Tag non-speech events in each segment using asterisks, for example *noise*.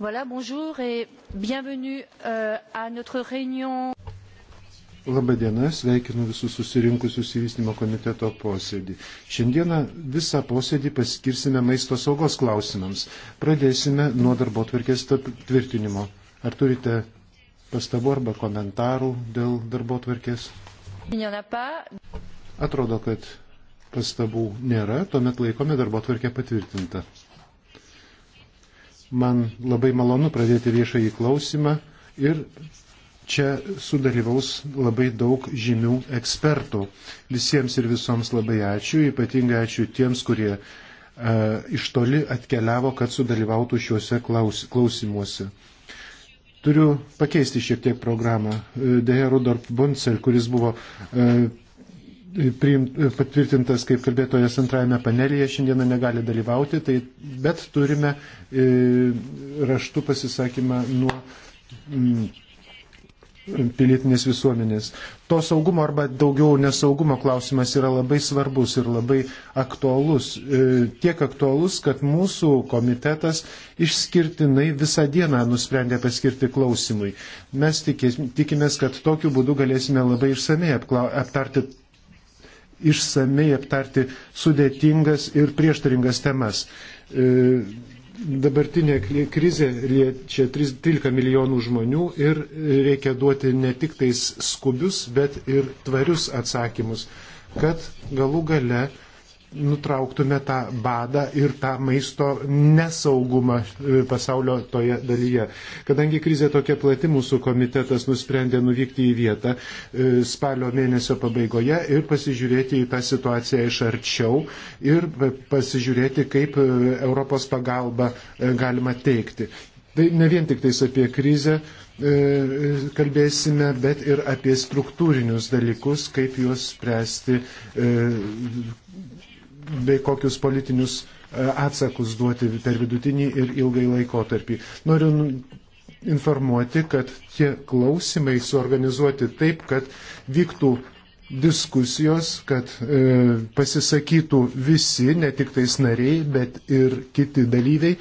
Voilà, bonjour et bienvenue euh, à notre réunion. Labai diena, sveikinu visus susirinkusius įvystymo komiteto posėdį. Šiandieną visą posėdį paskirsime maisto saugos klausimams. Pradėsime nuo darbo tvarkės tvirtinimo. Ar turite pastabų arba komentarų dėl darbo tvarkės? Atrodo, kad pastabų nėra, tuomet laikome darbo tvarkę patvirtintą. Man labai malonu pradėti viešąjį klausimą ir čia sudalyvaus labai daug žymių ekspertų. Visiems ir visoms labai ačiū, ypatingai ačiū tiems, kurie e, iš toli atkeliavo, kad sudalyvautų šiuose klaus, klausimuose. Turiu pakeisti šiek tiek programą. E, Deja, Rudolf Buncel, kuris buvo e, patvirtintas kaip kalbėtojas antrajame panelėje, šiandieną negali dalyvauti, tai, bet turime e, raštų pasisakymą nuo mm, pilietinės visuomenės. To saugumo arba daugiau nesaugumo klausimas yra labai svarbus ir labai aktualus. E, tiek aktualus, kad mūsų komitetas išskirtinai visą dieną nusprendė paskirti klausimui. Mes tikės, tikimės, kad tokiu būdu galėsime labai išsamei aptarti išsamei aptarti sudėtingas ir prieštaringas temas. E, dabartinė krizė liečia 13 milijonų žmonių ir reikia duoti ne tik tais skubius, bet ir tvarius atsakymus, kad galų gale nutrauktume tą badą ir tą maisto nesaugumą e, pasaulio toje dalyje. Kadangi krizė tokia plati, mūsų komitetas nusprendė nuvykti į vietą e, spalio mėnesio pabaigoje ir pasižiūrėti į tą situaciją iš arčiau ir pasižiūrėti, kaip e, Europos pagalba galima teikti. Tai ne vien tik tais apie krizę kalbėsime, bet ir apie struktūrinius dalykus, kaip juos spręsti, bei kokius politinius e, atsakus duoti per vidutinį ir ilgai laikotarpį. Noriu nu, informuoti, kad tie klausimai suorganizuoti taip, kad vyktų diskusijos, kad e, pasisakytų visi, ne tik tais nariai, bet ir kiti dalyviai,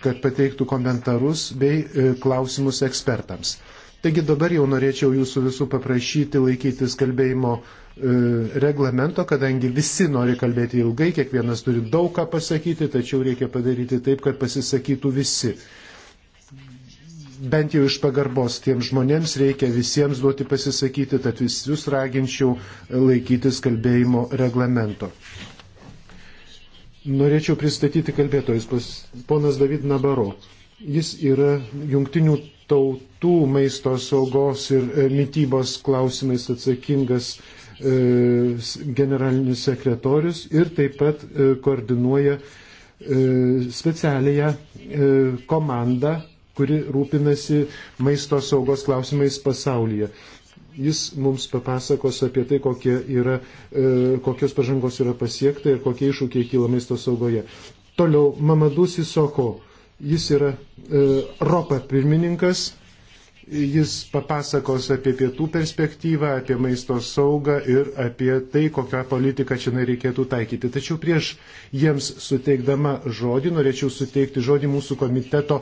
kad pateiktų komentarus bei e, klausimus ekspertams. Taigi dabar jau norėčiau jūsų visų paprašyti laikytis kalbėjimo E, reglamento, kadangi visi nori kalbėti ilgai, kiekvienas turi daug ką pasakyti, tačiau reikia padaryti taip, kad pasisakytų visi. Bent jau iš pagarbos tiems žmonėms reikia visiems duoti pasisakyti, tad visus raginčiau laikytis kalbėjimo reglamento. Norėčiau pristatyti kalbėtojus, ponas David Nabaro. Jis yra jungtinių tautų maisto saugos ir e, mytybos klausimais atsakingas uh, E, generalinis sekretorius ir taip pat e, koordinuoja e, specialiąją komandą, kuri rūpinasi maisto saugos klausimais pasaulyje. Jis mums papasakos apie tai, kokie yra, kokios pažangos yra pasiekta ir kokie iššūkiai kyla maisto saugoje. Toliau Mamadus Isoko. Jis yra e, ROPA pirmininkas, Jis papasakos apie pietų perspektyvą, apie maisto saugą ir apie tai, kokią politiką čia reikėtų taikyti. Tačiau prieš jiems suteikdama žodį, norėčiau suteikti žodį mūsų komiteto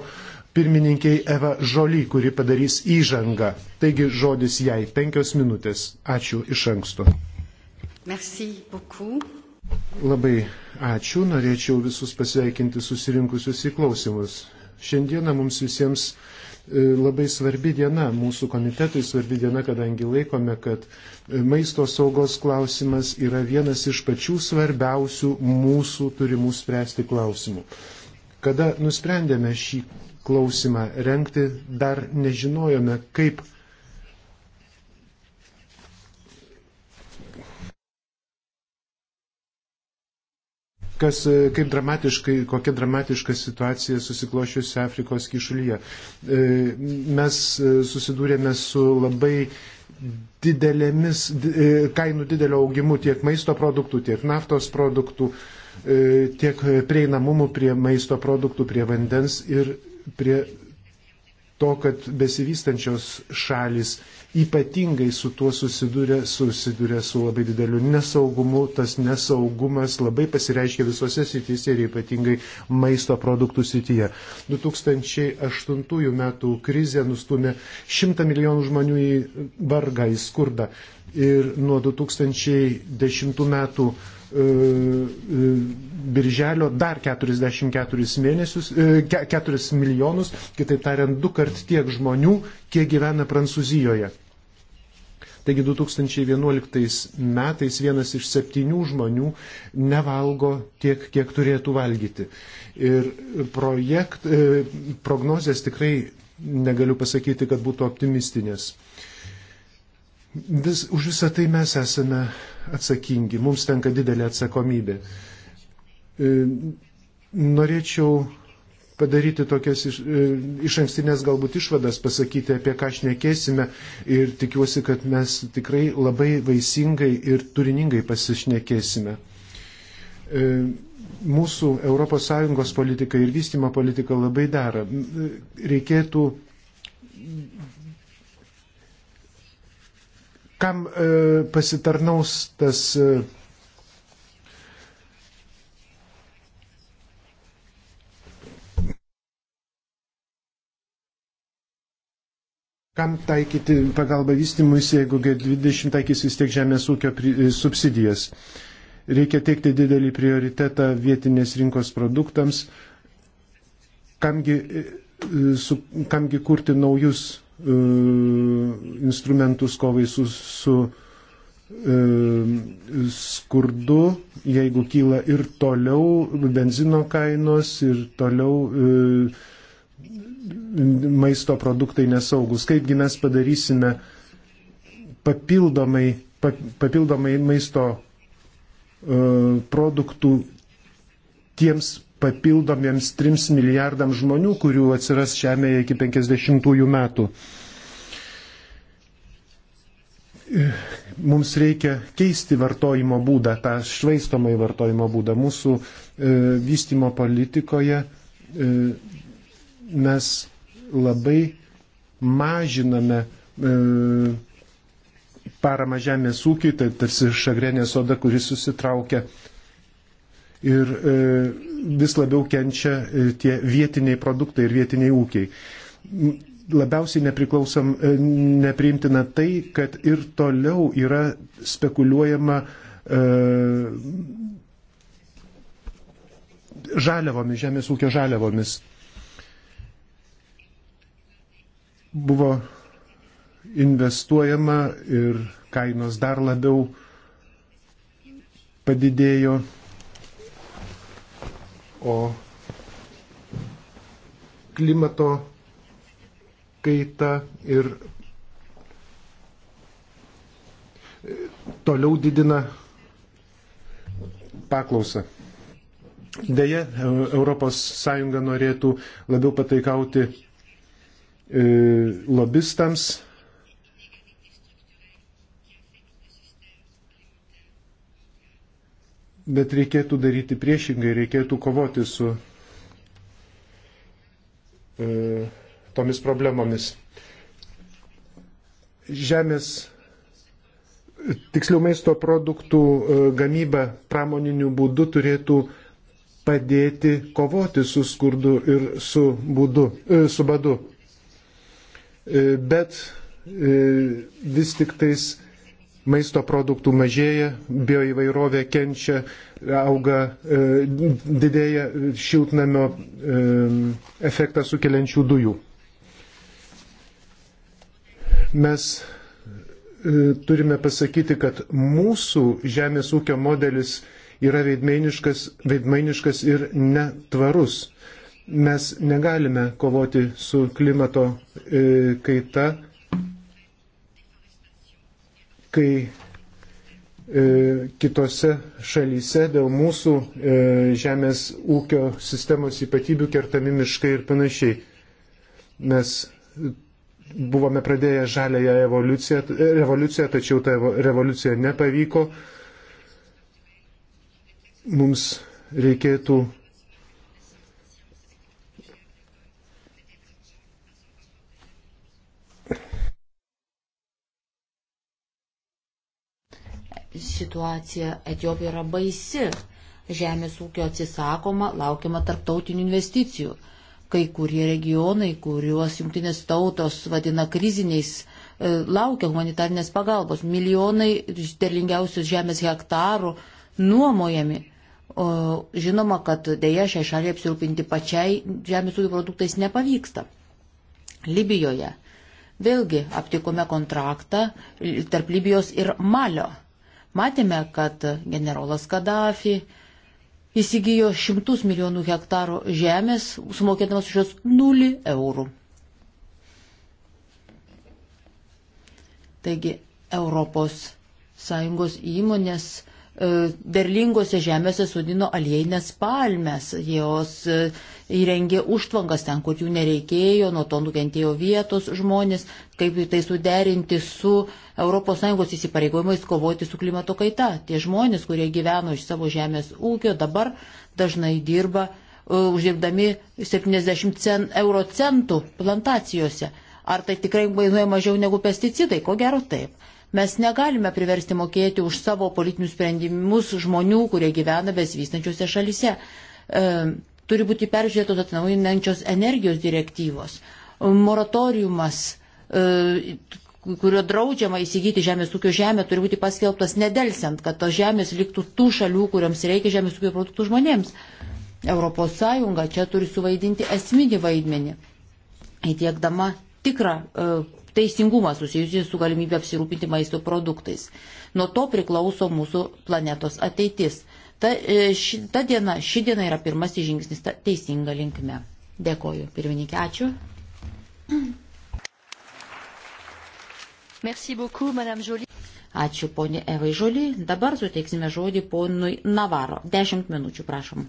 pirmininkiai Eva Žoly, kuri padarys įžangą. Taigi žodis jai penkios minutės. Ačiū iš anksto. Labai ačiū, norėčiau visus pasveikinti susirinkusius į klausimus. Šiandieną mums visiems E, labai svarbi diena, mūsų komitetui svarbi diena, kadangi laikome, kad e, maisto saugos klausimas yra vienas iš pačių svarbiausių mūsų turimų spręsti klausimų. Kada nusprendėme šį klausimą renkti, dar nežinojome, kaip kas, e, kaip dramatiškai, kokia dramatiška situacija susiklošiusi Afrikos kišulyje. E, mes e, susidūrėme su labai didelėmis kainų didelio augimu tiek maisto produktų, tiek naftos produktų, tiek prieinamumų prie maisto produktų, prie vandens ir prie to, kad besivystančios šalis ypatingai su tuo susiduria, susiduria su labai dideliu nesaugumu. Tas nesaugumas labai pasireiškia visose sityse ir ypatingai maisto produktų sityje. 2008 metų krizė nustumė 100 milijonų žmonių į vargą, į skurdą. Ir nuo 2010 metų e, e, birželio dar 44 mėnesius, 4 e, milijonus, kitaip tariant, du kart tiek žmonių, kiek gyvena Prancūzijoje. Taigi 2011 metais vienas iš septynių žmonių nevalgo tiek, kiek turėtų valgyti. Ir projekt, e, prognozijas tikrai negaliu pasakyti, kad būtų optimistinės. Vis, už visą tai mes esame atsakingi, mums tenka didelė atsakomybė. E, norėčiau padaryti tokias iš, e, iš ankstinės galbūt išvadas, pasakyti, apie ką šnekėsime ir tikiuosi, kad mes tikrai labai vaisingai ir turiningai pasišnekėsime. E, mūsų ES politika ir vystimo politika labai dera. Reikėtų kam e, pasitarnaus tas e, Kam taikyti pagalbą vystimus, jeigu G20 taikys vis tiek žemės ūkio e, subsidijas? Reikia teikti didelį prioritetą vietinės rinkos produktams. Kamgi, e, e, su, kamgi kurti naujus uh, instrumentus kovai su, su uh, skurdu, jeigu kyla ir toliau benzino kainos, ir toliau uh, maisto produktai nesaugus. Kaipgi mes padarysime papildomai, papildomai maisto e, produktų tiems papildomiems 3 milijardams žmonių, kurių atsiras Žemėje iki 50 metų. Mums reikia keisti vartojimo būdą, tą švaistomai vartojimo būdą. Mūsų e, vystimo politikoje e, mes labai mažiname e, paramą žemės ūkiui, tai tarsi šagrenė soda, kuris susitraukia. Ir e, vis labiau kenčia e, tie vietiniai produktai ir vietiniai ūkiai. Labiausiai nepriklausom, e, nepriimtina tai, kad ir toliau yra spekuliuojama e, žaliavomis, žemės ūkio žaliavomis buvo investuojama ir kainos dar labiau padidėjo, o klimato kaita ir toliau didina paklausą. Deja, ES norėtų labiau pataikauti E, lobistams. Bet reikėtų daryti priešingai, reikėtų kovoti su e, tomis problemomis. Žemės tiksliau maisto produktų e, gamyba pramoniniu būdu turėtų padėti kovoti su skurdu ir su, būdu, e, su badu. E, bet e, vis tik tais maisto produktų mažėja, bioįvairovė kenčia, auga, e, didėja šiltnamio efektą sukeliančių dujų. Mes turime pasakyti, kad mūsų žemės ūkio modelis yra veidmainiškas, veidmainiškas ir netvarus. Mes negalime kovoti su klimato e, kaita, kai e, kitose šalyse dėl mūsų e, žemės ūkio sistemos ypatybių kertami miškai ir panašiai. Mes buvome pradėję žalėją evoliuciją, revoliuciją, tačiau ta revoliucija nepavyko. Mums reikėtų situacija Etiopijoje yra baisi. Žemės ūkio atsisakoma, laukiama tarptautinių investicijų. Kai kurie regionai, kuriuos jungtinės tautos vadina kriziniais, e, laukia humanitarnės pagalbos. Milijonai derlingiausių žemės hektarų nuomojami. O, žinoma, kad dėja šiai šaliai apsirūpinti pačiai žemės ūkio produktais nepavyksta. Libijoje vėlgi aptikome kontraktą tarp Libijos ir Malio. Matėme, kad generolas Kadafi įsigijo šimtus milijonų hektarų žemės, sumokėdamas už jos 0 eurų. Taigi Europos Sąjungos įmonės E, derlingose žemėse sudino aliejines palmes, jos e, įrengė užtvankas ten, kur jų nereikėjo, nuo to nukentėjo vietos žmonės, kaip tai suderinti su ES įsipareigojimais kovoti su klimato kaita. Tie žmonės, kurie gyveno iš savo žemės ūkio, dabar dažnai dirba uh, uždirbdami 70 cent, euro centų plantacijose. Ar tai tikrai kainuoja mažiau negu pesticidai? Ko gero taip. Mes negalime priversti mokėti už savo politinius sprendimus žmonių, kurie gyvena besivystančiose šalise. E, turi būti peržiūrėtos atnaujinančios energijos direktyvos. Moratoriumas, e, kurio draudžiama įsigyti žemės ūkio žemę, turi būti paskelbtas nedelsiant, kad tos žemės liktų tų šalių, kuriams reikia žemės ūkio produktų žmonėms. ES čia turi suvaidinti esminį vaidmenį, įtiekdama tikrą e, teisingumą susijusį su galimybė apsirūpinti maisto produktais. Nuo to priklauso mūsų planetos ateitis. Ta, e, ši, ta diena, ši diena yra pirmasis žingsnis ta, teisinga linkme. Dėkoju. Pirmininkė, ačiū. Merci beaucoup, Madame Jolie. Ačiū ponė Evai Žolį. Dabar suteiksime žodį ponui Navaro. Dešimt minučių, prašom.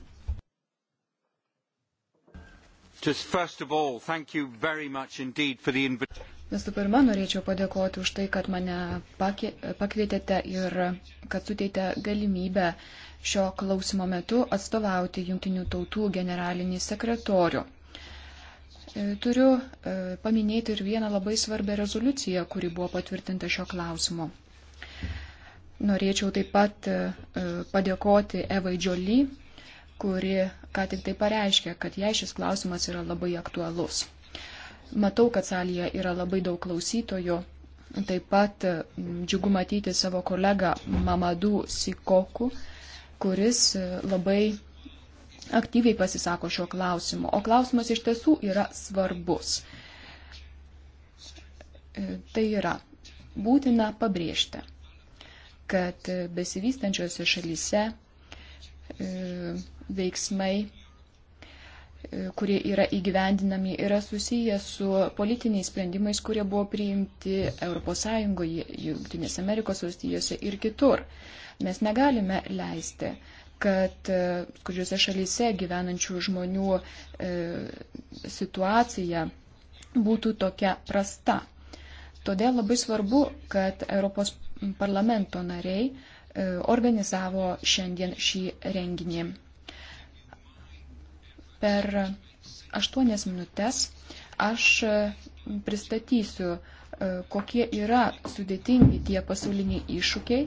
All, Visų pirma, norėčiau padėkoti už tai, kad mane pakvietėte ir kad suteitė galimybę šio klausimo metu atstovauti Junktinių tautų generalinį sekretorių. E, turiu e, paminėti ir vieną labai svarbę rezoliuciją, kuri buvo patvirtinta šio klausimu. Norėčiau taip pat e, padėkoti Evai Džioli, kuri ką tik tai pareiškė, kad jai šis klausimas yra labai aktualus. Matau, kad salėje yra labai daug klausytojų. Taip pat džiugu matyti savo kolegą Mamadų Sikoku, kuris e, labai aktyviai pasisako šiuo klausimu. O klausimas iš tiesų yra svarbus. E, tai yra būtina pabrėžti, kad e, besivystančiose šalyse veiksmai kurie yra įgyvendinami, yra susiję su politiniais sprendimais, kurie buvo priimti ES, Junktinėse Amerikos valstijose ir kitur. Mes negalime leisti, kad skurdžiose e, šalyse gyvenančių žmonių e, situacija būtų tokia prasta. Todėl labai svarbu, kad Europos parlamento nariai e, organizavo šiandien šį renginį. Per aštuonias minutės aš e, pristatysiu, e, kokie yra sudėtingi tie pasauliniai iššūkiai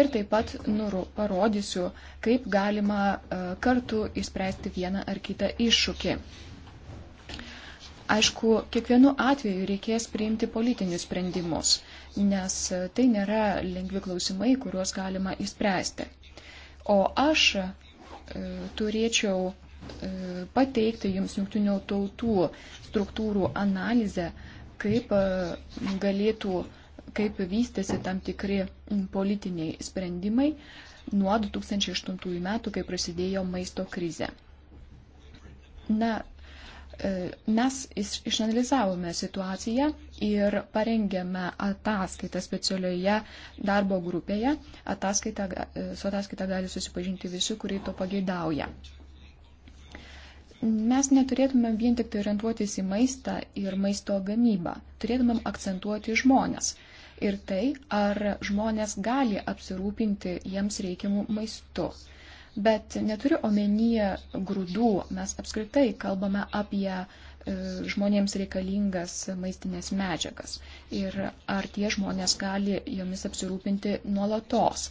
ir taip pat nuru, parodysiu, kaip galima e, kartu įspręsti vieną ar kitą iššūkį. Aišku, kiekvienu atveju reikės priimti politinius sprendimus, nes tai nėra lengvi klausimai, kuriuos galima įspręsti. O aš e, turėčiau E, pateikti jums jungtinių tautų struktūrų analizę, kaip e, galėtų, kaip vystėsi tam tikri politiniai sprendimai nuo 2008 metų, kai prasidėjo maisto krize. Na, e, mes išanalizavome situaciją ir parengėme ataskaitą specialioje darbo grupėje. Ataskaita, su ataskaita gali susipažinti visi, kurie to pageidauja mes neturėtumėm vien tik tai orientuotis į maistą ir maisto gamybą. Turėtumėm akcentuoti žmonės. Ir tai, ar žmonės gali apsirūpinti jiems reikiamų maistų. Bet neturiu omenyje grūdų, mes apskritai kalbame apie e, žmonėms reikalingas maistinės medžiagas ir ar tie žmonės gali jomis apsirūpinti nuolatos.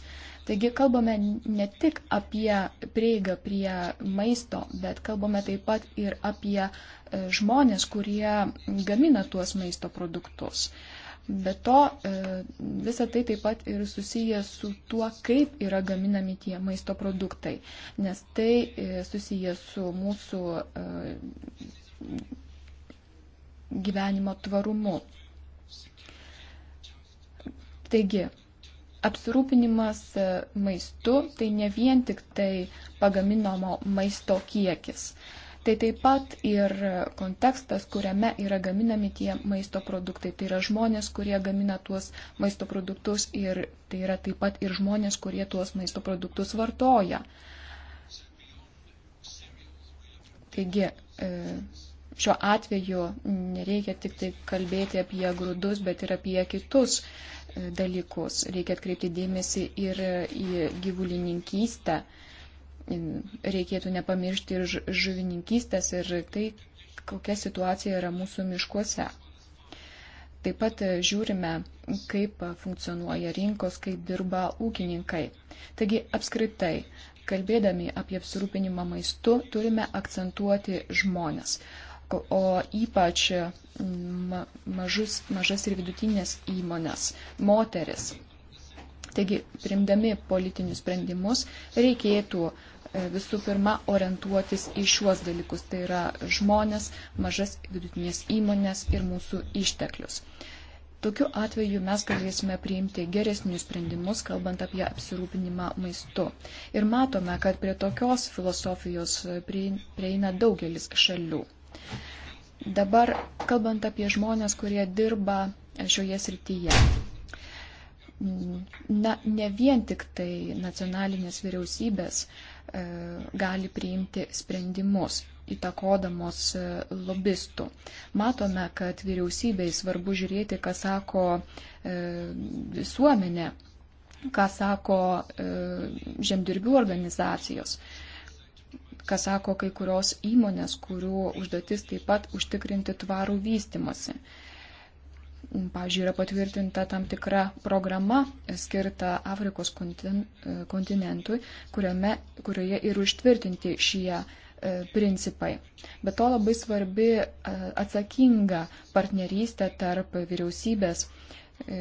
Taigi kalbame ne tik apie prieigą prie maisto, bet kalbame taip pat ir apie e, žmonės, kurie gamina tuos maisto produktus. Be to, e, visa tai taip pat ir susiję su tuo, kaip yra gaminami tie maisto produktai, nes tai e, susiję su mūsų gyvenimo tvarumu. Taigi, apsirūpinimas e, maistu tai ne vien tik tai pagaminamo maisto kiekis. Tai taip pat ir kontekstas, kuriame yra gaminami tie maisto produktai. Tai yra žmonės, kurie gamina tuos maisto produktus ir tai yra taip pat ir žmonės, kurie tuos maisto produktus vartoja. Taigi, e, šiuo atveju nereikia tik tai kalbėti apie grūdus, bet ir apie kitus dalykus. Reikia atkreipti dėmesį ir į gyvulininkystę. Reikėtų nepamiršti ir žuvininkystės ir tai, kokia situacija yra mūsų miškuose. Taip pat žiūrime, kaip funkcionuoja rinkos, kaip dirba ūkininkai. Taigi apskritai, kalbėdami apie apsirūpinimą maistu, turime akcentuoti žmonės o ypač mm, mažus, mažas ir vidutinės įmonės, moteris. Taigi, primdami politinius sprendimus, reikėtų e, visų pirma orientuotis į šiuos dalykus, tai yra žmonės, mažas vidutinės įmonės ir mūsų išteklius. Tokiu atveju mes galėsime priimti geresnius sprendimus, kalbant apie apsirūpinimą maistu. Ir matome, kad prie tokios filosofijos prieina daugelis šalių. Dabar, kalbant apie žmonės, kurie dirba šioje srityje. Na, ne vien tik tai nacionalinės vyriausybės e, gali priimti sprendimus įtakodamos e, lobistų. Matome, kad vyriausybei svarbu žiūrėti, ką sako e, visuomenė, ką sako e, žemdirbių organizacijos. E, ką sako kai kurios įmonės, kurių užduotis taip pat užtikrinti tvarų vystimasi. Pavyzdžiui, yra patvirtinta tam tikra programa skirta Afrikos kontinentui, kuriame, kurioje ir užtvirtinti šie e, principai. Bet to labai svarbi e, atsakinga partnerystė tarp vyriausybės E,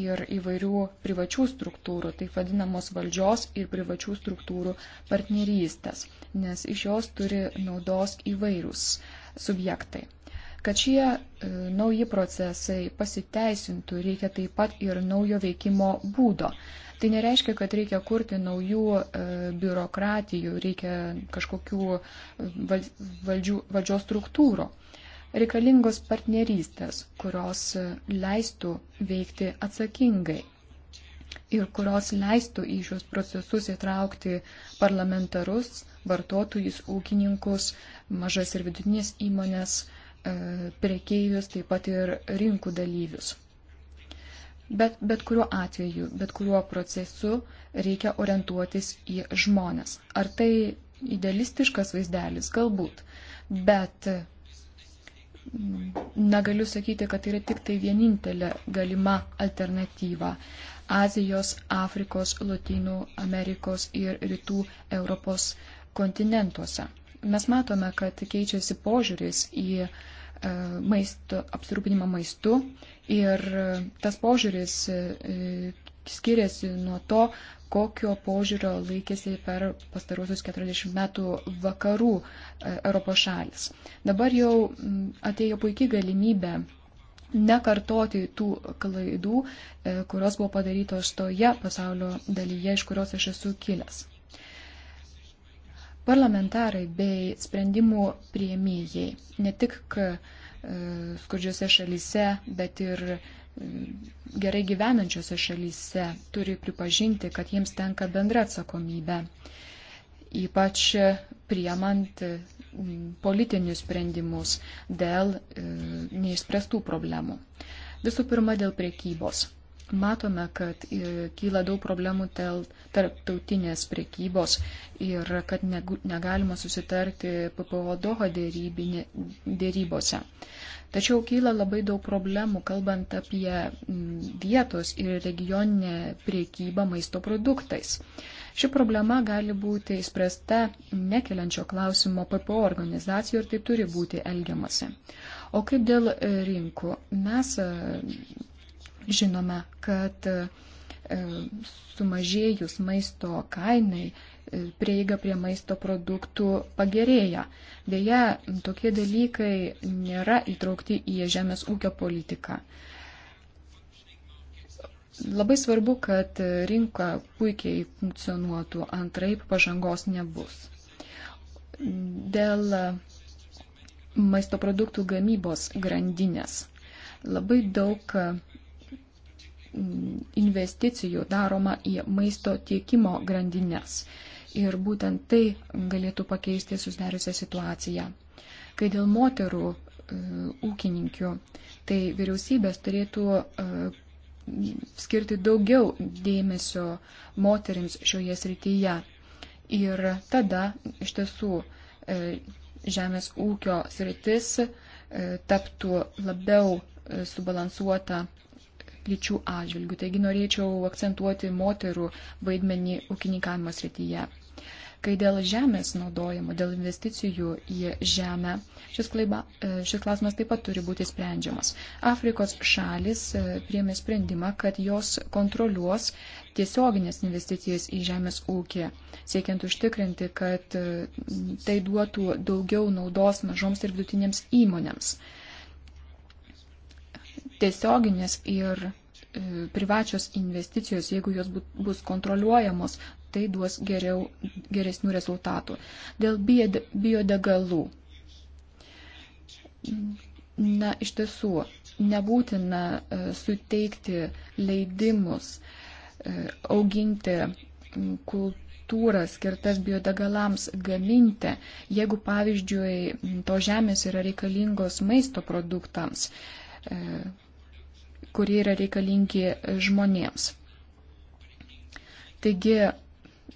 ir įvairių privačių struktūrų, taip vadinamos valdžios ir privačių struktūrų partnerystės, nes iš jos turi naudos įvairūs subjektai. Kad šie e, nauji procesai pasiteisintų, reikia taip pat ir naujo veikimo būdo. Tai nereiškia, kad reikia kurti naujų e, biurokratijų, reikia kažkokių e, val, valdžių, valdžios struktūrų. E, Reikalingos partnerystės, kurios leistų veikti atsakingai ir kurios leistų į šios procesus įtraukti parlamentarus, vartotojus, ūkininkus, mažas ir vidutinės įmonės, e, prekeivius, taip pat ir rinkų dalyvius. Bet, bet kuriuo atveju, bet kuriuo procesu reikia orientuotis į žmonės. Ar tai idealistiškas vaizdelis? Galbūt. Bet negaliu sakyti, kad tai yra tik tai vienintelė galima alternatyva. Azijos, Afrikos, Latinų Amerikos ir Rytų Europos kontinentuose. Mes matome, kad keičiasi požiūris į e, maisto, apsirūpinimą maistu ir tas požiūris e, skiriasi nuo to, kokio požiūrio laikėsi per pastaruosius 40 metų vakarų e, Europos šalis. Dabar jau atėjo puikiai galimybė nekartoti tų klaidų, e, kurios buvo padarytos toje pasaulio dalyje, iš kurios aš esu kilęs. Parlamentarai bei sprendimų prieimėjai ne tik e, skurdžiose šalyse, bet ir gerai gyvenančiose šalyse turi pripažinti, kad jiems tenka bendra atsakomybė, ypač priemant politinius sprendimus dėl e, neišspręstų problemų. Visų pirma, dėl priekybos. Matome, kad e, kyla daug problemų dėl tarptautinės priekybos ir kad negalima susitarti PPO doho dėrybose. Tačiau kyla labai daug problemų, kalbant apie mm, vietos ir regioninę priekybą maisto produktais. Ši problema gali būti įspręsta nekeliančio klausimo PPO organizacijų ir taip turi būti elgiamasi. O kaip dėl e, rinkų? Mes e, žinome, kad e, sumažėjus maisto kainai prieiga prie maisto produktų pagerėja. Deja, tokie dalykai nėra įtraukti į žemės ūkio politiką. Labai svarbu, kad rinka puikiai funkcionuotų, antraip pažangos nebus. Dėl maisto produktų gamybos grandinės labai daug investicijų daroma į maisto tiekimo grandinės ir būtent tai galėtų pakeisti susidariusią situaciją. Kai dėl moterų e, ūkininkių, tai vyriausybės turėtų e, skirti daugiau dėmesio moterims šioje srityje. Ir tada iš tiesų e, žemės ūkio sritis e, taptų labiau e, subalansuota lyčių atžvilgių. Taigi norėčiau akcentuoti moterų vaidmenį ūkininkavimo srityje. Kai dėl žemės naudojimo, dėl investicijų į žemę, šis, klaiba, e, šis klausimas taip pat turi būti sprendžiamas. Afrikos šalis e, priemė sprendimą, kad jos kontroliuos tiesioginės investicijas į žemės ūkį, siekiant užtikrinti, kad e, tai duotų daugiau naudos mažoms ir vidutinėms įmonėms. Tiesioginės ir privačios investicijos, jeigu jos bus kontroliuojamos, tai duos geriau, geresnių rezultatų. Dėl biodegalų. Na, iš tiesų, nebūtina e, suteikti leidimus e, auginti kultūras skirtas biodegalams gaminti, jeigu, pavyzdžiui, to žemės yra reikalingos maisto produktams, e, kurie yra reikalingi žmonėms. Taigi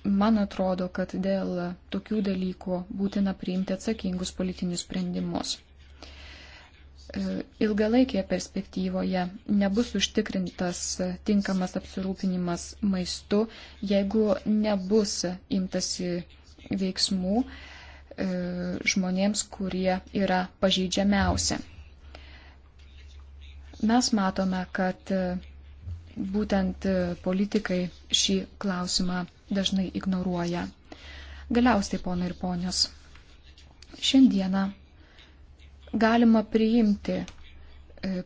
Man atrodo, kad dėl tokių dalykų būtina priimti atsakingus politinius sprendimus. E, ilgalaikėje perspektyvoje nebus užtikrintas tinkamas apsirūpinimas maistu, jeigu nebus imtasi veiksmų e, žmonėms, kurie yra pažeidžiamiausi. Mes matome, kad e, būtent politikai šį klausimą dažnai ignoruoja. Galiausiai, ponai ir ponios, šiandieną galima priimti e,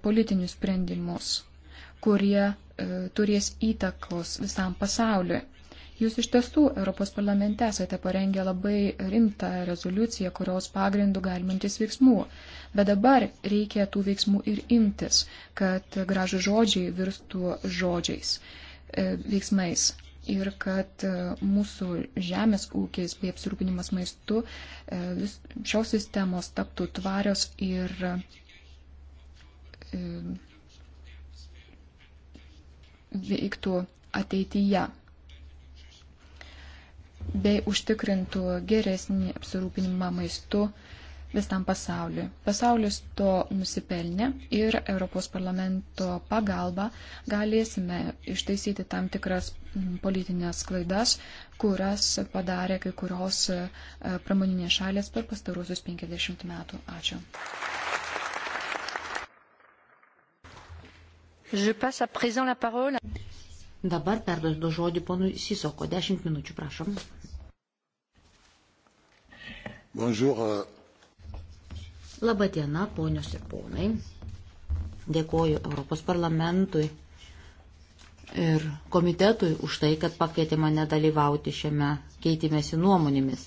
politinius sprendimus, kurie e, turės įtakos visam pasauliu. Jūs iš tiesų Europos parlamente esate parengę labai rimtą rezoliuciją, kurios pagrindų galimantis veiksmų. Bet dabar reikia tų veiksmų ir imtis, kad gražų žodžiai virstų žodžiais, e, veiksmais ir kad e, mūsų žemės ūkis bei apsirūpinimas maistu e, vis, šios sistemos taptų tvarios ir e, veiktų ateityje bei užtikrintų geresnį apsirūpinimą maistu visam pasauliu. Pasaulis to nusipelnė ir Europos parlamento pagalba galėsime ištaisyti tam tikras mm, politinės klaidas, kurias padarė kai kurios e, pramoninės šalės per pastarusius 50 metų. Ačiū. Dabar perduosiu žodį ponui Sisoko. Dešimt minučių, prašom. Bonjour, euh, Labadiena, ponios ir ponai. Dėkoju Europos parlamentui ir komitetui už tai, kad pakvietė mane dalyvauti šiame keitimėsi nuomonėmis.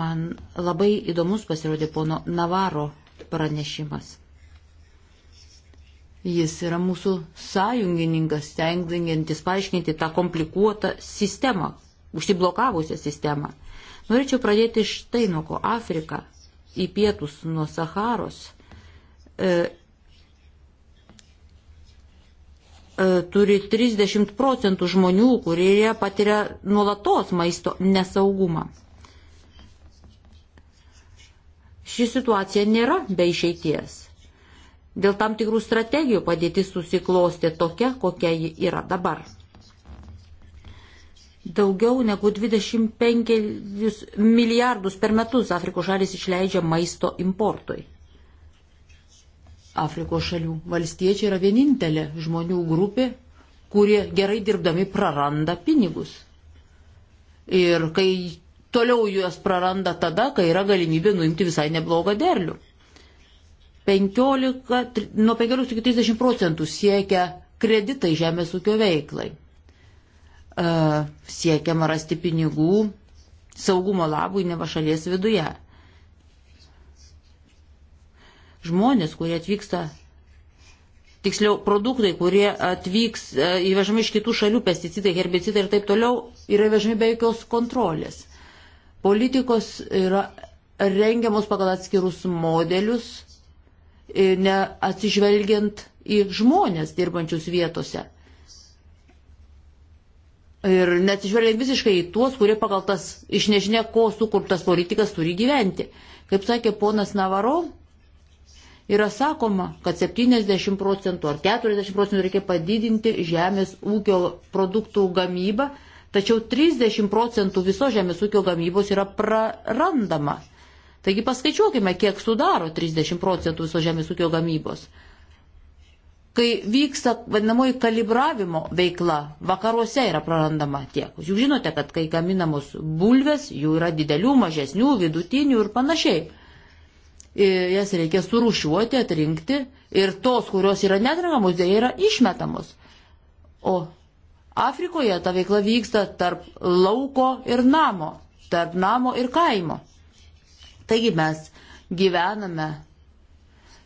Man labai įdomus pasirodė pono Navaro pranešimas. Jis yra mūsų sąjungininkas, stengiantis paaiškinti tą komplikuotą sistemą, užsiblokavusią sistemą. Norėčiau pradėti štai nuo ko Afrika į pietus nuo Saharos e, e turi 30 procentų žmonių, kurie patiria nuolatos maisto nesaugumą. Ši situacija nėra be išeities. Dėl tam tikrų strategijų padėtis susiklosti tokia, kokia ji yra dabar daugiau negu 25 milijardus per metus Afrikos šalis išleidžia maisto importui. Afrikos šalių valstiečiai yra vienintelė žmonių grupė, kurie gerai dirbdami praranda pinigus. Ir kai toliau juos praranda tada, kai yra galimybė nuimti visai neblogą derlių. 15, nuo 15 iki 30 procentų siekia kreditai žemės ūkio veiklai. E, siekiama rasti pinigų saugumo labui neva šalies viduje. Žmonės, kurie atvyksta, tiksliau produktai, kurie atvyks e, įvežami iš kitų šalių, pesticidai, herbicidai ir taip toliau, yra vežami be jokios kontrolės. Politikos yra rengiamos pagal atskirus modelius, e, neatsižvelgiant į žmonės dirbančius vietose. Ir neatsižvelgiant visiškai į tuos, kurie pagal tas iš nežinia ko sukurtas politikas turi gyventi. Kaip sakė ponas Navaro, yra sakoma, kad 70 procentų ar 40 procentų reikia padidinti žemės ūkio produktų gamybą, tačiau 30 procentų viso žemės ūkio gamybos yra prarandama. Taigi paskaičiuokime, kiek sudaro 30 procentų viso žemės ūkio gamybos kai vyksta vadinamoji kalibravimo veikla, vakaruose yra prarandama tiek. Jūs žinote, kad kai gaminamos bulvės, jų yra didelių, mažesnių, vidutinių ir panašiai. Ir jas reikia surušiuoti, atrinkti ir tos, kurios yra netrinkamos, dėja yra išmetamos. O Afrikoje ta veikla vyksta tarp lauko ir namo, tarp namo ir kaimo. Taigi mes gyvename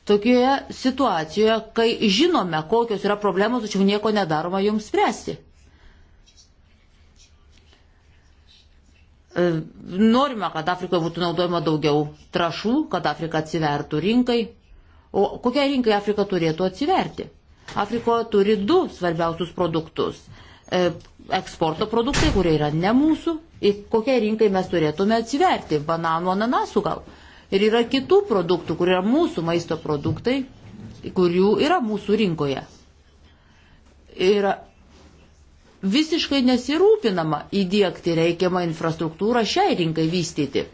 tokioje situacijoje, kai žinome, kokios yra problemos, tačiau nieko nedaroma jums spręsti. E, norime, kad Afrikoje būtų naudojama daugiau trašų, kad Afrika atsivertų rinkai. O kokiai rinkai Afrika turėtų atsiverti? Afrikoje turi du svarbiausius produktus. E, eksporto produktai, kurie yra ne mūsų, į kokiai rinkai mes turėtume atsiverti, bananų, ananasų gal. Ir yra kitų produktų, kur yra mūsų maisto produktai, kurių yra mūsų rinkoje. Yra visiškai nesirūpinama įdėkti reikiamą infrastruktūrą šiai rinkai vystyti.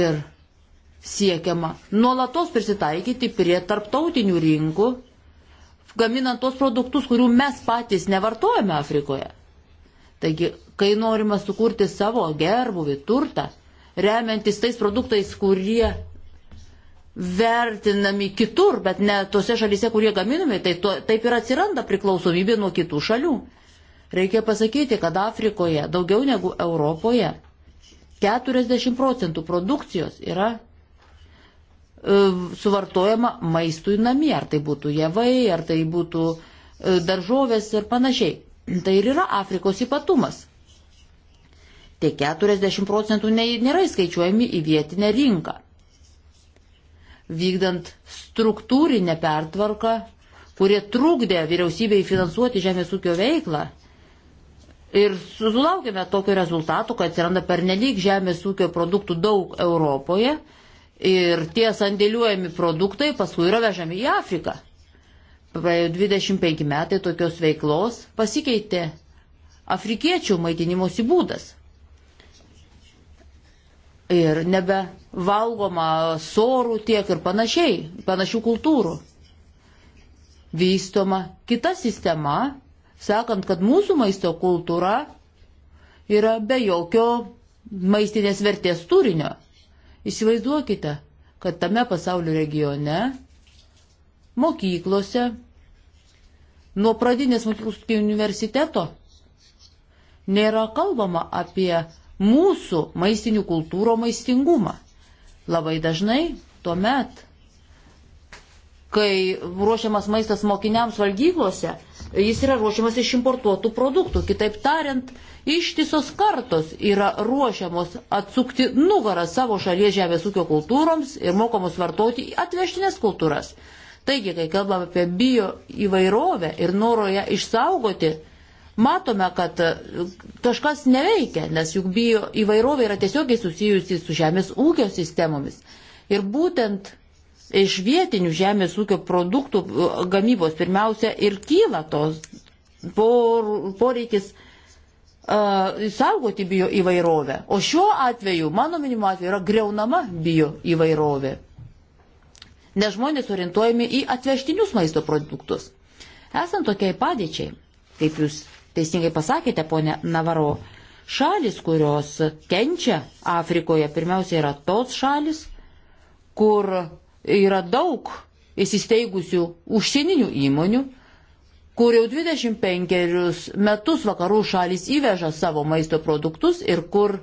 Ir siekiama nuolatos prisitaikyti prie tarptautinių rinkų, gaminant tos produktus, kurių mes patys nevartojame Afrikoje. Taigi, kai norime sukurti savo gerbuvį turtą, remiantis tais produktais, kurie vertinami kitur, bet ne tose šalyse, kurie gaminami, tai to, taip ir atsiranda priklausomybė nuo kitų šalių. Reikia pasakyti, kad Afrikoje daugiau negu Europoje 40 procentų produkcijos yra e, suvartojama maistui namie, ar tai būtų javai, ar tai būtų e, daržovės ir panašiai. Tai ir yra Afrikos ypatumas tie 40 procentų nėra įskaičiuojami į vietinę rinką. Vykdant struktūrinę pertvarką, kurie trukdė vyriausybei finansuoti žemės ūkio veiklą, ir sulaukėme tokio rezultato, kad atsiranda pernelyg žemės ūkio produktų daug Europoje ir tie sandėliuojami produktai paskui yra vežami į Afriką. Praėjo 25 metai tokios veiklos pasikeitė afrikiečių maitinimosi būdas ir nebe valgoma sorų tiek ir panašiai, panašių kultūrų. Vystoma kita sistema, sakant, kad mūsų maisto kultūra yra be jokio maistinės vertės turinio. Įsivaizduokite, kad tame pasaulio regione, mokyklose, nuo pradinės mokyklos iki universiteto nėra kalbama apie mūsų maistinių kultūro maistingumą. Labai dažnai tuomet, kai ruošiamas maistas mokiniams valgyklose, jis yra ruošiamas iš importuotų produktų. Kitaip tariant, ištisos kartos yra ruošiamos atsukti nugarą savo šalies žemės ūkio kultūroms ir mokomos vartoti atvežtinės kultūras. Taigi, kai kalbame apie bio įvairovę ir noroje išsaugoti, matome, kad e, kažkas neveikia, nes juk bio įvairovė yra tiesiogiai susijusi su žemės ūkio sistemomis. Ir būtent iš vietinių žemės ūkio produktų e, gamybos pirmiausia ir kyla tos poreikis uh, saugoti bio įvairovę. O šiuo atveju, mano minimo atveju, yra greunama bio įvairovė. Nes žmonės orientuojami į atvežtinius maisto produktus. Esant tokiai padėčiai, kaip jūs teisingai pasakėte, ponė Navaro, šalis, kurios kenčia Afrikoje, pirmiausia yra tos šalis, kur yra daug įsisteigusių užsieninių įmonių, kur jau 25 metus vakarų šalis įveža savo maisto produktus ir kur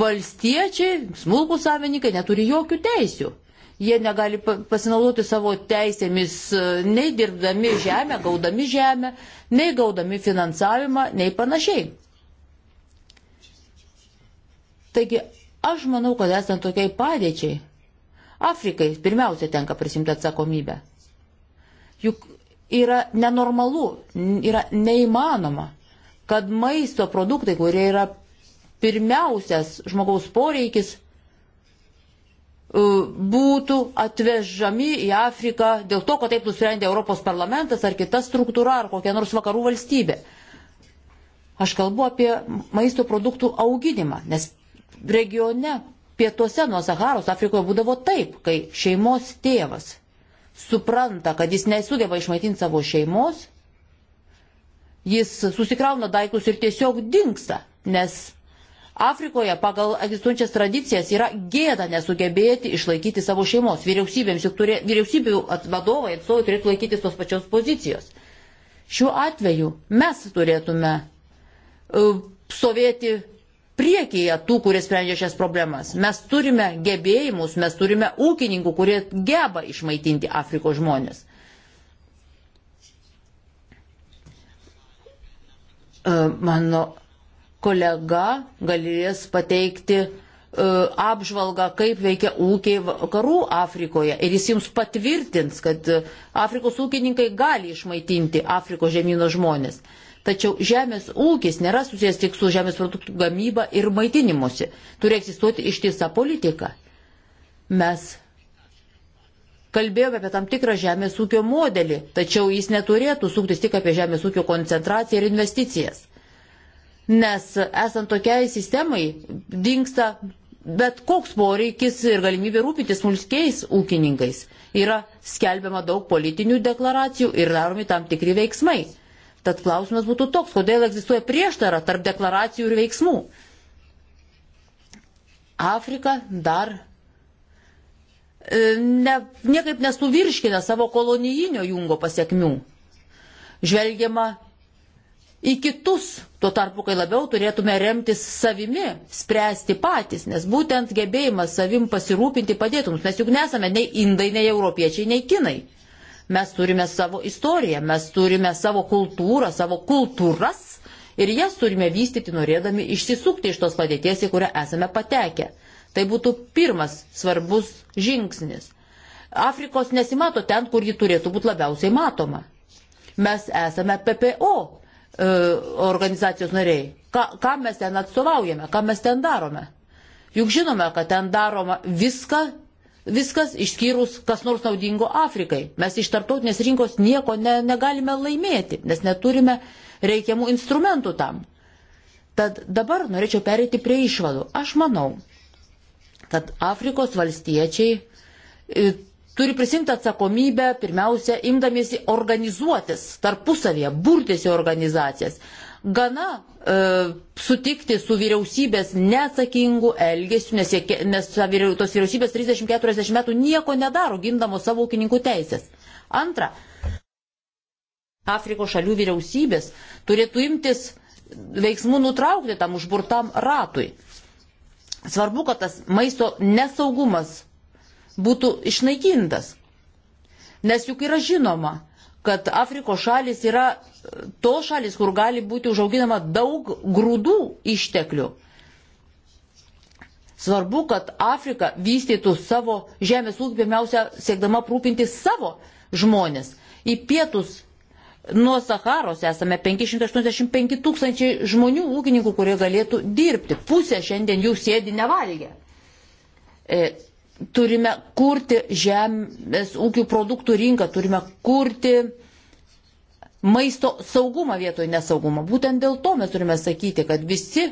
valstiečiai, smulkų savininkai neturi jokių teisių. Jie negali pasinaudoti savo teisėmis e, nei dirbdami žemę, gaudami žemę, nei gaudami finansavimą, nei panašiai. Taigi, aš manau, kad esant tokiai padėčiai, Afrikai pirmiausia tenka prisimti atsakomybę. Juk yra nenormalu, yra neįmanoma, kad maisto produktai, kurie yra pirmiausias žmogaus poreikis, E, būtų atvežami į Afriką dėl to, kad taip nusprendė Europos parlamentas ar kita struktūra ar kokia nors vakarų valstybė. Aš kalbu apie maisto produktų auginimą, nes regione pietuose nuo Saharos Afrikoje būdavo taip, kai šeimos tėvas supranta, kad jis nesugeba išmaitinti savo šeimos, jis susikrauna daiktus ir tiesiog dinksta, nes Afrikoje pagal egzistuojančias tradicijas yra gėda nesugebėti išlaikyti savo šeimos. Vyriausybėms juk turė, vyriausybių vadovai atstovai turėtų laikytis tos pačios pozicijos. Šiuo atveju mes turėtume uh, stovėti priekyje tų, kurie sprendžia šias problemas. Mes turime gebėjimus, mes turime ūkininkų, kurie geba išmaitinti Afrikos žmonės. E, mano kolega galės pateikti e, apžvalgą, kaip veikia ūkiai vakarų Afrikoje. Ir jis jums patvirtins, kad Afrikos ūkininkai gali išmaitinti Afrikos žemynų žmonės. Tačiau žemės ūkis nėra susijęs tik su žemės produktų gamyba ir maitinimuose. Turi egzistuoti ištisa politika. Mes kalbėjome apie tam tikrą žemės ūkio modelį, tačiau jis neturėtų suktis tik apie žemės ūkio koncentraciją ir investicijas nes esant tokiai sistemai dinksta bet koks poreikis ir galimybė rūpintis smulkiais ūkininkais. Yra skelbiama daug politinių deklaracijų ir daromi tam tikri veiksmai. Tad klausimas būtų toks, kodėl egzistuoja prieštara tarp deklaracijų ir veiksmų. Afrika dar e, ne, niekaip nesuvirškina savo kolonijinio jungo pasiekmių. Žvelgiama į kitus, tuo tarpu, kai labiau turėtume remtis savimi, spręsti patys, nes būtent gebėjimas savim pasirūpinti padėtų mums. Mes juk nesame nei indai, nei europiečiai, nei kinai. Mes turime savo istoriją, mes turime savo kultūrą, savo kultūras ir jas turime vystyti norėdami išsisukti iš tos padėties, į kurią esame patekę. Tai būtų pirmas svarbus žingsnis. Afrikos nesimato ten, kur ji turėtų būti labiausiai matoma. Mes esame PPO E, organizacijos nariai. Ką, ką mes ten atstovaujame, ką mes ten darome. Juk žinome, kad ten daroma viską, viskas išskyrus kas nors naudingo Afrikai. Mes iš tarptautinės rinkos nieko ne, negalime laimėti, nes neturime reikiamų instrumentų tam. Tad dabar norėčiau perėti prie išvadų. Aš manau, kad Afrikos valstiečiai e, turi prisimti atsakomybę, pirmiausia, imdamiesi organizuotis tarpusavėje, burtis į organizacijas. Gana e, sutikti su vyriausybės neatsakingu elgesiu, nes, jie, nes tos vyriausybės 30-40 metų nieko nedaro, gindamos savo ūkininkų teisės. Antra, Afrikos šalių vyriausybės turėtų imtis veiksmų nutraukti tam užburtam ratui. Svarbu, kad tas maisto nesaugumas būtų išnaikintas. Nes juk yra žinoma, kad Afrikos šalis yra to šalis, kur gali būti užauginama daug grūdų išteklių. Svarbu, kad Afrika vystytų savo žemės ūkį, pirmiausia, siekdama prūpinti savo žmonės. Į pietus nuo Saharos esame 585 tūkstančiai žmonių ūkininkų, kurie galėtų dirbti. Pusė šiandien jų sėdi nevalgę. E, turime kurti žemės ūkių produktų rinką, turime kurti maisto saugumą vietoje nesaugumą. Būtent dėl to mes turime sakyti, kad visi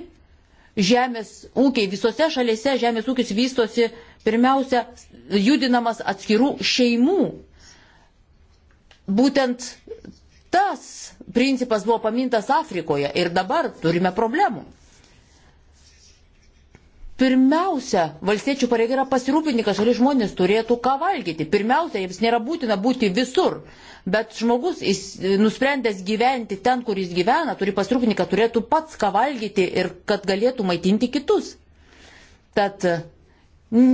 žemės ūkiai, visose šalyse žemės ūkis vystosi pirmiausia judinamas atskirų šeimų. Būtent tas principas buvo pamintas Afrikoje ir dabar turime problemų. Pirmiausia, valstiečių pareiga yra pasirūpinti, kad šalies žmonės turėtų ką valgyti. Pirmiausia, jiems nėra būtina būti visur, bet žmogus, jis, nusprendęs gyventi ten, kur jis gyvena, turi pasirūpinti, kad turėtų pats ką valgyti ir kad galėtų maitinti kitus. Tad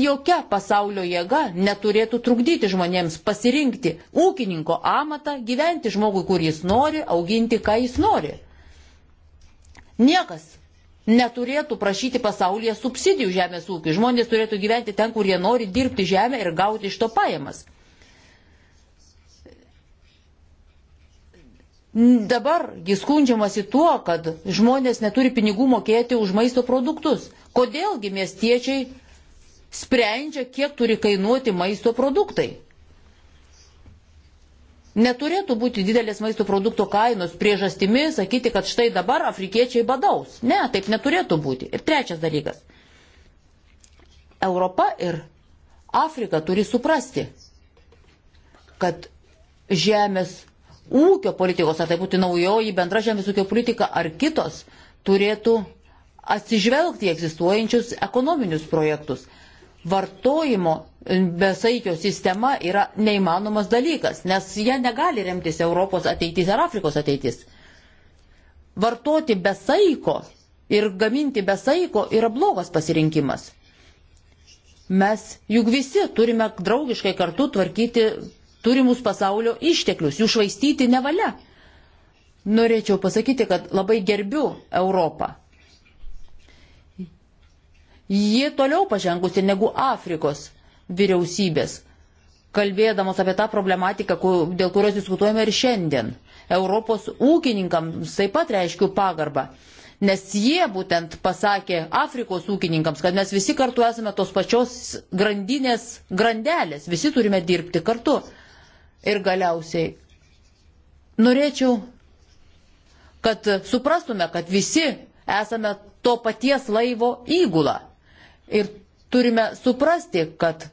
jokia pasaulio jėga neturėtų trukdyti žmonėms pasirinkti ūkininko amatą, gyventi žmogui, kur jis nori, auginti, ką jis nori. Niekas neturėtų prašyti pasaulyje subsidijų žemės ūkiui. Žmonės turėtų gyventi ten, kur jie nori, dirbti žemę ir gauti iš to pajamas. Dabar skundžiamasi tuo, kad žmonės neturi pinigų mokėti už maisto produktus. Kodėlgi miestiečiai sprendžia, kiek turi kainuoti maisto produktai? Neturėtų būti didelės maisto produktų kainos priežastimi sakyti, kad štai dabar afrikiečiai badaus. Ne, taip neturėtų būti. Ir trečias dalykas. Europa ir Afrika turi suprasti, kad žemės ūkio politikos, ar tai būtų naujoji bendra žemės ūkio politika ar kitos, turėtų atsižvelgti į egzistuojančius ekonominius projektus. Vartojimo besaikio sistema yra neįmanomas dalykas, nes jie negali remtis Europos ateitis ar Afrikos ateitis. Vartoti besaiko ir gaminti besaiko yra blogas pasirinkimas. Mes juk visi turime draugiškai kartu tvarkyti turimus pasaulio išteklius, jų švaistyti nevalia. Norėčiau pasakyti, kad labai gerbiu Europą. Ji toliau pažengusi negu Afrikos vyriausybės, kalbėdamos apie tą problematiką, dėl kurios diskutuojame ir šiandien. Europos ūkininkams taip pat reiškiu pagarbą, nes jie būtent pasakė Afrikos ūkininkams, kad mes visi kartu esame tos pačios grandinės grandelės, visi turime dirbti kartu. Ir galiausiai norėčiau, kad suprastume, kad visi esame to paties laivo įgula. Ir turime suprasti, kad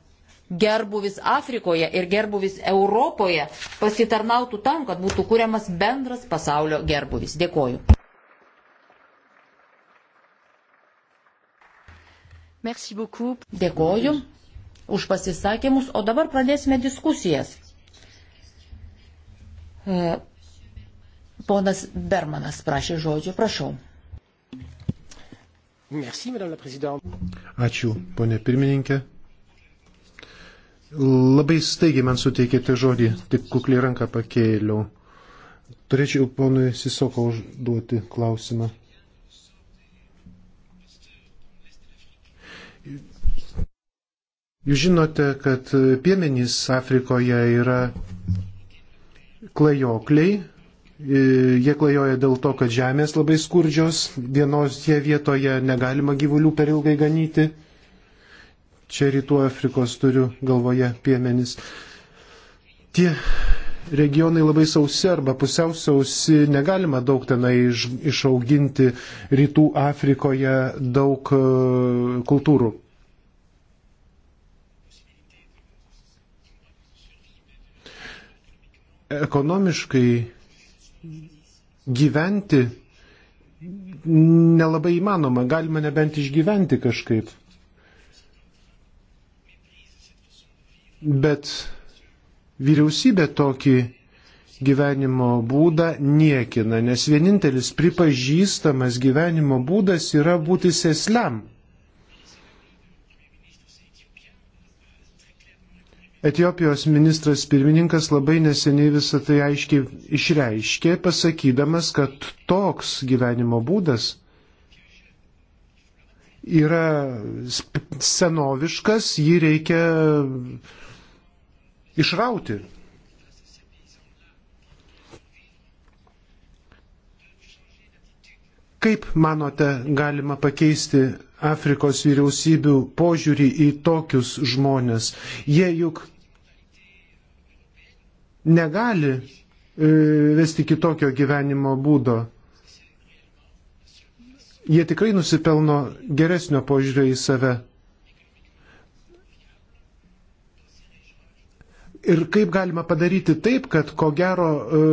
gerbuvis Afrikoje ir gerbuvis Europoje pasitarnautų tam, kad būtų kuriamas bendras pasaulio gerbuvis. Dėkoju. Dėkoju už pasisakymus, o dabar pradėsime diskusijas. E, ponas Bermanas prašė žodžio, prašau. Merci, Madame la Présidente. Ačiū, ponė pirmininkė. Labai staigiai man suteikėte žodį, tik kuklį ranką pakėliau. Turėčiau ponui Sisoko užduoti klausimą. Jūs žinote, kad piemenys Afrikoje yra klajokliai, E, jie klajoja dėl to, kad žemės labai skurdžios, vienoje vietoje negalima gyvulių per ilgai ganyti. Čia rytų Afrikos turiu galvoje piemenis. Tie regionai labai sausi arba pusiau sausi, negalima daug tenai išauginti rytų Afrikoje daug e, kultūrų. Ekonomiškai gyventi nelabai įmanoma, galima nebent išgyventi kažkaip. Bet vyriausybė tokį gyvenimo būdą niekina, nes vienintelis pripažįstamas gyvenimo būdas yra būti sesliam. Etijopijos ministras pirmininkas labai neseniai visą tai aiškiai išreiškė, pasakydamas, kad toks gyvenimo būdas yra senoviškas, jį reikia išrauti. Kaip manote, galima pakeisti Afrikos vyriausybių požiūrį į tokius žmonės. Jie juk negali e, vesti kitokio gyvenimo būdo. Jie tikrai nusipelno geresnio požiūrio į save. Ir kaip galima padaryti taip, kad ko gero e,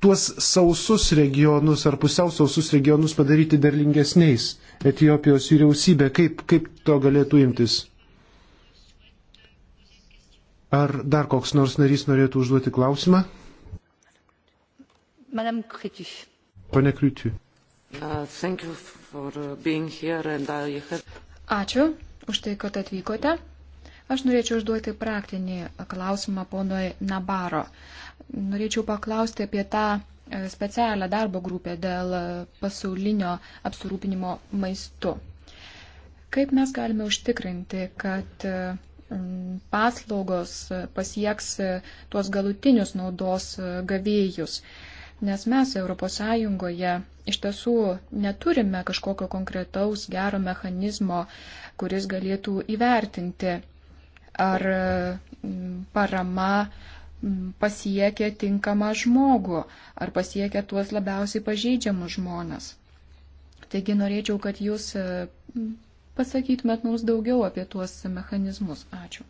tuos sausus regionus ar pusiau sausus regionus padaryti derlingesniais. Etijopijos vyriausybė, kaip, kaip to galėtų imtis? Ar dar koks nors narys norėtų užduoti klausimą? Madame Kritu. Pane Kritu. Uh, uh have... Ačiū už tai, kad atvykote. Aš norėčiau užduoti praktinį klausimą ponui Nabaro. Norėčiau paklausti apie tą specialią darbo grupę dėl pasaulinio apsirūpinimo maistu. Kaip mes galime užtikrinti, kad mm, paslaugos pasieks tuos galutinius naudos gavėjus? Nes mes ES iš tiesų neturime kažkokio konkretaus gero mechanizmo, kuris galėtų įvertinti, ar mm, parama pasiekia tinkamą žmogų ar pasiekia tuos labiausiai pažeidžiamus žmonės. Taigi norėčiau, kad jūs e, pasakytumėt mums daugiau apie tuos mechanizmus. Ačiū.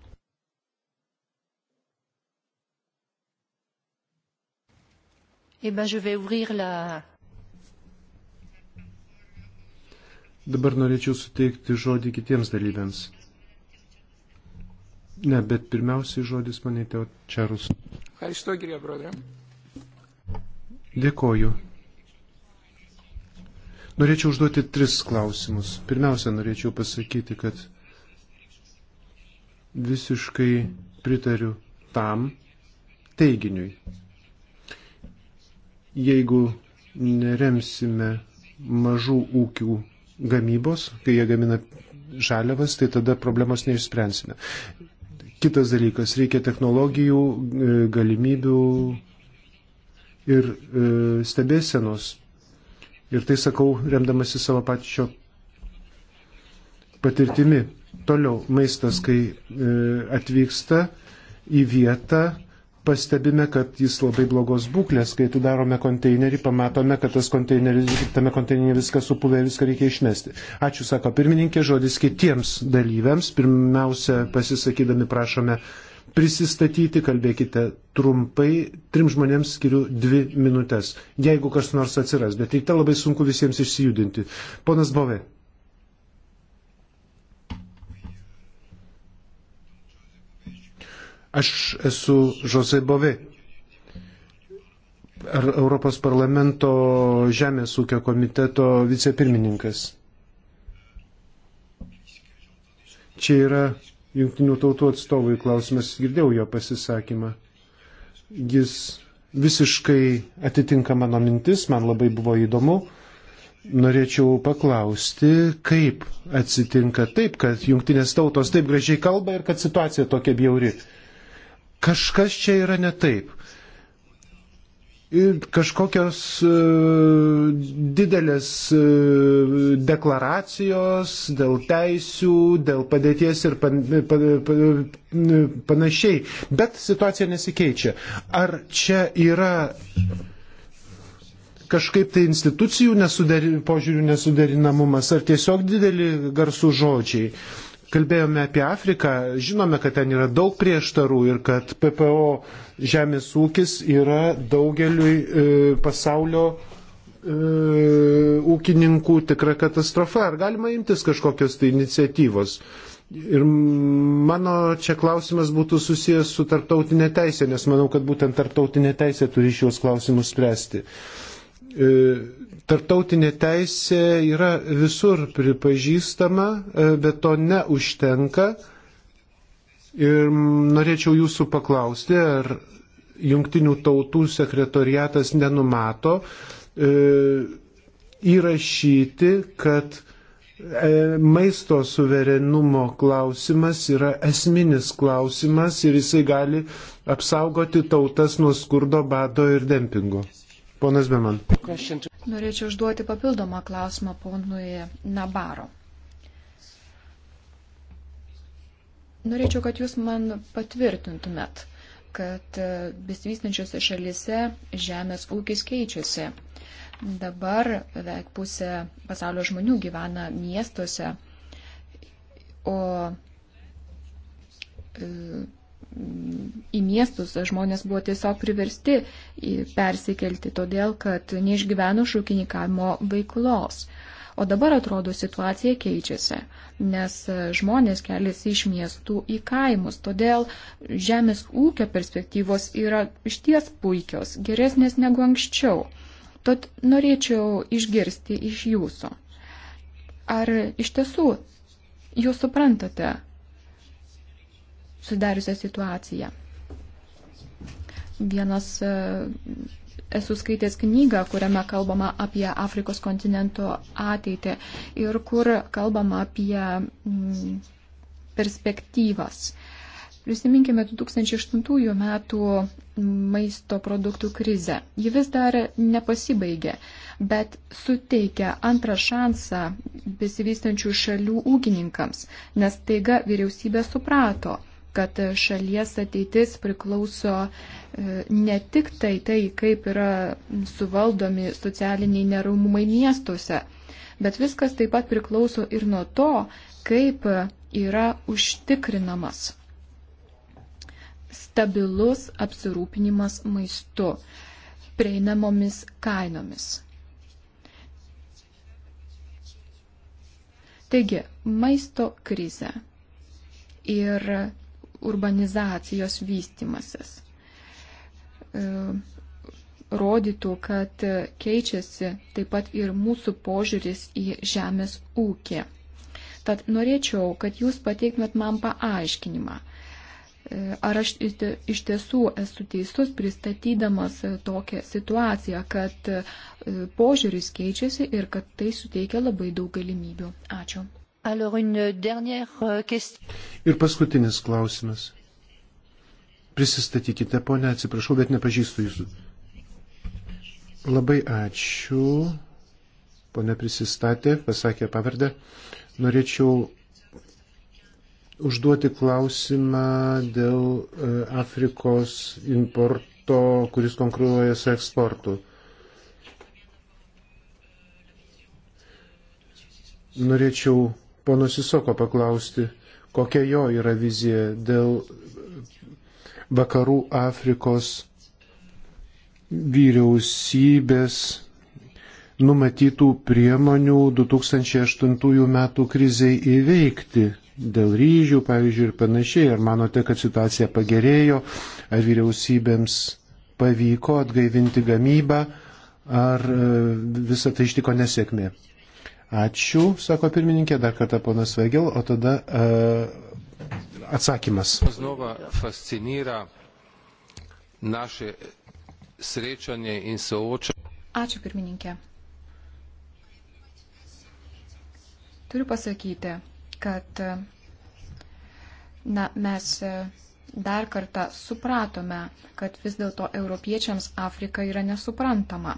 Eh ben, je vais ouvrir la... Dabar norėčiau suteikti žodį kitiems dalyviams. Ne, bet pirmiausiai žodis manėte Čarus. Haristo, geria, brodė. Dėkoju. Norėčiau užduoti tris klausimus. Pirmiausia, norėčiau pasakyti, kad visiškai pritariu tam teiginiui. Jeigu neremsime mažų ūkių gamybos, kai jie gamina žaliavas, tai tada problemos neišspręsime. Kitas dalykas, reikia technologijų, e, galimybių ir e, stebėsenos. Ir tai sakau, remdamasi savo pačio patirtimi. Toliau maistas, kai e, atvyksta į vietą, pastebime, kad jis labai blogos būklės, kai atidarome konteinerį, pamatome, kad tas konteineris, tame konteineryje viskas supuvė, viską reikia išmesti. Ačiū, sako pirmininkė, žodis kitiems dalyviams. Pirmiausia, pasisakydami prašome prisistatyti, kalbėkite trumpai, trim žmonėms skiriu dvi minutės, jeigu kas nors atsiras, bet ryte labai sunku visiems išsijudinti. Ponas Bove. Aš esu Žose Bovi. Europos parlamento žemės ūkio komiteto vicepirmininkas. Čia yra jungtinių tautų atstovui klausimas, girdėjau jo pasisakymą. Jis visiškai atitinka mano mintis, man labai buvo įdomu. Norėčiau paklausti, kaip atsitinka taip, kad jungtinės tautos taip gražiai kalba ir kad situacija tokia bjauri. Kažkas čia yra ne taip. Kažkokios e, didelės e, deklaracijos dėl teisių, dėl padėties ir pan, pan, e, pan, panašiai. Bet situacija nesikeičia. Ar čia yra kažkaip tai institucijų nesuderi, požiūrių nesuderinamumas, ar tiesiog dideli garsų žodžiai? Uh, kalbėjome apie Afriką, žinome, kad ten yra daug prieštarų ir kad PPO žemės ūkis yra daugeliui e, pasaulio e, ūkininkų tikra katastrofa. Ar galima imtis kažkokios tai iniciatyvos? Ir mano čia klausimas būtų susijęs su tarptautinė teisė, nes manau, kad būtent tarptautinė teisė turi šios klausimus spręsti. E, Tartautinė teisė yra visur pripažįstama, e, bet to neužtenka. Ir norėčiau jūsų paklausti, ar jungtinių tautų sekretoriatas nenumato e, įrašyti, kad e, maisto suverenumo klausimas yra esminis klausimas ir jisai gali apsaugoti tautas nuo skurdo, bado ir dempingo. Ponas Beman. Norėčiau užduoti papildomą klausimą ponui Nabaro. Norėčiau, kad jūs man patvirtintumėt, kad besivystančiose šalise žemės ūkis keičiasi. Dabar beveik pusė pasaulio žmonių gyvena miestuose, o e, į miestus žmonės buvo tiesiog priversti persikelti, todėl kad neišgyveno šūkininkavimo veiklos. O dabar atrodo situacija keičiasi, nes žmonės keliasi iš miestų į kaimus, todėl žemės ūkio perspektyvos yra išties puikios, geresnės negu anksčiau. Tad norėčiau išgirsti iš jūsų. Ar iš tiesų jūs suprantate, sudariusią situaciją. Vienas e, esu skaitęs knygą, kuriame kalbama apie Afrikos kontinento ateitį ir kur kalbama apie mm, perspektyvas. Prisiminkime 2008 metų maisto produktų krizę. Ji vis dar nepasibaigė, bet suteikia antrą šansą besivystančių šalių ūkininkams, nes taiga vyriausybė suprato, kad šalies ateitis priklauso e, ne tik tai tai, kaip yra suvaldomi socialiniai nerumumai miestuose, bet viskas taip pat priklauso ir nuo to, kaip yra užtikrinamas stabilus apsirūpinimas maistu prieinamomis kainomis. Taigi, maisto krize ir urbanizacijos vystimasis e, rodytų, kad keičiasi taip pat ir mūsų požiūris į žemės ūkį. Tad norėčiau, kad jūs pateiktumėt man paaiškinimą, e, ar aš iš tiesų esu teisus pristatydamas tokią situaciją, kad e, požiūris keičiasi ir kad tai suteikia labai daug galimybių. Ačiū. Euh, Ir paskutinis klausimas. Prisistatykite, ponia, atsiprašau, bet nepažįstu jūsų. Labai ačiū. Pone prisistatė, pasakė pavardę. Norėčiau užduoti klausimą dėl e, Afrikos importo, kuris konkuruoja su eksportu. Norėčiau pono Sisoko paklausti, kokia jo yra vizija dėl vakarų Afrikos vyriausybės numatytų priemonių 2008 metų kriziai įveikti dėl ryžių, pavyzdžiui, ir panašiai. Ar manote, kad situacija pagerėjo, ar vyriausybėms pavyko atgaivinti gamybą, ar e, visą tai ištiko nesėkmė? Ačiū, sako pirmininkė, dar kartą ponas Vegel, o tada uh, atsakymas. Znova fascinira naše srečanje in soočanje. Ačiū pirmininkė. Turiu pasakyti, kad na, mes dar kartą supratome, kad vis dėlto europiečiams Afrika yra nesuprantama.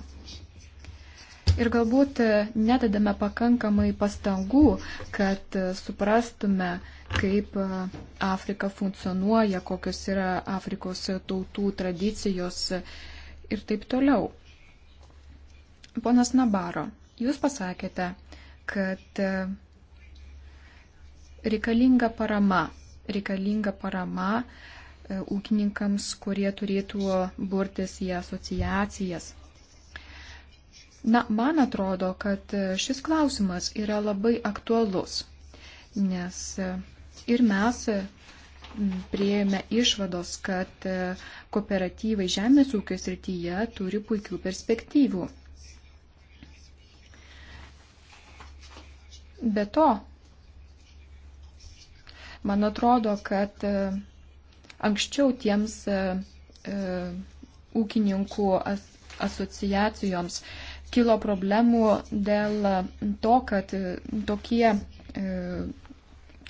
Ir galbūt nededame pakankamai pastangų, kad suprastume, kaip Afrika funkcionuoja, kokios yra Afrikos tautų tradicijos ir taip toliau. Ponas Nabaro, jūs pasakėte, kad reikalinga parama, reikalinga parama e, ūkininkams, kurie turėtų burtis į asociacijas. Na, man atrodo, kad šis klausimas yra labai aktualus, nes ir mes prieėmė išvados, kad kooperatyvai žemės ūkio srityje turi puikių perspektyvų. Be to, man atrodo, kad anksčiau tiems e, ūkininkų asociacijoms uh, kilo problemų dėl to, kad tokie, e,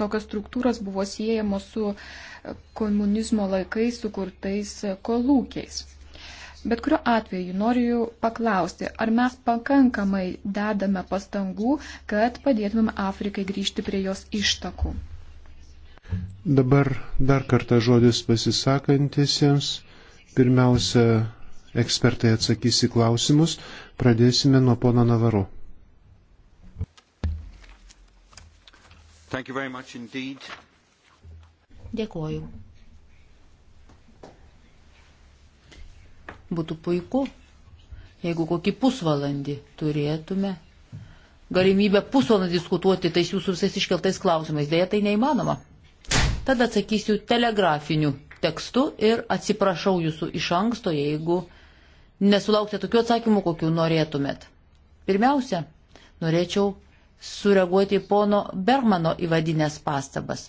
tokios struktūros buvo siejamos su komunizmo laikais sukurtais kolūkiais. Bet kuriuo atveju noriu paklausti, ar mes pakankamai dedame pastangų, kad padėtumėm Afrikai grįžti prie jos ištakų. Dabar dar kartą žodis pasisakantisiems. Pirmiausia, Ekspertai atsakys į klausimus. Pradėsime nuo pono Navaro. Dėkoju. Būtų puiku, jeigu kokį pusvalandį turėtume galimybę pusvalandį diskutuoti tais jūsų visais iškeltais klausimais. Deja, tai neįmanoma. Tada atsakysiu telegrafiniu tekstu ir atsiprašau jūsų iš anksto, jeigu nesulaukti tokių atsakymų, kokių norėtumėt. Pirmiausia, norėčiau sureaguoti į pono Bergmano įvadinės pastabas.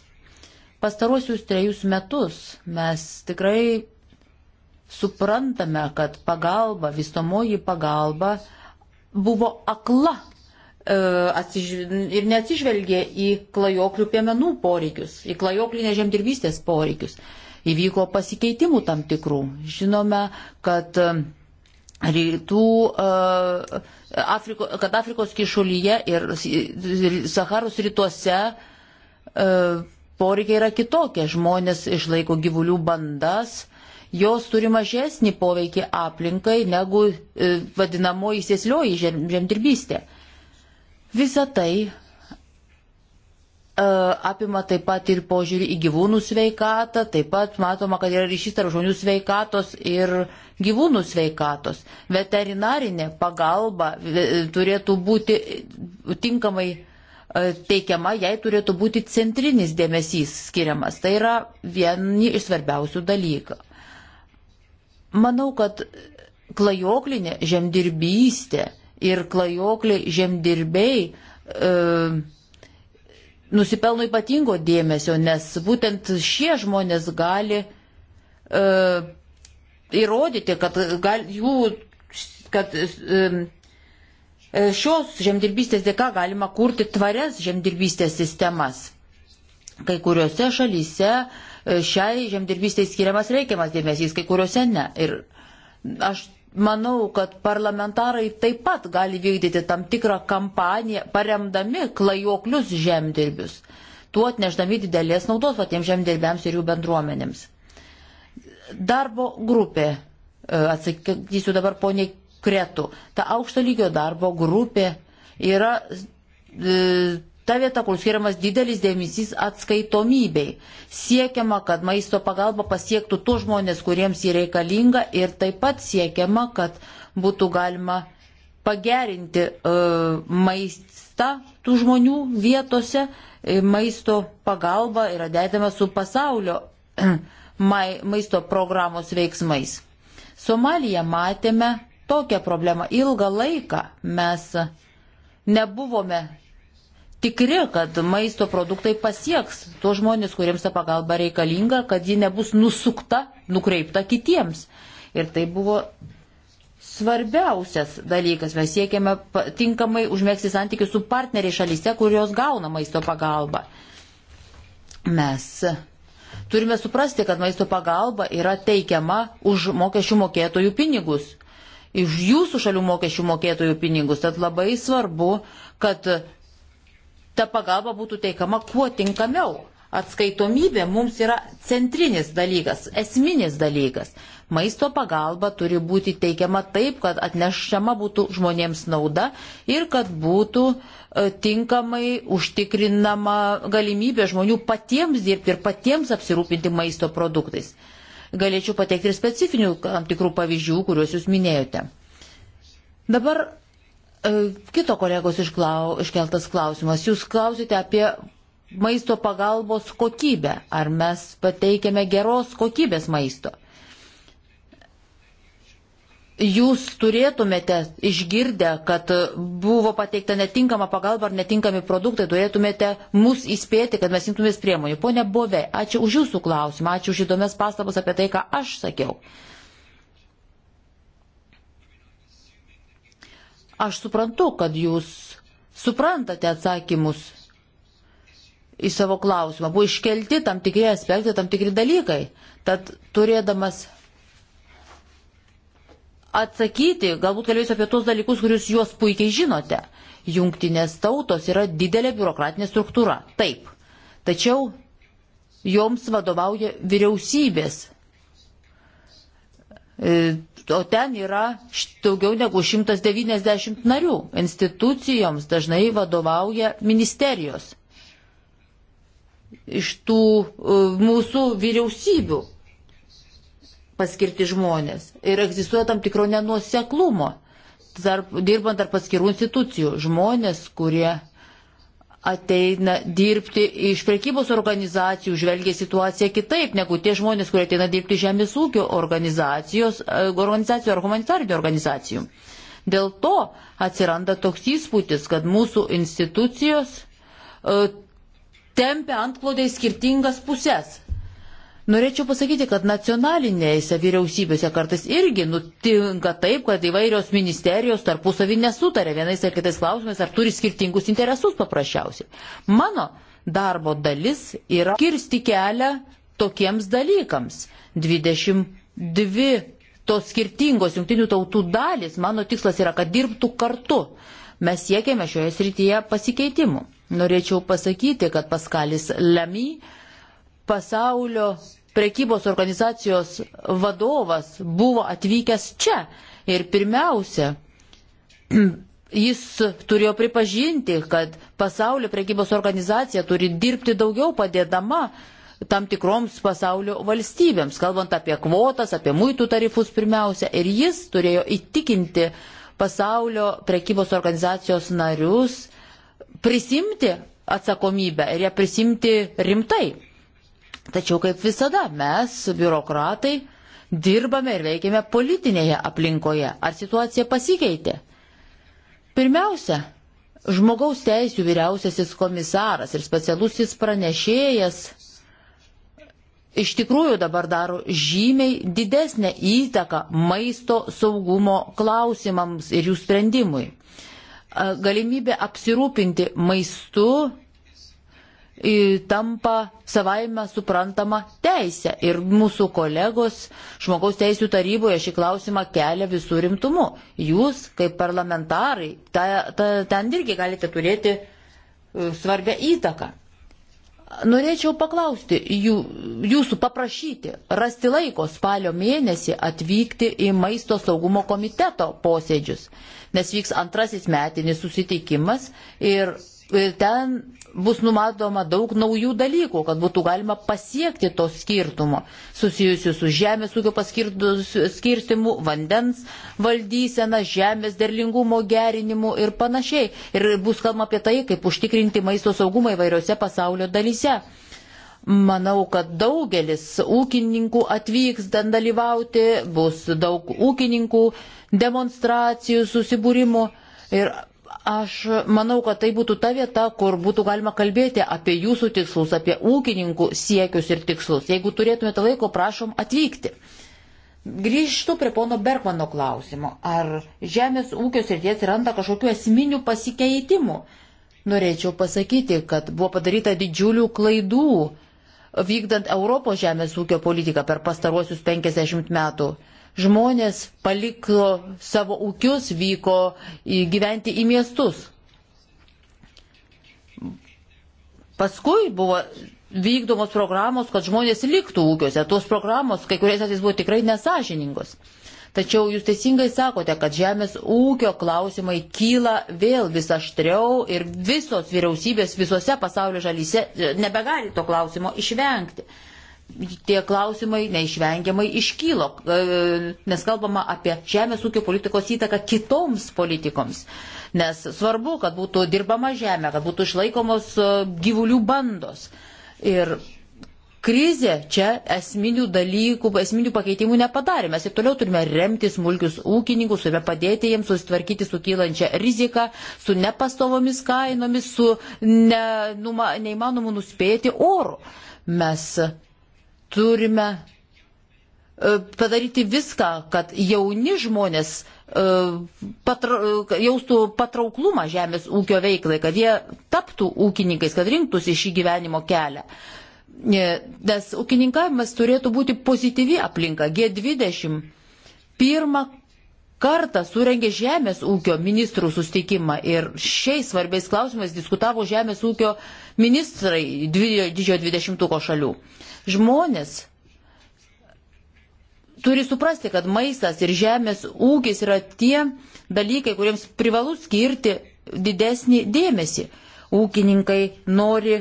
Pastaruosius trejus metus mes tikrai suprantame, kad pagalba, vystomoji pagalba buvo akla e, ir neatsižvelgė į klajoklių piemenų poreikius, į klajoklinę žemdirbystės poreikius. Įvyko pasikeitimų tam tikrų. Žinome, kad rytų, e, Afriko, kad Afrikos kišulyje ir Saharos rytuose e, poreikiai yra kitokie. Žmonės išlaiko gyvulių bandas, jos turi mažesnį poveikį aplinkai negu e, vadinamoji sėslioji žemdirbystė. Visa tai E, apima taip pat ir požiūrį į gyvūnų sveikatą, taip pat matoma, kad yra ryšys tarp žmonių sveikatos ir gyvūnų sveikatos. Veterinarinė pagalba e, turėtų būti tinkamai e, teikiama, jai turėtų būti centrinis dėmesys skiriamas. Tai yra vieni iš svarbiausių dalykų. Manau, kad klajoklinė žemdirbystė ir klajokliai žemdirbiai e, nusipelno ypatingo dėmesio, nes būtent šie žmonės gali e, įrodyti, kad, gal, jų, kad e, šios žemdirbystės dėka galima kurti tvarias žemdirbystės sistemas. Kai kuriuose šalyse e, šiai žemdirbystės skiriamas reikiamas dėmesys, kai kuriuose ne. Ir aš Manau, kad parlamentarai taip pat gali vykdyti tam tikrą kampaniją, paremdami klajoklius žemdirbius, tuo atnešdami didelės naudos patiems žemdirbiams ir jų bendruomenėms. Darbo grupė, e, atsakysiu dabar poniai Kretų, ta aukšto lygio darbo grupė yra e, ta vieta, kur skiriamas didelis dėmesys atskaitomybei. Siekiama, kad maisto pagalba pasiektų tuos žmonės, kuriems jį reikalinga ir taip pat siekiama, kad būtų galima pagerinti e, maistą tų žmonių vietose. E, maisto pagalba yra dedama su pasaulio *clears throat* mai, maisto programos veiksmais. Somalija matėme tokią problemą. Ilgą laiką mes nebuvome tikri, kad maisto produktai pasieks tuos žmonės, kuriems ta pagalba reikalinga, kad ji nebus nusukta, nukreipta kitiems. Ir tai buvo svarbiausias dalykas. Mes siekiame tinkamai užmėgsti santykius su partneriai šalyse, kurios gauna maisto pagalbą. Mes turime suprasti, kad maisto pagalba yra teikiama už mokesčių mokėtojų pinigus. Iš jūsų šalių mokesčių mokėtojų pinigus. Tad labai svarbu, kad ta pagalba būtų teikama kuo tinkamiau. Atskaitomybė mums yra centrinis dalykas, esminis dalykas. Maisto pagalba turi būti teikiama taip, kad atnešama būtų žmonėms nauda ir kad būtų e, tinkamai užtikrinama galimybė žmonių patiems dirbti ir patiems apsirūpinti maisto produktais. Galėčiau pateikti ir specifinių tam tikrų pavyzdžių, kuriuos jūs minėjote. Dabar E, kito kolegos išklau, iškeltas klausimas. Jūs klausite apie maisto pagalbos kokybę. Ar mes pateikėme geros kokybės maisto? Jūs turėtumėte išgirdę, kad buvo pateikta netinkama pagalba ar netinkami produktai, turėtumėte mus įspėti, kad mes imtumės priemonių. Pone Bove, ačiū už jūsų klausimą, ačiū už įdomias pastabas apie tai, ką aš sakiau. Uh, Aš suprantu, kad jūs suprantate atsakymus į savo klausimą. Buvo iškelti tam tikri aspektai, tam tikri dalykai. Tad turėdamas atsakyti, galbūt kalbėsiu apie tos dalykus, kuriuos juos puikiai žinote. Jungtinės tautos yra didelė biurokratinė struktūra. Taip. Tačiau joms vadovauja vyriausybės. E, o ten yra daugiau negu 190 narių. Institucijoms dažnai vadovauja ministerijos iš tų e, mūsų vyriausybių paskirti žmonės. Ir egzistuoja tam tikro nenuoseklumo, tarp, dirbant tarp paskirų institucijų. Žmonės, kurie ateina dirbti iš prekybos organizacijų, žvelgia situaciją kitaip negu tie žmonės, kurie ateina dirbti žemės ūkio organizacijos, e, organizacijų ar humanitarinių organizacijų. Dėl to atsiranda toks įspūdis, kad mūsų institucijos e, tempia antklodai skirtingas pusės. Norėčiau pasakyti, kad nacionalinėse vyriausybėse kartais irgi nutinka taip, kad įvairios ministerijos tarpusavį nesutarė vienais ar kitais klausimais, ar turi skirtingus interesus paprasčiausiai. Mano darbo dalis yra kirsti kelią tokiems dalykams. 22 tos skirtingos jungtinių tautų dalis, mano tikslas yra, kad dirbtų kartu. Mes siekėme šioje srityje pasikeitimų. Norėčiau pasakyti, kad Paskalis Lemy pasaulio prekybos organizacijos vadovas buvo atvykęs čia ir pirmiausia, *clears throat* jis turėjo pripažinti, kad pasaulio prekybos organizacija turi dirbti daugiau padėdama tam tikroms pasaulio valstybėms, kalbant apie kvotas, apie muitų tarifus pirmiausia. Ir jis turėjo įtikinti pasaulio prekybos organizacijos narius prisimti atsakomybę ir ją prisimti rimtai. Tačiau kaip visada mes, biurokratai, dirbame ir veikiame politinėje aplinkoje. Ar situacija pasikeitė? Pirmiausia, žmogaus teisų vyriausiasis komisaras ir specialusis pranešėjas iš tikrųjų dabar daro žymiai didesnę įtaką maisto saugumo klausimams ir jų sprendimui. Galimybė apsirūpinti maistu tampa savaime suprantama teisė. Ir mūsų kolegos žmogaus teisų taryboje šį klausimą kelia visų rimtumu. Jūs, kaip parlamentarai, ta, ta, ten irgi galite turėti e, svarbę įtaką. Norėčiau paklausti, jų, jūsų paprašyti, rasti laiko spalio mėnesį atvykti į maisto saugumo komiteto posėdžius, nes vyks antrasis metinis susitikimas ir E, ten bus numatoma daug naujų dalykų, kad būtų galima pasiekti to skirtumo susijusiu su žemės ūkio paskirtimu, vandens valdysena, žemės derlingumo gerinimu ir panašiai. Ir bus kalbama apie tai, kaip užtikrinti maisto saugumą įvairiose pasaulio dalyse. Manau, kad daugelis ūkininkų atvyks ten dalyvauti, bus daug ūkininkų demonstracijų, susibūrimų. Ir Aš manau, kad tai būtų ta vieta, kur būtų galima kalbėti apie jūsų tikslus, apie ūkininkų siekius ir tikslus. Jeigu turėtumėte laiko, prašom atvykti. Grįžtu prie pono Bergmano klausimo. Ar žemės ūkio srityje atsiranda kažkokiu esminiu pasikeitimu? Norėčiau pasakyti, kad buvo padaryta didžiulių klaidų vykdant Europos žemės ūkio politiką per pastaruosius 50 metų žmonės paliko savo ūkius, vyko gyventi į miestus. Paskui buvo vykdomos programos, kad žmonės liktų ūkiuose. Tos programos kai kuriais atvejais buvo tikrai nesažiningos. Tačiau jūs teisingai sakote, kad žemės ūkio klausimai kyla vėl vis aštriau ir visos vyriausybės visose pasaulio žalyse e, nebegali to klausimo išvengti tie klausimai neišvengiamai iškylo, e, nes kalbama apie žemės ūkio politikos įtaką kitoms politikoms. Nes svarbu, kad būtų dirbama žemė, kad būtų išlaikomos e, gyvulių bandos. Ir krizė čia esminių dalykų, esminių pakeitimų nepadarė. Mes ir toliau turime remti smulkius ūkininkus, turime padėti jiems susitvarkyti su kylančia rizika, su nepastovomis kainomis, su ne, numa, neįmanomu nuspėti oru. Mes turime e, padaryti viską, kad jauni žmonės e, patra, e, jaustų patrauklumą žemės ūkio veiklai, kad jie taptų ūkininkais, kad rinktųsi šį gyvenimo kelią. Nes ūkininkavimas turėtų būti pozityvi aplinka. G20 pirmą kartą surengė žemės ūkio ministrų sustikimą ir šiais svarbiais klausimais diskutavo žemės ūkio ministrai didžiojo dvidešimtuko šalių. Žmonės turi suprasti, kad maistas ir žemės ūkis yra tie dalykai, kuriems privalu skirti didesnį dėmesį. Ūkininkai nori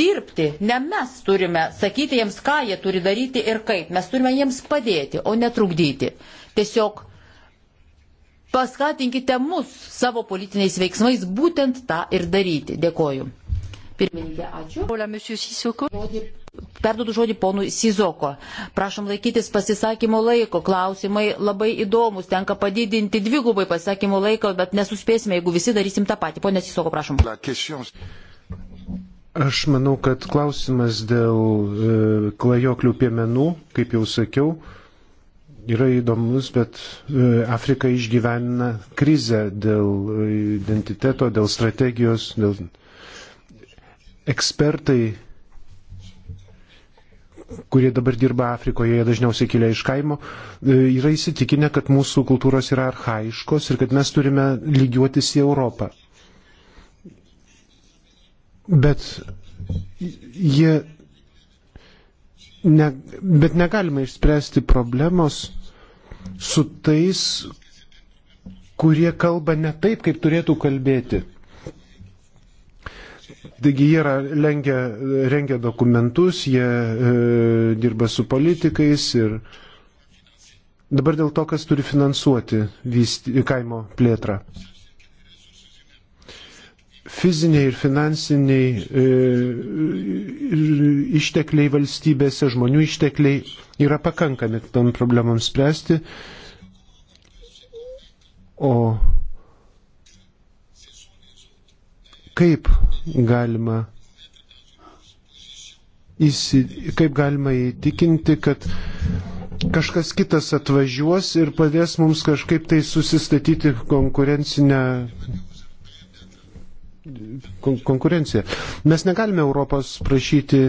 dirbti, ne mes turime sakyti jiems, ką jie turi daryti ir kaip. Mes turime jiems padėti, o netrukdyti. Tiesiog paskatinkite mus savo politiniais veiksmais būtent tą ir daryti. Dėkoju. Pirmininkė, ačiū. Perduodu žodį ponui Sizoko. Prašom laikytis pasisakymo laiko. Klausimai labai įdomus. Tenka padidinti dvigubai pasisakymo laiko, bet nesuspėsime, jeigu visi darysim tą patį. Pone Sizoko, prašom. Aš manau, kad klausimas dėl e, klajoklių piemenų, kaip jau sakiau, yra įdomus, bet e, Afrika išgyvena krizę dėl e, identiteto, dėl strategijos, dėl ekspertai, kurie dabar dirba Afrikoje, jie dažniausiai kilia iš kaimo, e, yra įsitikinę, kad mūsų kultūros yra arhaiškos ir kad mes turime lygiuotis į Europą. Bet jie. Ne, bet negalima išspręsti problemos su tais, kurie kalba ne taip, kaip turėtų kalbėti. Taigi jie lengia, rengia dokumentus, jie e, dirba su politikais ir dabar dėl to, kas turi finansuoti vysti, kaimo plėtrą. Fiziniai ir finansiniai e, ištekliai valstybėse, žmonių ištekliai yra pakankami tam problemams spręsti. O kaip galima, įsi, kaip galima įtikinti, kad kažkas kitas atvažiuos ir padės mums kažkaip tai susistatyti konkurencinę konkurencija. Mes negalime Europos prašyti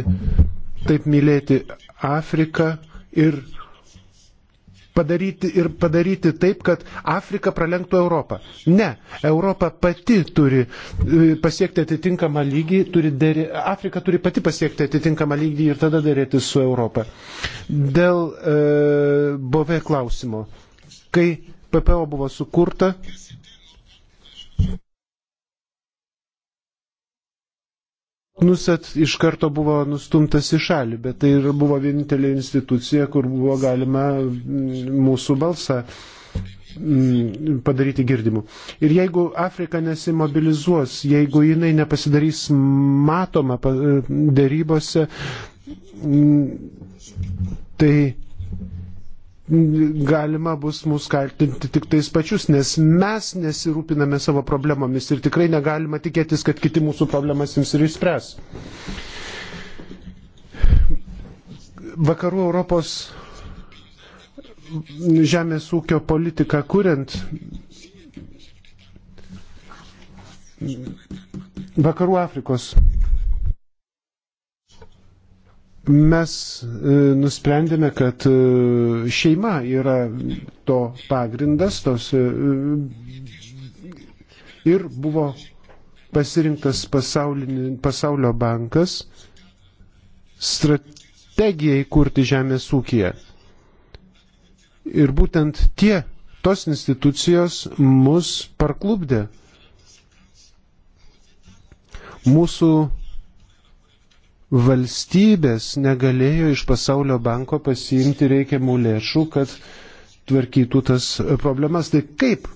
taip mylėti Afriką ir padaryti ir padaryti taip, kad Afrika pralenktų Europą. Ne, Europa pati turi e, pasiekti atitinkamą lygį, turi deri, Afrika turi pati pasiekti atitinkamą lygį ir tada dėrėti su Europą. Dėl e, bove klausimo. Kai PPO buvo sukurta, Nusat iš karto buvo nustumtas į šalį, bet tai ir buvo vienintelė institucija, kur buvo galima mm, mūsų balsą mm, padaryti girdimu. Ir jeigu Afrika nesimobilizuos, jeigu jinai nepasidarys matoma e, darybose, mm, tai galima bus mus kaltinti tik tais pačius, nes mes nesirūpiname savo problemomis ir tikrai negalima tikėtis, kad kiti mūsų problemas jums ir išspręs. Vakarų Europos žemės ūkio politiką kuriant, Vakarų Afrikos mes e, nusprendėme, kad e, šeima yra to pagrindas, tos e, ir buvo pasirinktas pasaulio bankas strategijai kurti žemės ūkiją. Ir būtent tie, tos institucijos mus parklubdė. Mūsų valstybės negalėjo iš pasaulio banko pasiimti reikiamų lėšų, kad tvarkytų tas problemas. Tai kaip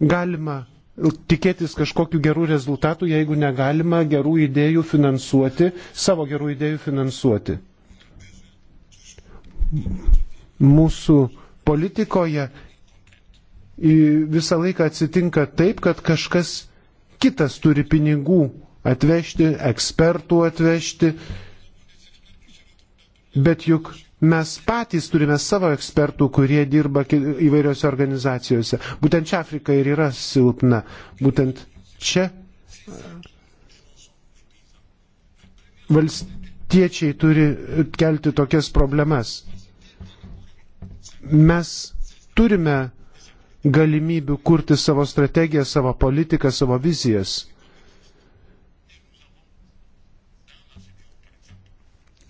galima tikėtis kažkokių gerų rezultatų, jeigu negalima gerų idėjų finansuoti, savo gerų idėjų finansuoti. Mūsų politikoje visą laiką atsitinka taip, kad kažkas kitas turi pinigų atvežti, ekspertų atvežti, bet juk mes patys turime savo ekspertų, kurie dirba įvairiose organizacijose. Būtent čia Afrika ir yra silpna, būtent čia uh, valstiečiai turi kelti tokias problemas. Mes turime galimybių kurti savo strategiją, savo politiką, savo vizijas.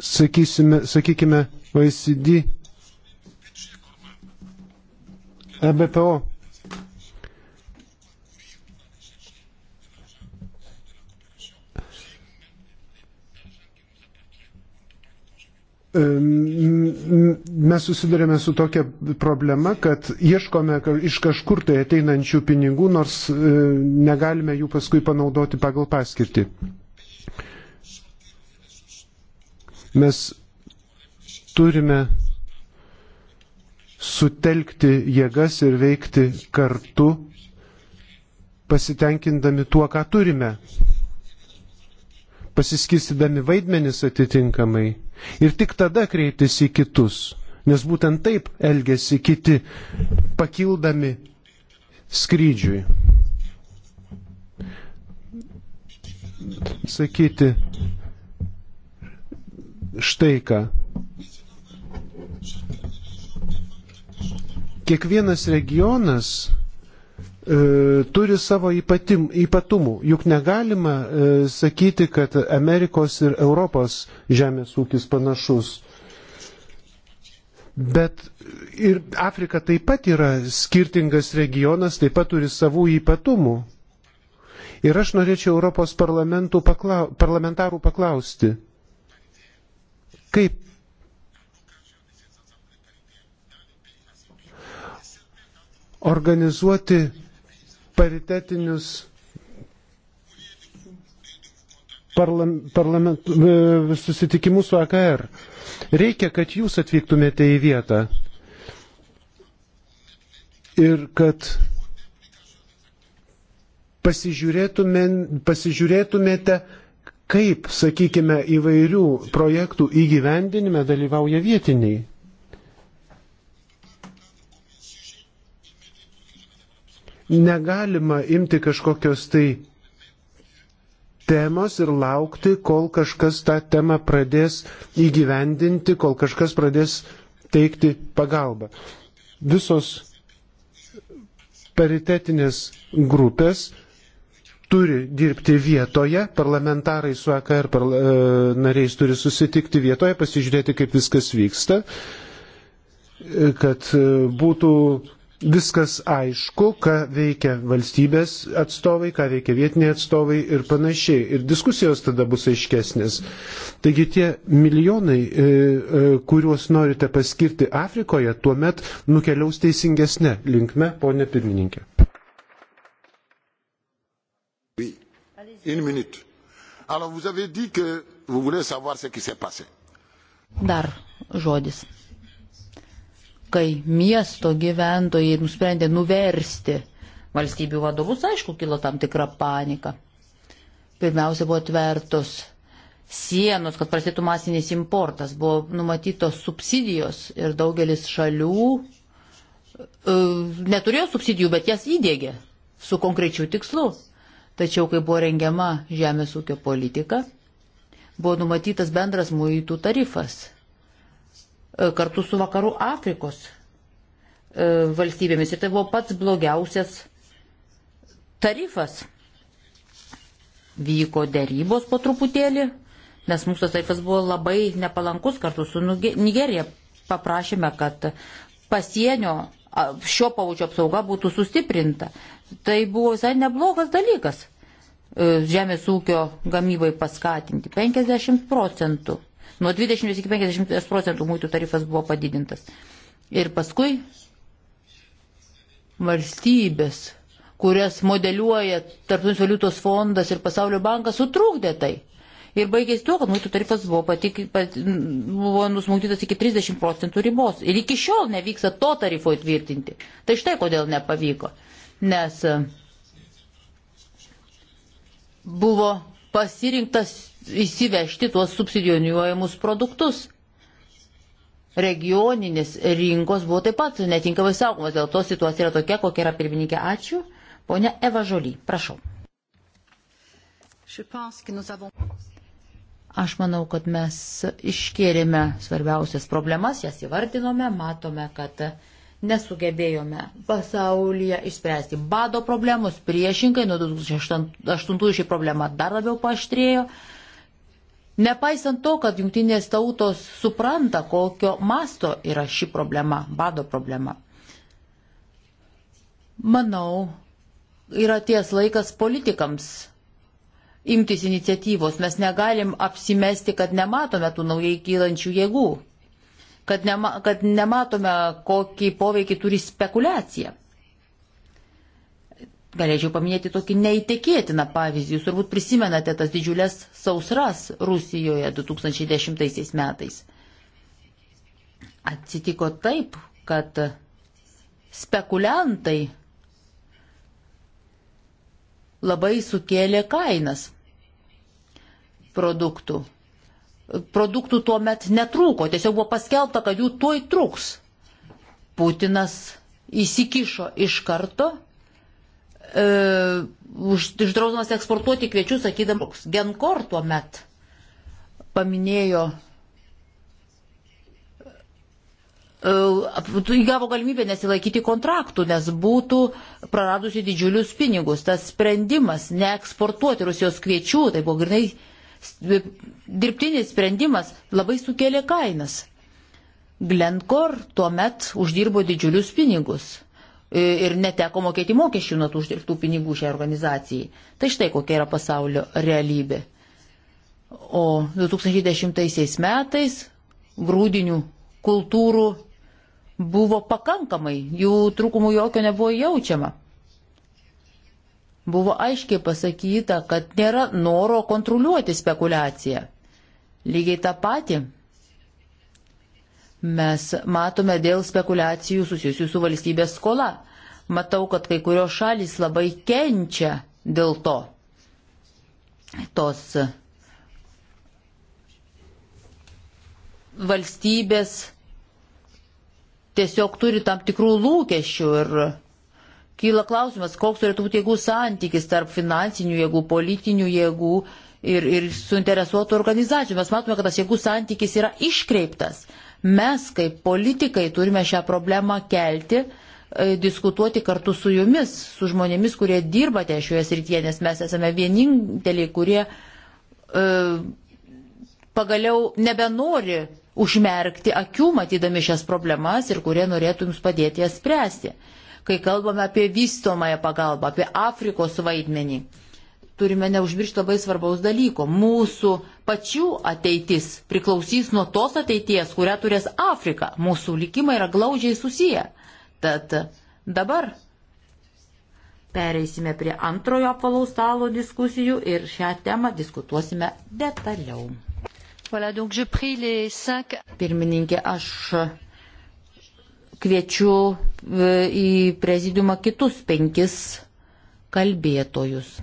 sakysime, sakykime, OECD, EBPO. Mes susidurėme su tokia problema, kad ieškome iš kažkur tai ateinančių pinigų, nors e, negalime jų paskui panaudoti pagal paskirtį. Mes turime sutelkti jėgas ir veikti kartu, pasitenkindami tuo, ką turime, pasiskistydami vaidmenis atitinkamai ir tik tada kreiptis į kitus, nes būtent taip elgesi kiti, pakildami skrydžiui. Sakyti, štai ką. Kiekvienas regionas e, turi savo ypatim, ypatumų. Juk negalima e, sakyti, kad Amerikos ir Europos žemės ūkis panašus. Bet ir Afrika taip pat yra skirtingas regionas, taip pat turi savų ypatumų. Ir aš norėčiau Europos parlamentarų paklausti, Kaip organizuoti paritetinius parlament, susitikimus su AKR. Reikia, kad jūs atvyktumėte į vietą ir kad pasižiūrėtumėte, pasižiūrėtumėte kaip, sakykime, įvairių projektų įgyvendinime dalyvauja vietiniai. Negalima imti kažkokios tai temos ir laukti, kol kažkas tą temą pradės įgyvendinti, kol kažkas pradės teikti pagalbą. Visos paritetinės grupės turi dirbti vietoje, parlamentarai su AKR parla, e, nariais turi susitikti vietoje, pasižiūrėti, kaip viskas vyksta, e, kad e, būtų viskas aišku, ką veikia valstybės atstovai, ką veikia vietiniai atstovai ir panašiai. Ir diskusijos tada bus aiškesnės. Taigi tie milijonai, kuriuos norite paskirti Afrikoje, tuomet nukeliaus teisingesnė linkme, ponė pirmininkė. une minute. Alors, vous avez dit que vous voulez savoir ce qui s'est passé. Dar žodis. Kai miesto gyventojai nusprendė nuversti valstybių vadovus, aišku, kilo tam tikra panika. Pirmiausia, buvo atvertos sienos, kad prasidėtų masinis importas, buvo numatytos subsidijos ir daugelis šalių e, neturėjo subsidijų, bet jas įdėgė su konkrečiu tikslu. Tačiau, kai buvo rengiama žemės ūkio politika, buvo numatytas bendras muitų tarifas e, kartu su vakarų Afrikos e, valstybėmis. Ir tai buvo pats blogiausias tarifas. Vyko dėrybos po truputėlį, nes mūsų tarifas buvo labai nepalankus kartu su Nigerija. Paprašėme, kad pasienio šio paučio apsauga būtų sustiprinta. Tai buvo visai neblogas dalykas. E, žemės ūkio gamybai paskatinti. 50 procentų. Nuo 20 iki 50 procentų muitų tarifas buvo padidintas. Ir paskui valstybės, kurias modeliuoja Tarptautinis valiutos fondas ir Pasaulio bankas, sutrūkdė tai. Ir baigėsi tuo, kad muitų tarifas buvo, patik, pat, buvo nusmukdytas iki 30 procentų ribos. Ir iki šiol nevyksta to tarifo įtvirtinti. Tai štai kodėl nepavyko. Nes uh, buvo pasirinktas įsivežti tuos subsidijuojamus produktus. Regioninės rinkos buvo taip pat netinkamai saugomas, dėl to situacija yra tokia, kokia yra pirmininkė. Ačiū. Pone Eva Žoly, prašau. Aš manau, kad mes iškėlėme svarbiausias problemas, jas įvardinome, matome, kad uh, nesugebėjome pasaulyje išspręsti bado problemos, priešinkai nuo 2008 ši problema dar labiau paštrėjo. Nepaisant to, kad jungtinės tautos supranta, kokio masto yra ši problema, bado problema. Manau, yra ties laikas politikams imtis iniciatyvos. Mes negalim apsimesti, kad nematome tų naujai kylančių jėgų kad, nema, kad nematome, kokį poveikį turi spekulacija. Galėčiau paminėti tokį neįtikėtiną pavyzdį. Jūs turbūt prisimenate tas didžiulės sausras Rusijoje 2010 metais. Atsitiko taip, kad spekuliantai labai sukėlė kainas produktų produktų tuo met netrūko, tiesiog buvo paskelbta, kad jų tuoj trūks. Putinas įsikišo iš karto, e, išdraudamas eksportuoti kviečius, sakydamas, Genkor tuo met paminėjo, e, įgavo galimybę nesilaikyti kontraktų, nes būtų praradusi didžiulius pinigus. Tas sprendimas neeksportuoti Rusijos kviečių, tai buvo grinai dirbtinis sprendimas labai sukėlė kainas. Glencore tuo met uždirbo didžiulius pinigus e, ir neteko mokėti mokesčių nuo tų uždirbtų pinigų šiai organizacijai. Tai štai kokia yra pasaulio realybė. O 2010 metais grūdinių kultūrų buvo pakankamai, jų trūkumų jokio nebuvo jaučiama buvo aiškiai pasakyta, kad nėra noro kontroliuoti spekulaciją. Lygiai tą patį mes matome dėl spekulacijų susijusių su valstybės skola. Matau, kad kai kurios šalis labai kenčia dėl to. Tos valstybės tiesiog turi tam tikrų lūkesčių ir kyla klausimas, koks turėtų būti jėgų santykis tarp finansinių jėgų, politinių jėgų ir, ir suinteresuotų organizacijų. Mes matome, kad tas jėgų santykis yra iškreiptas. Mes kaip politikai turime šią problemą kelti, e, diskutuoti kartu su jumis, su žmonėmis, kurie dirbate šioje srityje, nes mes esame vieninteliai, kurie e, pagaliau nebenori užmerkti akių matydami šias problemas ir kurie norėtų jums padėti jas spręsti kai kalbame apie vystomąją pagalbą, apie Afrikos vaidmenį. Turime neužmiršti labai svarbaus dalyko. Mūsų pačių ateitis priklausys nuo tos ateities, kurią turės Afrika. Mūsų likimai yra glaudžiai susiję. Tad dabar pereisime prie antrojo apvalaus stalo diskusijų ir šią temą diskutuosime detaliau. Voilà, donc je prie les cinq... Pirmininkė, aš Kviečiu e, į prezidiumą kitus penkis kalbėtojus.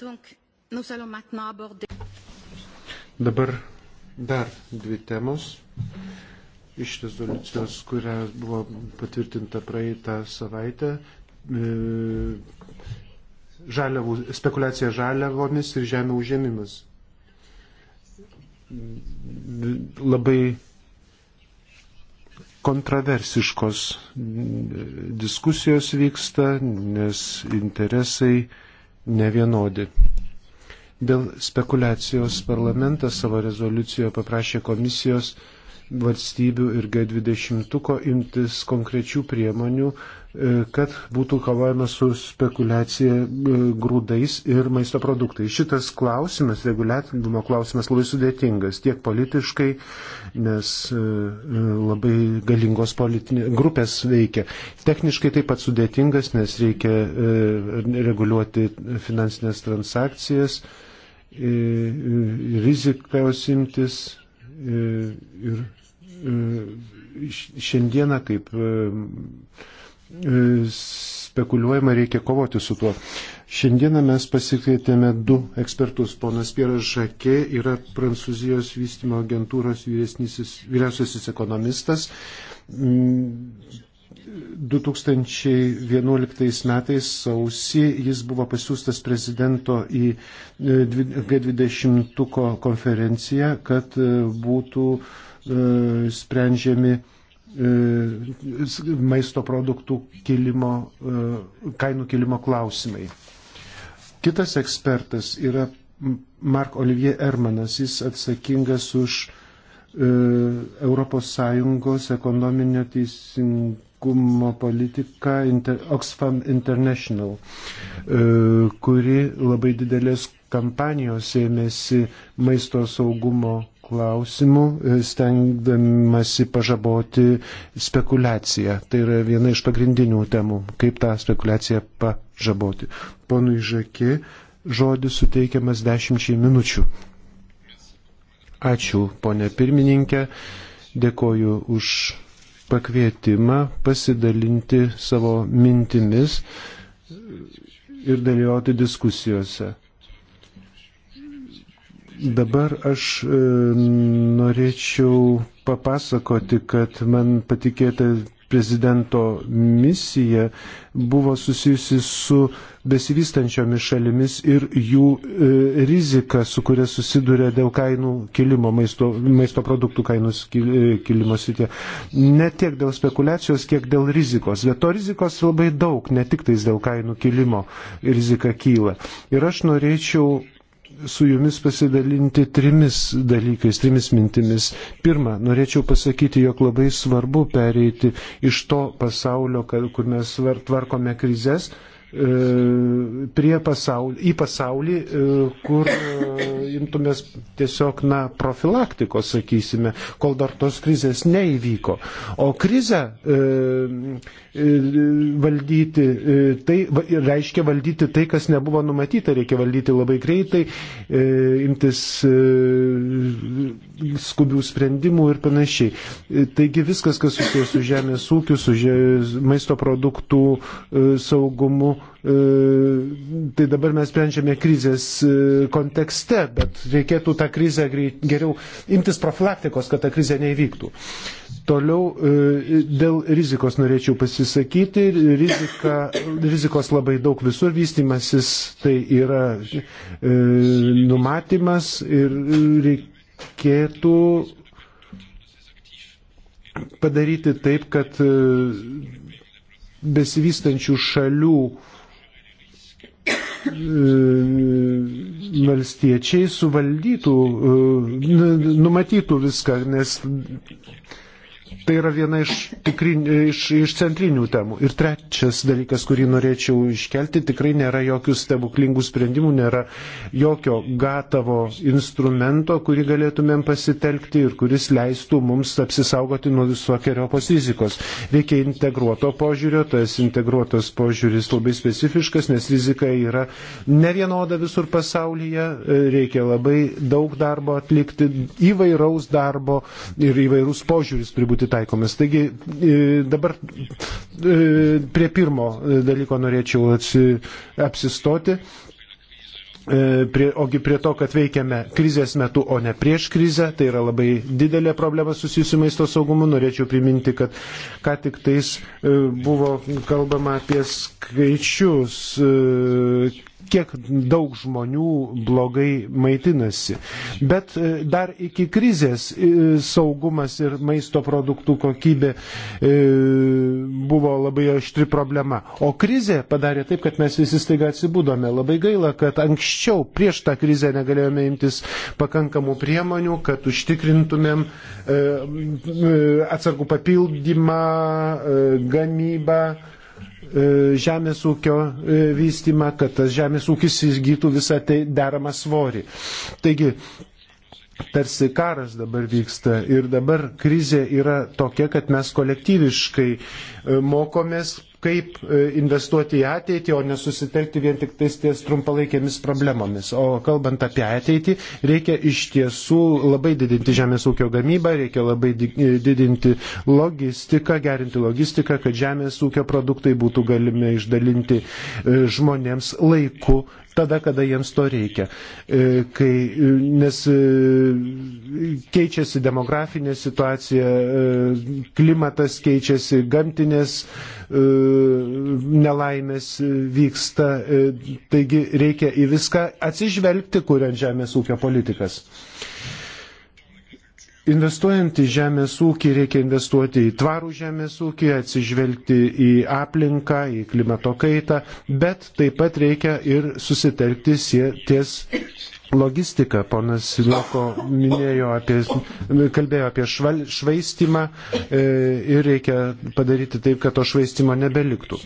Donc, nous allons maintenant aborder. Dabar dar dvi temos iš rezoliucijos, kurią buvo patvirtinta praeitą savaitę. E, žaliavų, spekulacija žaliavomis ir žemė užėmimas. Labai kontroversiškos diskusijos vyksta, nes interesai nevienodi. Dėl spekulacijos parlamentas savo rezoliucijoje paprašė komisijos valstybių ir G20 imtis konkrečių priemonių, e, kad būtų kovojama su spekulacija e, grūdais ir maisto produktais. Šitas klausimas, reguliavimo klausimas labai sudėtingas tiek politiškai, nes e, labai galingos politinė, grupės veikia. Techniškai taip pat sudėtingas, nes reikia reguliuoti finansinės transakcijas, riziką užsimtis E, ir e, šiandieną, kaip e, spekuliuojama, reikia kovoti su tuo. Šiandieną mes pasikvietėme du ekspertus. Ponas Pieras Žakė yra Prancūzijos vystimo agentūros vyriausiasis ekonomistas. Mm, 2011 metais sausį jis buvo pasiūstas prezidento į G20 e, konferenciją, kad e, būtų e, sprendžiami maisto produktų kilimo, kainų kilimo klausimai. Kitas ekspertas yra Mark Olivier Ermanas, jis atsakingas už ES ekonominio teisingumo saugumo politika inter, Oxfam International, e, kuri labai didelės kampanijos ėmėsi maisto saugumo klausimų, e, stengdamasi pažaboti spekulaciją. Tai yra viena iš pagrindinių temų, kaip tą spekulaciją pažaboti. Ponui Žaki žodis suteikiamas dešimčiai minučių. Ačiū, ponė pirmininkė, dėkoju už pakvietimą pasidalinti savo mintimis ir dalyvauti diskusijose. Dabar aš e, norėčiau papasakoti, kad man patikėta prezidento misija buvo susijusi su besivystančiomis šalimis ir jų e, rizika, su kuria susiduria dėl kainų kilimo, maisto, maisto produktų kainų e, kilimo srityje. Ne tiek dėl spekulacijos, kiek dėl rizikos. Bet to rizikos labai daug, ne tik tais dėl kainų kilimo rizika kyla. Ir aš norėčiau su jumis pasidalinti trimis dalykais, trimis mintimis. Pirma, norėčiau pasakyti, jog labai svarbu pereiti iš to pasaulio, kur mes tvarkome krizės, E, pasaulį, į pasaulį, e, kur e, imtumės tiesiog, na, profilaktikos, sakysime, kol dar tos krizės neįvyko. O krizę valdyti, tai reiškia valdyti tai, kas nebuvo numatyta, reikia valdyti labai greitai, imtis skubių sprendimų ir panašiai. Taigi viskas, kas susijęs su žemės ūkiu, su maisto produktų saugumu, E, tai dabar mes sprendžiame krizės e, kontekste, bet reikėtų tą krizę geriau imtis profilaktikos, kad ta krizė neįvyktų. Toliau e, dėl rizikos norėčiau pasisakyti. Rizika, rizikos labai daug visur vystimasis, tai yra numatymas ir reikėtų padaryti taip, kad besivystančių šalių E, valstiečiai suvaldytų, e, numatytų viską, nes Tai yra viena iš, tikrin, iš, iš centrinių temų. Ir trečias dalykas, kurį norėčiau iškelti, tikrai nėra jokių stebuklingų sprendimų, nėra jokio gatavo instrumento, kurį galėtumėm pasitelkti ir kuris leistų mums apsisaugoti nuo visokiojopos rizikos. Reikia integruoto požiūrio, tas integruotas požiūris labai specifiškas, nes rizika yra ne vienoda visur pasaulyje, reikia labai daug darbo atlikti, įvairaus darbo ir įvairūs požiūris turi būti būti taikomas. Taigi e, dabar e, prie pirmo e, dalyko norėčiau apsistoti. Prie, ogi prie to, kad veikiame krizės metu, o ne prieš krizę, tai yra labai didelė problema susijusi maisto saugumu. Norėčiau priminti, kad ką tik tais buvo kalbama apie skaičius, kiek daug žmonių blogai maitinasi. Bet e, dar iki krizės e, saugumas ir maisto produktų kokybė e, buvo labai aštri problema. O krizė padarė taip, kad mes visi staiga atsibūdome. Labai gaila, kad anksčiau prieš tą krizę negalėjome imtis pakankamų priemonių, kad užtikrintumėm atsargų papildymą, gamybą E, žemės ūkio e, vystimą, kad tas žemės ūkis įgytų visą tai deramą svorį. Taigi, tarsi karas dabar vyksta ir dabar krizė yra tokia, kad mes kolektyviškai e, mokomės kaip e, investuoti į ateitį, o nesusitelkti vien tik tais ties trumpalaikėmis problemomis. O kalbant apie ateitį, reikia iš tiesų labai didinti žemės ūkio gamybą, reikia labai e, didinti logistiką, gerinti logistiką, kad žemės ūkio produktai būtų galimi išdalinti e, žmonėms laiku tada, kada jiems to reikia. E, kai, e, nes e, keičiasi demografinė situacija, klimatas keičiasi, gamtinės nelaimės vyksta, taigi reikia į viską atsižvelgti, kuriant žemės ūkio politikas. Investuojant į žemės ūkį reikia investuoti į tvarų žemės ūkį, atsižvelgti į aplinką, į klimato kaitą, bet taip pat reikia ir susitelkti ties logistika. Ponas Siloko minėjo apie, kalbėjo apie šval, švaistimą e, ir reikia padaryti taip, kad to švaistimo nebeliktų.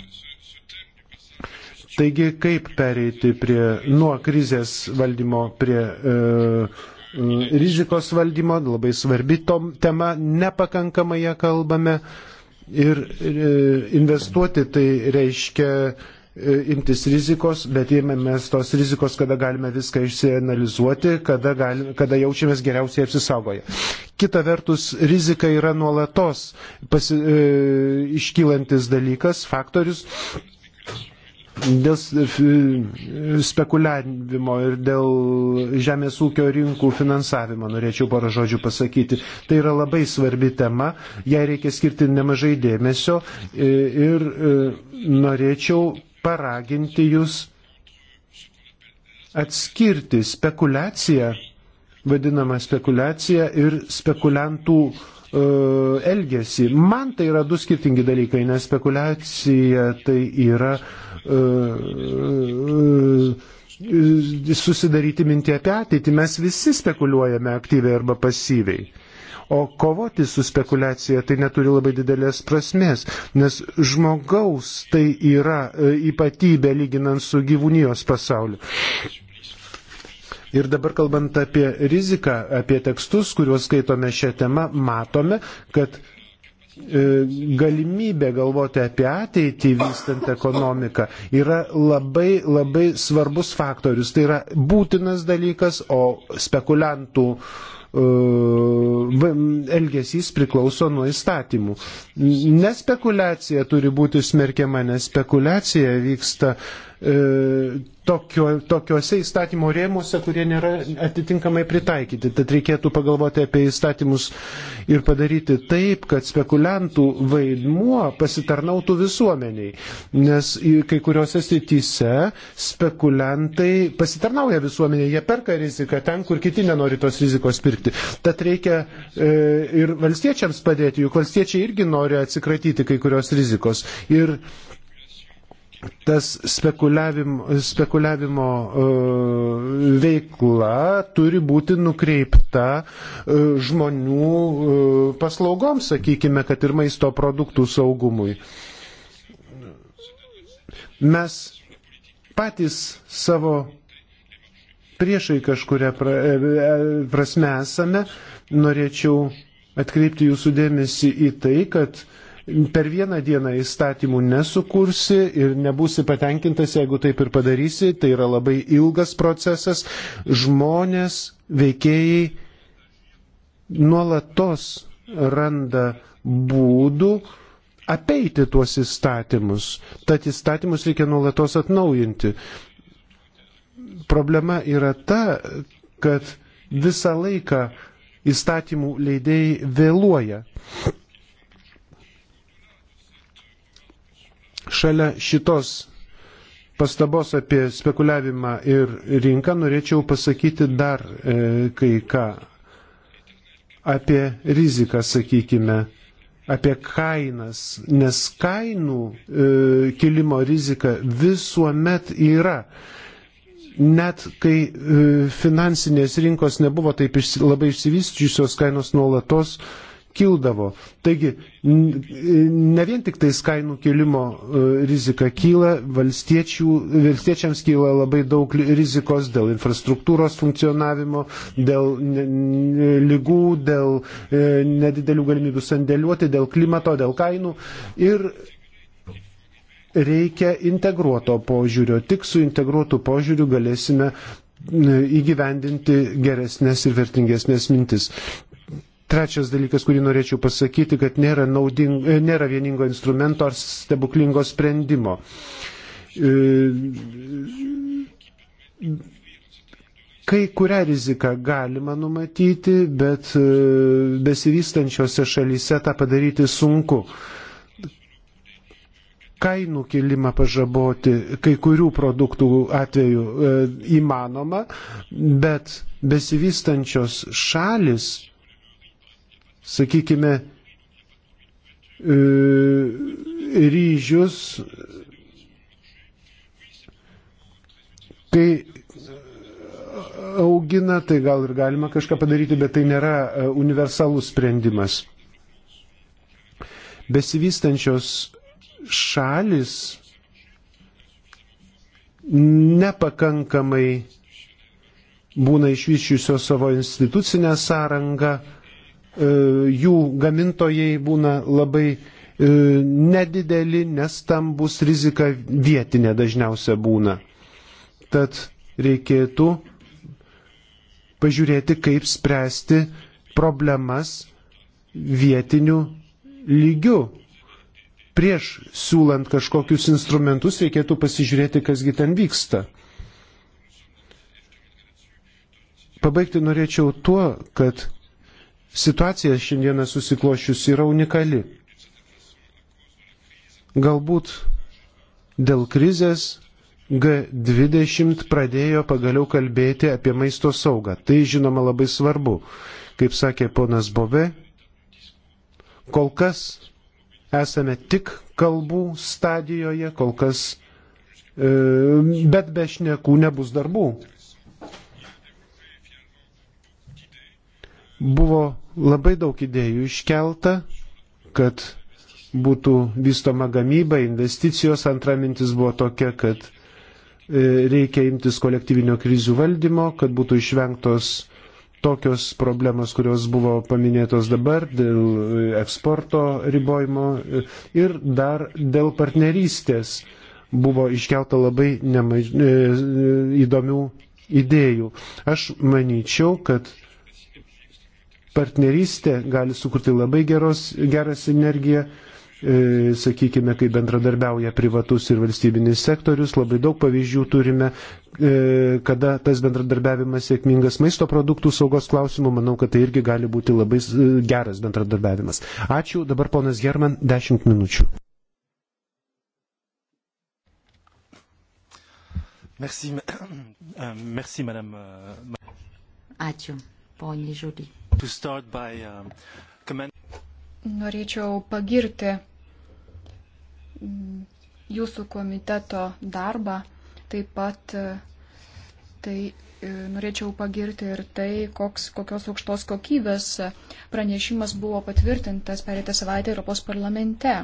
Taigi, kaip pereiti prie, nuo krizės valdymo prie e, Mm, rizikos valdymo, labai svarbi tom tema, nepakankamai ją kalbame. Ir e, investuoti tai reiškia e, imtis rizikos, bet ėmėmės tos rizikos, kada galime viską išsianalizuoti, kada, galime, kada jaučiamės geriausiai apsisaugoję. Kita vertus, rizika yra nuolatos pasi, e, iškylantis dalykas, faktorius dėl spekuliavimo ir dėl žemės ūkio rinkų finansavimo norėčiau porą žodžių pasakyti. Tai yra labai svarbi tema, jai reikia skirti nemažai dėmesio e, ir e, norėčiau paraginti jūs atskirti spekulaciją, vadinamą spekulaciją ir spekuliantų e, elgesį. Man tai yra du skirtingi dalykai, nes spekulacija tai yra uh, E, e, susidaryti mintį apie ateitį. Mes visi spekuliuojame aktyviai arba pasyviai. O kovoti su spekulacija tai neturi labai didelės prasmės, nes žmogaus tai yra e, ypatybė lyginant su gyvūnijos pasauliu. Ir dabar kalbant apie riziką, apie tekstus, kuriuos skaitome šią temą, matome, kad E, galimybė galvoti apie ateitį vystant ekonomiką yra labai labai svarbus faktorius. Tai yra būtinas dalykas, o spekuliantų e, elgesys priklauso nuo įstatymų. Nespekulacija turi būti smerkiama, nes spekulacija vyksta uh, E, tokio, tokiuose įstatymų rėmuose, kurie nėra atitinkamai pritaikyti. Tad reikėtų pagalvoti apie įstatymus ir padaryti taip, kad spekuliantų vaidmuo pasitarnautų visuomeniai. Nes kai kuriuose srityse spekuliantai pasitarnauja visuomeniai, jie perka riziką ten, kur kiti nenori tos rizikos pirkti. Tad reikia e, ir valstiečiams padėti, juk valstiečiai irgi nori atsikratyti kai kurios rizikos. Ir tas spekuliavimo, spekuliavimo e, veikla turi būti nukreipta e, žmonių e, paslaugoms, sakykime, kad ir maisto produktų saugumui. Mes patys savo priešai kažkuria pra, e, prasme esame. Norėčiau atkreipti jūsų dėmesį į tai, kad e, Per vieną dieną įstatymų nesukursi ir nebusi patenkintas, jeigu taip ir padarysi. Tai yra labai ilgas procesas. Žmonės, veikėjai nuolatos randa būdų apeiti tuos įstatymus. Tad įstatymus reikia nuolatos atnaujinti. Problema yra ta, kad visą laiką įstatymų leidėjai vėluoja. Šalia šitos pastabos apie spekuliavimą ir rinką norėčiau pasakyti dar e, kai ką apie riziką, sakykime, apie kainas, nes kainų e, kilimo rizika visuomet yra net kai e, finansinės rinkos nebuvo taip labai išsivysčiusios, kainos nuolatos kildavo. Taigi ne vien tik tais kainų kilimo e, rizika kyla, valstiečiams kyla labai daug rizikos dėl infrastruktūros funkcionavimo, dėl lygų, dėl e, nedidelių galimybių sandėliuoti, dėl klimato, dėl kainų. Ir reikia integruoto požiūrio. Tik su integruotu požiūriu galėsime įgyvendinti geresnės ir vertingesnės mintis. Trečias dalykas, kurį norėčiau pasakyti, kad nėra, nauding, e, nėra vieningo instrumento ar stebuklingo sprendimo. E, kai kurią riziką galima numatyti, bet e, besivystančiose šalyse tą padaryti sunku kainų kilimą pažaboti kai kurių produktų atveju e, įmanoma, bet besivystančios šalis sakykime, e, ryžius, kai augina, tai gal ir galima kažką padaryti, bet tai nėra e, universalus sprendimas. Besivystančios šalis nepakankamai būna išvyščiusios savo institucinę sąrangą, E, jų gamintojai būna labai e, nedideli, nestambus, rizika vietinė dažniausia būna. Tad reikėtų pažiūrėti, kaip spręsti problemas vietiniu lygiu. Prieš siūlant kažkokius instrumentus reikėtų pasižiūrėti, kasgi ten vyksta. Pabaigti norėčiau tuo, kad Situacija šiandieną susiklošius yra unikali. Galbūt dėl krizės G20 pradėjo pagaliau kalbėti apie maisto saugą. Tai žinoma labai svarbu. Kaip sakė ponas Bove, kol kas esame tik kalbų stadijoje, kol kas, e, bet be šnekų nebus darbų. Buvo labai daug idėjų iškelta, kad būtų vystoma gamyba, investicijos. Antra mintis buvo tokia, kad e, reikia imtis kolektyvinio krizių valdymo, kad būtų išvengtos tokios problemos, kurios buvo paminėtos dabar dėl e, eksporto ribojimo ir dar dėl partnerystės buvo iškelta labai nemaž... E, įdomių idėjų. Aš manyčiau, kad partnerystė gali sukurti labai geros, gerą sinergiją e, sakykime, kai bendradarbiauja privatus ir valstybinis sektorius, labai daug pavyzdžių turime, e, kada tas bendradarbiavimas sėkmingas maisto produktų saugos klausimų, manau, kad tai irgi gali būti labai e, geras bendradarbiavimas. Ačiū, dabar ponas German, 10 minučių. Merci, *coughs* euh, merci, madame. Euh, Ačiū, poniai Žudį. By, um, Norėčiau pagirti mm, jūsų komiteto darbą, taip pat tai e, norėčiau pagirti ir tai, koks, kokios aukštos kokybės pranešimas buvo patvirtintas pereitą savaitę Europos parlamente.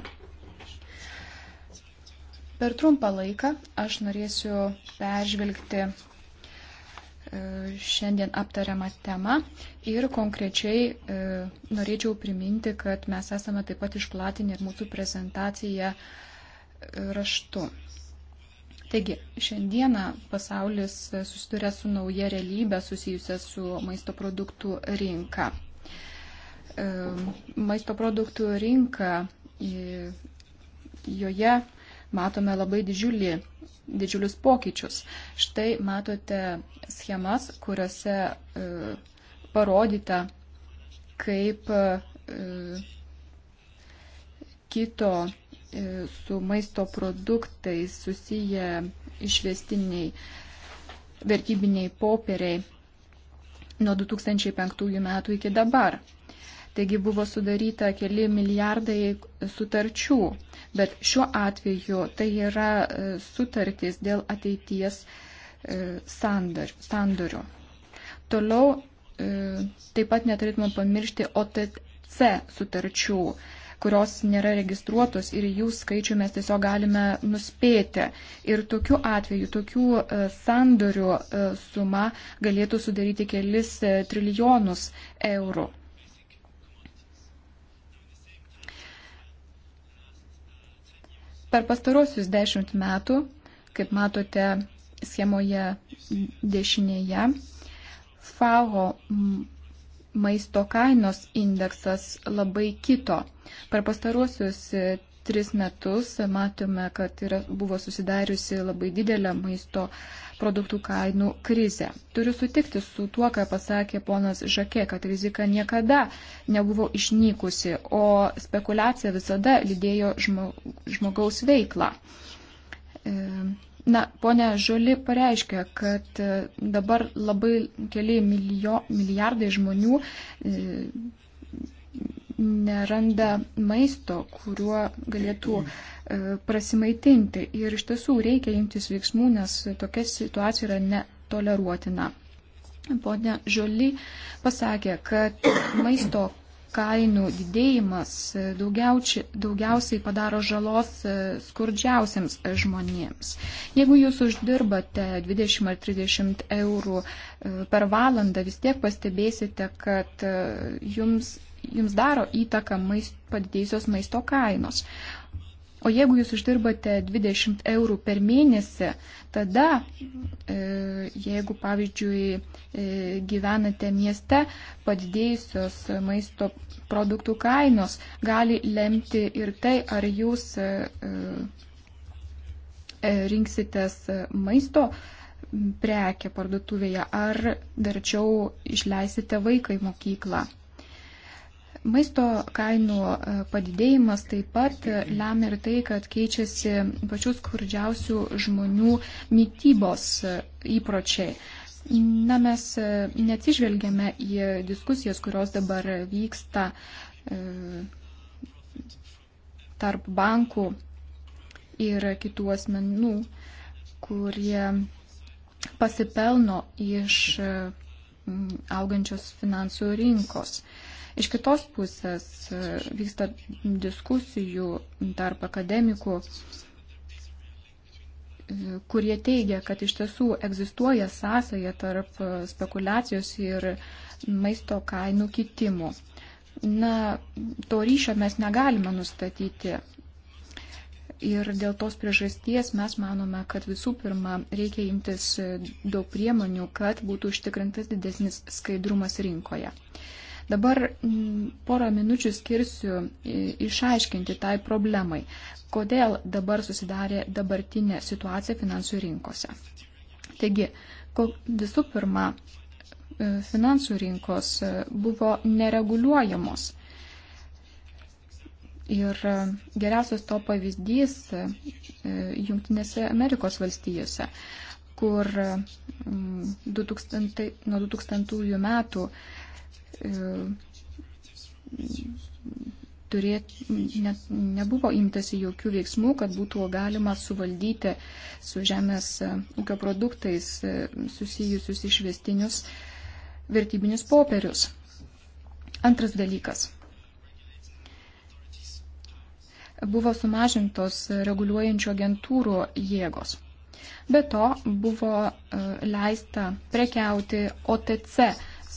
Per trumpą laiką aš norėsiu peržvelgti E, šiandien aptariamą temą ir konkrečiai e, norėčiau priminti, kad mes esame taip pat išplatinę ir mūsų prezentaciją e, raštu. Taigi, šiandieną pasaulis susiduria su nauja realybė susijusia su maisto produktų rinka. Maisto produktų rinka, joje matome labai didžiulį, didžiulius pokyčius. Štai matote schemas, kuriuose e, parodyta, kaip e, kito e, su maisto produktais susiję išvestiniai vertybiniai popieriai nuo 2005 metų iki dabar. Taigi buvo sudaryta keli milijardai sutarčių Bet šiuo atveju tai yra e, sutartys dėl ateities e, sandorių. Toliau e, taip pat neturėtume pamiršti OTC sutarčių kurios nėra registruotos ir jų skaičių mes tiesiog galime nuspėti. Ir tokiu atveju, tokių sandorių suma galėtų sudaryti kelis trilijonus eurų. Per pastarosius dešimt metų, kaip matote schemoje dešinėje, FAO maisto kainos indeksas labai kito. Per pastaruosius tris metus matome, kad yra, buvo susidariusi labai didelė maisto produktų kainų krizė. Turiu sutikti su tuo, ką pasakė ponas Žakė, kad rizika niekada nebuvo išnykusi, o spekulacija visada lydėjo žmogaus veiklą. E, na, ponia Žoli pareiškia, kad e, dabar labai keli milijo, milijardai žmonių e, neranda maisto, kuriuo galėtų e, prasimaitinti. Ir iš tiesų reikia imtis veiksmų, nes tokia situacija yra netoleruotina. Pone Žoli pasakė, kad maisto kainų didėjimas daugiausiai padaro žalos e, skurdžiausiams žmonėms. Jeigu jūs uždirbate 20 ar 30 eurų e, per valandą, vis tiek pastebėsite, kad jums jums daro įtaką maist, padidėjusios maisto kainos. O jeigu jūs uždirbate 20 eurų per mėnesį, tada e, jeigu, pavyzdžiui, e, gyvenate mieste, padidėjusios maisto produktų kainos gali lemti ir tai, ar jūs e, rinksitės maisto prekę parduotuvėje, ar verčiau išleisite vaiką į mokyklą. Maisto kainų e, padidėjimas taip pat e, lemia ir tai, kad keičiasi pačių skurdžiausių žmonių mytybos e, įpročiai. Na, mes neatsižvelgiame į diskusijas, kurios dabar vyksta tarp bankų ir kitų asmenų, kurie pasipelno iš augančios finansų rinkos. Iš kitos pusės e, vyksta diskusijų tarp akademikų, e, kurie teigia, kad iš tiesų egzistuoja sąsaja tarp e, spekulacijos ir maisto kainų kitimų. Na, to ryšio mes negalime nustatyti. Ir dėl tos priežasties mes manome, kad visų pirma reikia imtis daug priemonių, kad būtų užtikrintas didesnis skaidrumas rinkoje. Dabar mm, porą minučių skirsiu išaiškinti tai problemai, kodėl dabar susidarė dabartinė situacija finansų rinkose. Taigi, visų pirma, e, finansų rinkos e, buvo nereguliuojamos. Ir e, geriausias to pavyzdys Junktinėse Amerikos valstijose, kur 2000, mm, nuo 2000 metų E, turėt, ne, nebuvo imtasi jokių veiksmų, kad būtų galima suvaldyti su žemės e, ūkio produktais e, susijusius išvestinius vertybinius popierius. Antras dalykas. Buvo sumažintos reguliuojančių agentūrų jėgos. Be to buvo leista prekiauti OTC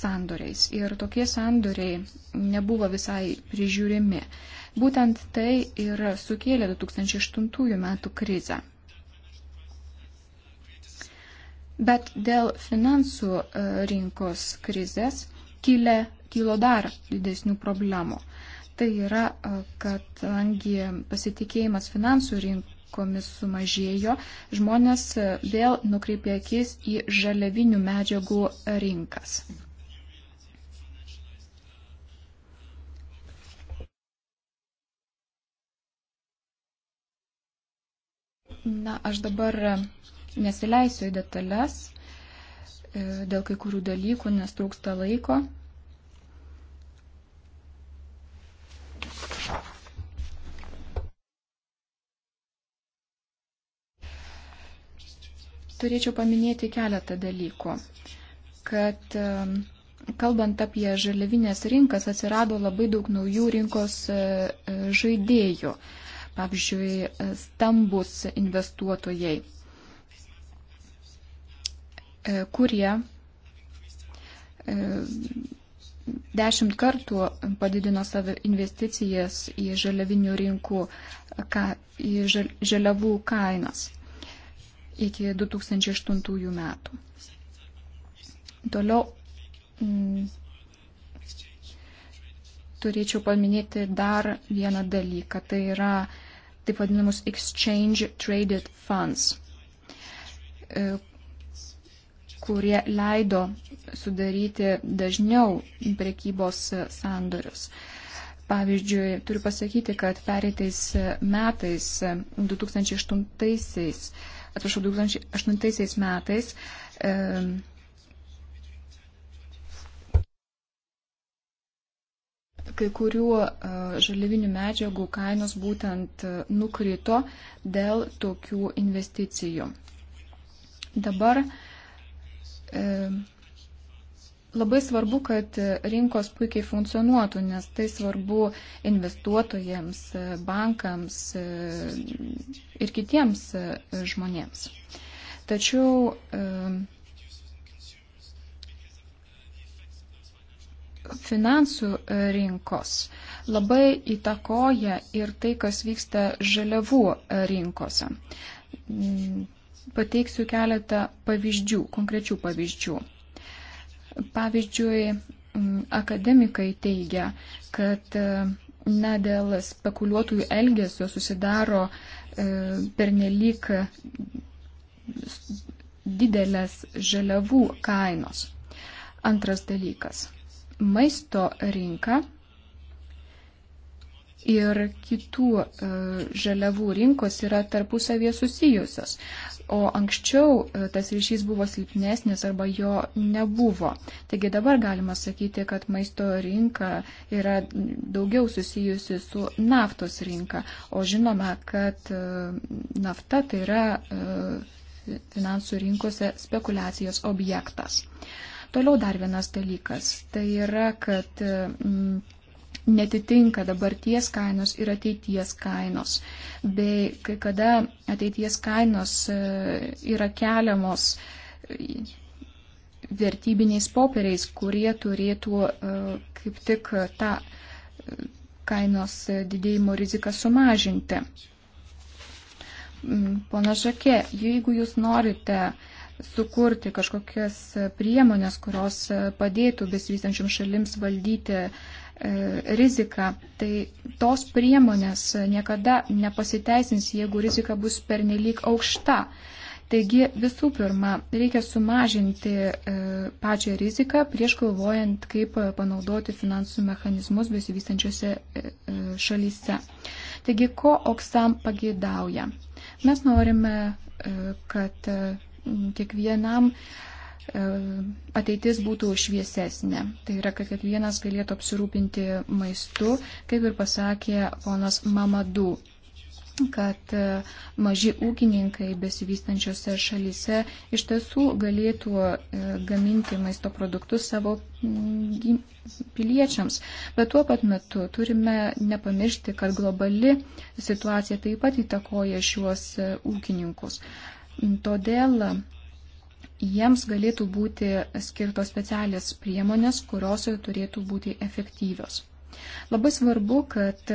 sandoriais ir tokie sandoriai nebuvo visai prižiūrimi. Būtent tai ir sukėlė 2008 metų krizę. Bet dėl finansų e, rinkos krizės kilė, kilo dar didesnių problemų. Tai yra, e, kad angi pasitikėjimas finansų rinkomis sumažėjo, žmonės e, vėl nukreipė akis į žaliavinių medžiagų rinkas. Na, aš dabar nesileisiu į detalės e, dėl kai kurių dalykų, nes trūksta laiko. Turėčiau paminėti keletą dalykų, kad e, kalbant apie žaliavinės rinkas atsirado labai daug naujų rinkos e, žaidėjų pavyzdžiui, stambus investuotojai, e, kurie e, dešimt kartų padidino savo investicijas į žaliavinių rinkų, ka, į žaliavų kainas iki 2008 metų. Toliau m, mm, turėčiau paminėti dar vieną dalyką, tai yra taip vadinamus exchange traded funds, e, kurie leido sudaryti dažniau prekybos sandorius. Pavyzdžiui, turiu pasakyti, kad pereitais metais, 2008, atsiprašau, 2008 metais, kai kurių e, žalivinių medžiagų kainos būtent e, nukrito dėl tokių investicijų. Dabar e, labai svarbu, kad rinkos puikiai funkcionuotų, nes tai svarbu investuotojams, bankams ir kitiems žmonėms. Tačiau finansų e, rinkos labai įtakoja ir tai, kas vyksta žaliavų e, rinkose. Mm, pateiksiu keletą pavyzdžių, konkrečių pavyzdžių. Pavyzdžiui, mm, akademikai teigia, kad ne dėl spekuliuotojų elgesio susidaro e, pernelyk didelės žaliavų kainos. Antras dalykas maisto rinką ir kitų e, žaliavų rinkos yra tarpusavie susijusios, o anksčiau e, tas ryšys buvo silpnesnis arba jo nebuvo. Taigi dabar galima sakyti, kad maisto rinka yra daugiau susijusi su naftos rinka, o žinome, kad e, nafta tai yra finansų rinkose spekulacijos objektas. Uh, Toliau dar vienas dalykas. Tai yra, kad mm, netitinka dabarties kainos ir ateities kainos. Bei kai kada ateities kainos e, yra keliamos e, vertybiniais popieriais, kurie turėtų e, kaip tik tą kainos didėjimo riziką sumažinti. Mm, Pana Žakė, jeigu jūs norite uh, sukurti kažkokias priemonės, kurios padėtų besivystančiam šalims valdyti e, riziką, tai tos priemonės niekada nepasiteisins, jeigu rizika bus pernelyg aukšta. Taigi visų pirma, reikia sumažinti e, pačią riziką prieš galvojant, kaip panaudoti finansų mechanizmus besivystančiose e, e šalyse. Taigi, ko Oksam pageidauja? Mes norime, e, kad e, kiekvienam e, ateitis būtų šviesesnė. Tai yra, kad kiekvienas galėtų apsirūpinti maistu, kaip ir pasakė ponas Mamadu kad e, maži ūkininkai besivystančiose šalyse iš tiesų galėtų e, gaminti maisto produktus savo mm, piliečiams. Bet tuo pat metu turime nepamiršti, kad globali situacija taip pat įtakoja šiuos ūkininkus. Todėl jiems galėtų būti skirtos specialias priemonės, kurios turėtų būti efektyvios. Labai svarbu, kad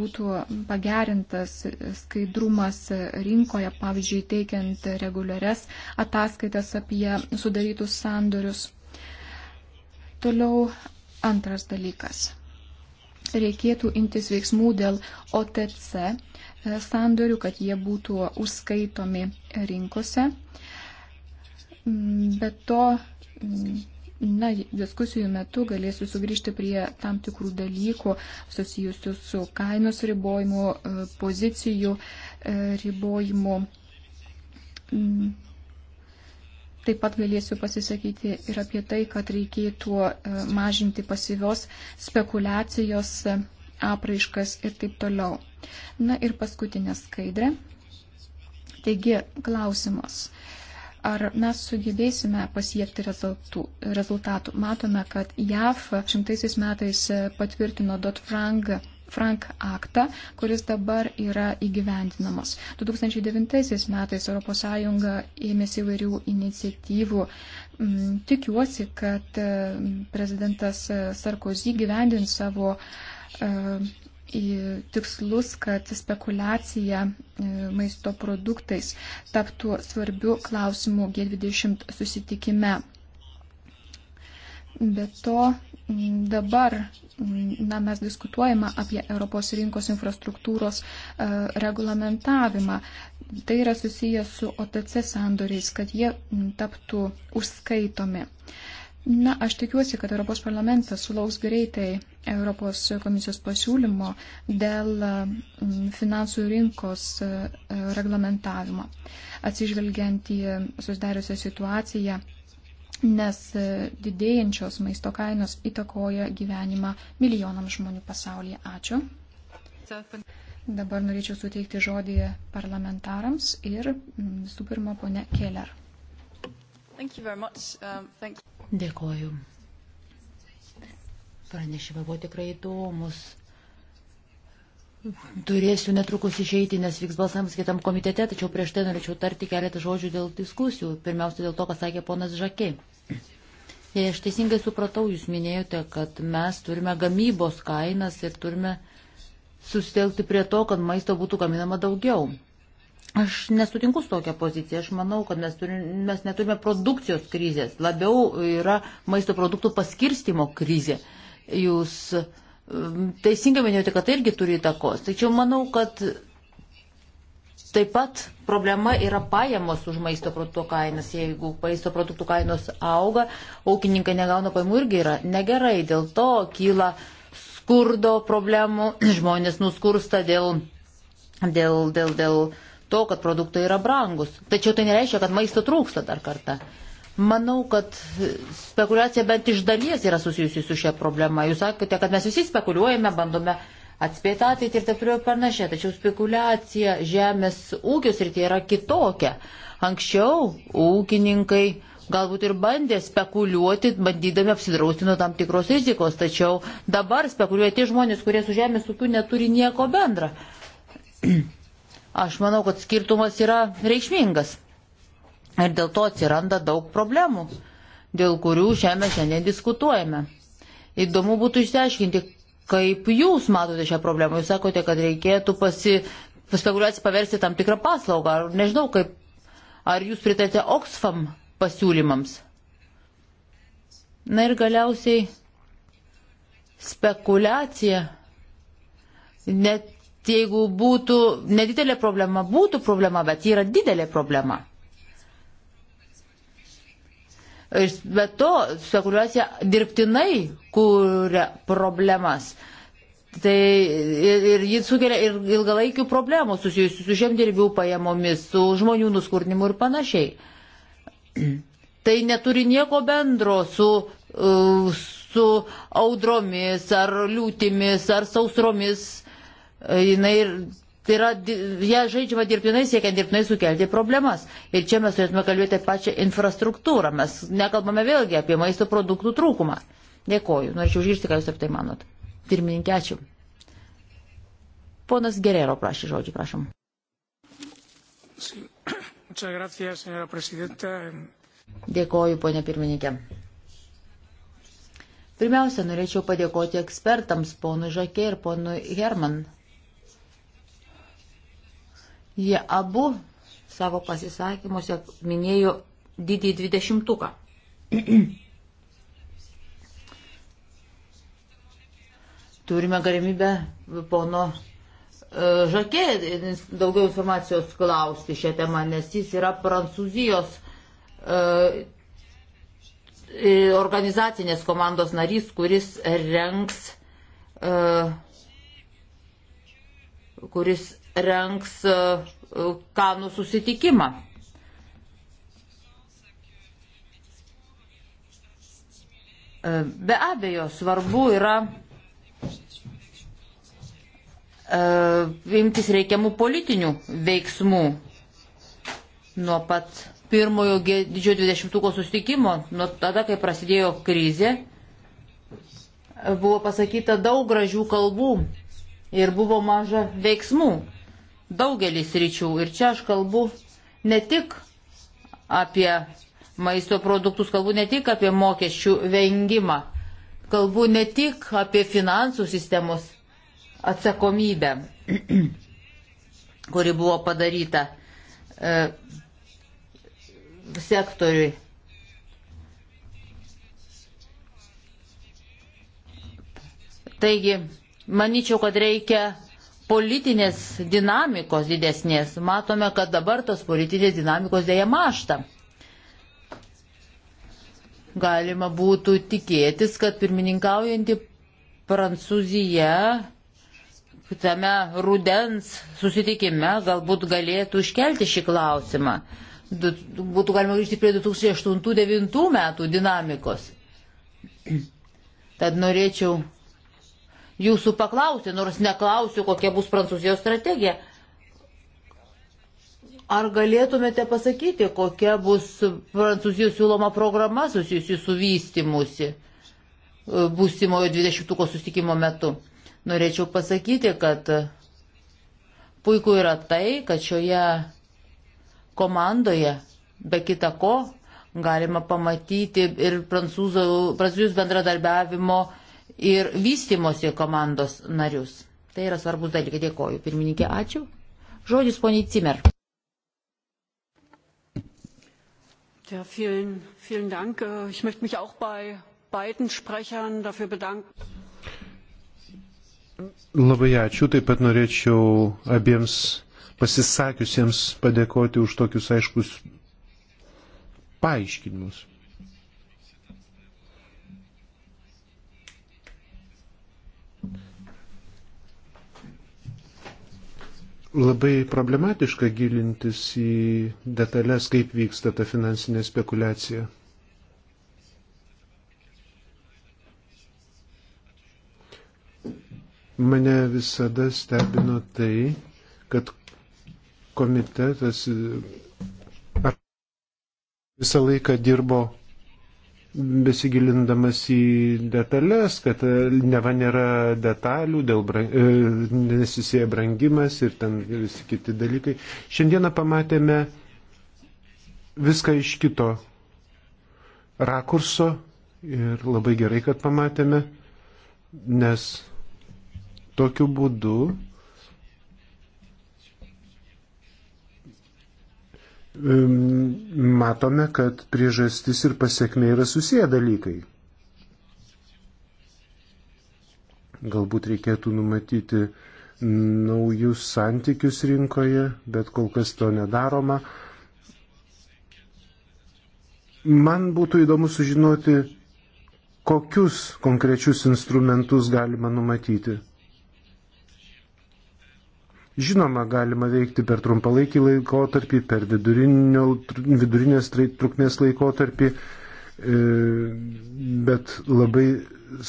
būtų pagerintas skaidrumas rinkoje, pavyzdžiui, teikiant reguliarias ataskaitas apie sudarytus sandorius. Toliau antras dalykas. Reikėtų imtis veiksmų dėl OTC sandorių, kad jie būtų užskaitomi rinkose. Mm, Bet to, mm, na, diskusijų metu galėsiu sugrįžti prie tam tikrų dalykų susijusių su kainos ribojimu, e, pozicijų e, ribojimu. Mm, taip pat galėsiu pasisakyti ir apie tai, kad reikėtų e, mažinti pasyvios spekulacijos apraiškas ir taip toliau. Na ir paskutinė skaidrė. Taigi klausimas. Ar mes sugebėsime pasiekti rezultų, rezultatų? Matome, kad JAF šimtaisiais metais patvirtino Dodd-Frank Frank aktą, kuris dabar yra įgyvendinamas. 2009 metais ES ėmėsi įvairių iniciatyvų. Mm, tikiuosi, kad mm, prezidentas Sarkozy gyvendins savo e, į tikslus, kad spekulacija e, maisto produktais taptų svarbių klausimų G20 susitikime. Be to, dabar na, mes diskutuojame apie Europos rinkos infrastruktūros e, reglamentavimą. Tai yra susijęs su OTC sandoriais, kad jie taptų užskaitomi. E, Na, aš tikiuosi, kad Europos parlamentas sulauks greitai Europos komisijos pasiūlymo dėl mm, finansų rinkos e, reglamentavimo, atsižvelgiant į susidariusią situaciją, nes e, didėjančios maisto kainos įtakoja gyvenimą milijonams žmonių pasaulyje. Ačiū. Dabar norėčiau suteikti žodį parlamentarams ir mm, visų pirma, ponė Keller. Thank you very much. Um, thank you. Dėkoju. Pranešimai buvo tikrai įdomus. Turėsiu netrukus išeiti, nes vyks balsavimas kitam komitete, tačiau prieš tai norėčiau tarti keletą žodžių dėl diskusijų. Pirmiausia, dėl to, ką sakė ponas Žakė. Jei aš teisingai supratau, jūs minėjote, kad mes turime gamybos kainas ir turime susitelkti prie to, kad maisto būtų gaminama daugiau. Aš nesutinku su tokia pozicija. Aš manau, kad mes, turim, mes neturime produkcijos krizės. Labiau yra maisto produktų paskirstimo krizė. Jūs um, teisingai minėjote, kad tai irgi turi įtakos. Tačiau manau, kad taip pat problema yra pajamos už maisto produktų kainas. Jeigu maisto produktų kainos auga, ūkininkai negauna pajamų irgi yra negerai. Dėl to kyla skurdo problemų, *clears throat* žmonės nuskursta dėl. dėl, dėl, dėl, dėl to, kad produktai yra brangus. Tačiau tai nereiškia, kad maisto trūksta dar kartą. Manau, kad spekulacija bent iš dalies yra susijusi su šia problema. Jūs sakote, kad mes visi spekuliuojame, bandome atspėti ateitį ir taip toliau ir panašiai. Tačiau spekulacija žemės ūkius ir tai yra kitokia. Anksčiau ūkininkai galbūt ir bandė spekuliuoti, bandydami apsidrausti nuo tam tikros rizikos, tačiau dabar spekuliuoja tie žmonės, kurie su žemės ūkiu neturi nieko bendra. *clears throat* Aš manau, kad skirtumas yra reikšmingas. Ir dėl to atsiranda daug problemų, dėl kurių šiame šiandien diskutuojame. Įdomu būtų išsiaiškinti, kaip jūs matote šią problemą. Jūs sakote, kad reikėtų pasi, spekuliaciją paversti tam tikrą paslaugą. Ar nežinau, kaip, ar jūs pritarėte Oxfam pasiūlymams. Na ir galiausiai spekulacija net jeigu būtų nedidelė problema, būtų problema, bet ji yra didelė problema. Ir be to, spekuliacija dirbtinai kūrė problemas. Tai ir, ir jis sukelia ir ilgalaikių problemų susijusių su žemdirbių pajamomis, su žmonių nuskurdinimu ir panašiai. *clears throat* Tai neturi nieko bendro su, uh, su audromis ar liūtimis ar sausromis E, jinai Tai yra, jie žaidžiama dirbtinai, siekiant dirbtinai sukelti problemas. Ir čia mes turėtume kalbėti apie pačią infrastruktūrą. Mes nekalbame vėlgi apie maisto produktų trūkumą. Dėkoju. Norėčiau išgirsti, ką Jūs apie tai manot. Pirmininkė, ačiū. Ponas Gerero prašė žodžių, prašom. *coughs* Dėkoju, ponė pirmininkė. Pirmiausia, norėčiau padėkoti ekspertams, ponui Žakė ir ponui Herman Jie abu savo pasisakymuose minėjo didį dvidešimtuką. *clears throat* Turime galimybę pono e, Žakė daugiau informacijos klausti šią temą, nes jis yra Prancūzijos e, e, organizacinės komandos narys, kuris renks, kuris renks e, e, kanų susitikimą. E, be abejo, svarbu yra imtis reikiamų politinių veiksmų nuo pat pirmojo didžiojo dvidešimtuko sustikimo, nuo tada, kai prasidėjo krizė, buvo pasakyta daug gražių kalbų ir buvo maža veiksmų daugelis ryčių. Ir čia aš kalbu ne tik apie maisto produktus, kalbu ne tik apie mokesčių vengimą, kalbu ne tik apie finansų sistemos atsakomybę, *clears throat* kuri buvo padaryta e, sektoriui. Taigi, manyčiau, kad reikia politinės dinamikos didesnės. Matome, kad dabar tos politinės dinamikos dėja mašta. Galima būtų tikėtis, kad pirmininkaujanti Prancūzija tame rudens susitikime galbūt galėtų iškelti šį klausimą. Būtų galima grįžti prie 2008-2009 metų dinamikos. Tad norėčiau jūsų paklausti, nors neklausiu, kokia bus Prancūzijos strategija. Ar galėtumėte pasakyti, kokia bus Prancūzijos siūloma programa susijusi su vystimusi e, būsimojo 20-ko sustikimo metu? Norėčiau pasakyti, kad puiku yra tai, kad šioje komandoje, be kita ko, galima pamatyti ir prancūzų, prancūzijos bendradarbiavimo ir vystimosi komandos narius. Tai yra svarbus dalykai. Dėkoju. Pirmininkė, ačiū. Žodis poniai Cimer. Ja, vielen, vielen Dank. Ich möchte mich auch bei beiden Sprechern dafür bedanken. Labai ačiū, taip pat norėčiau abiems pasisakiusiems padėkoti už tokius aiškus paaiškinimus. labai problematiška gilintis į detalės, kaip vyksta ta finansinė spekulacija. Mane visada stebino tai, kad komitetas visą laiką dirbo besigilindamas į detalės, kad e, neva nėra detalių, dėl brang, e, nesisėja brangimas ir ten visi kiti dalykai. Šiandieną pamatėme viską iš kito rakurso ir labai gerai, kad pamatėme, nes tokiu būdu matome, kad priežastis ir pasiekmė yra susiję dalykai. Galbūt reikėtų numatyti naujus santykius rinkoje, bet kol kas to nedaroma. Man būtų įdomu sužinoti, kokius konkrečius instrumentus galima numatyti. Žinoma, galima veikti per trumpalaikį laikotarpį, per vidurinės trukmės laikotarpį, e, bet labai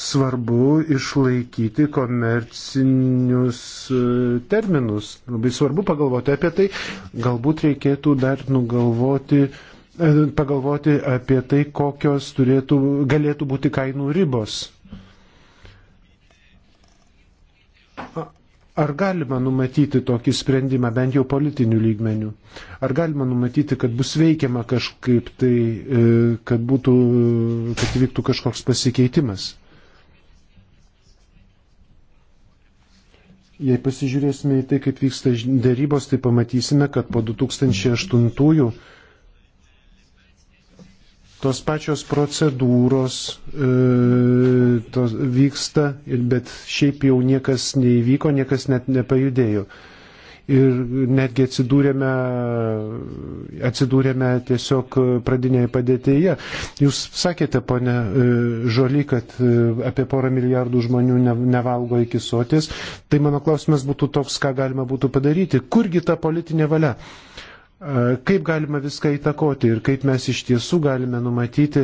svarbu išlaikyti komercinius e, terminus. Labai svarbu pagalvoti apie tai. Galbūt reikėtų dar nugalvoti, e, pagalvoti apie tai, kokios turėtų, galėtų būti kainų ribos. Ar galima numatyti tokį sprendimą, bent jau politinių lygmenių? Ar galima numatyti, kad bus veikiama kažkaip tai, e, kad, būtų, kad vyktų kažkoks pasikeitimas? Jei pasižiūrėsime į tai, kaip vyksta dėrybos, tai pamatysime, kad po 2008 Tos pačios procedūros e, tos vyksta, bet šiaip jau niekas neįvyko, niekas net nepajudėjo. Ir netgi atsidūrėme, atsidūrėme tiesiog pradinėje padėtėje. Jūs sakėte, ponė e, Žoly, kad e, apie porą milijardų žmonių nevalgo iki soties. Tai mano klausimas būtų toks, ką galima būtų padaryti. Kurgi ta politinė valia? Kaip galima viską įtakoti ir kaip mes iš tiesų galime numatyti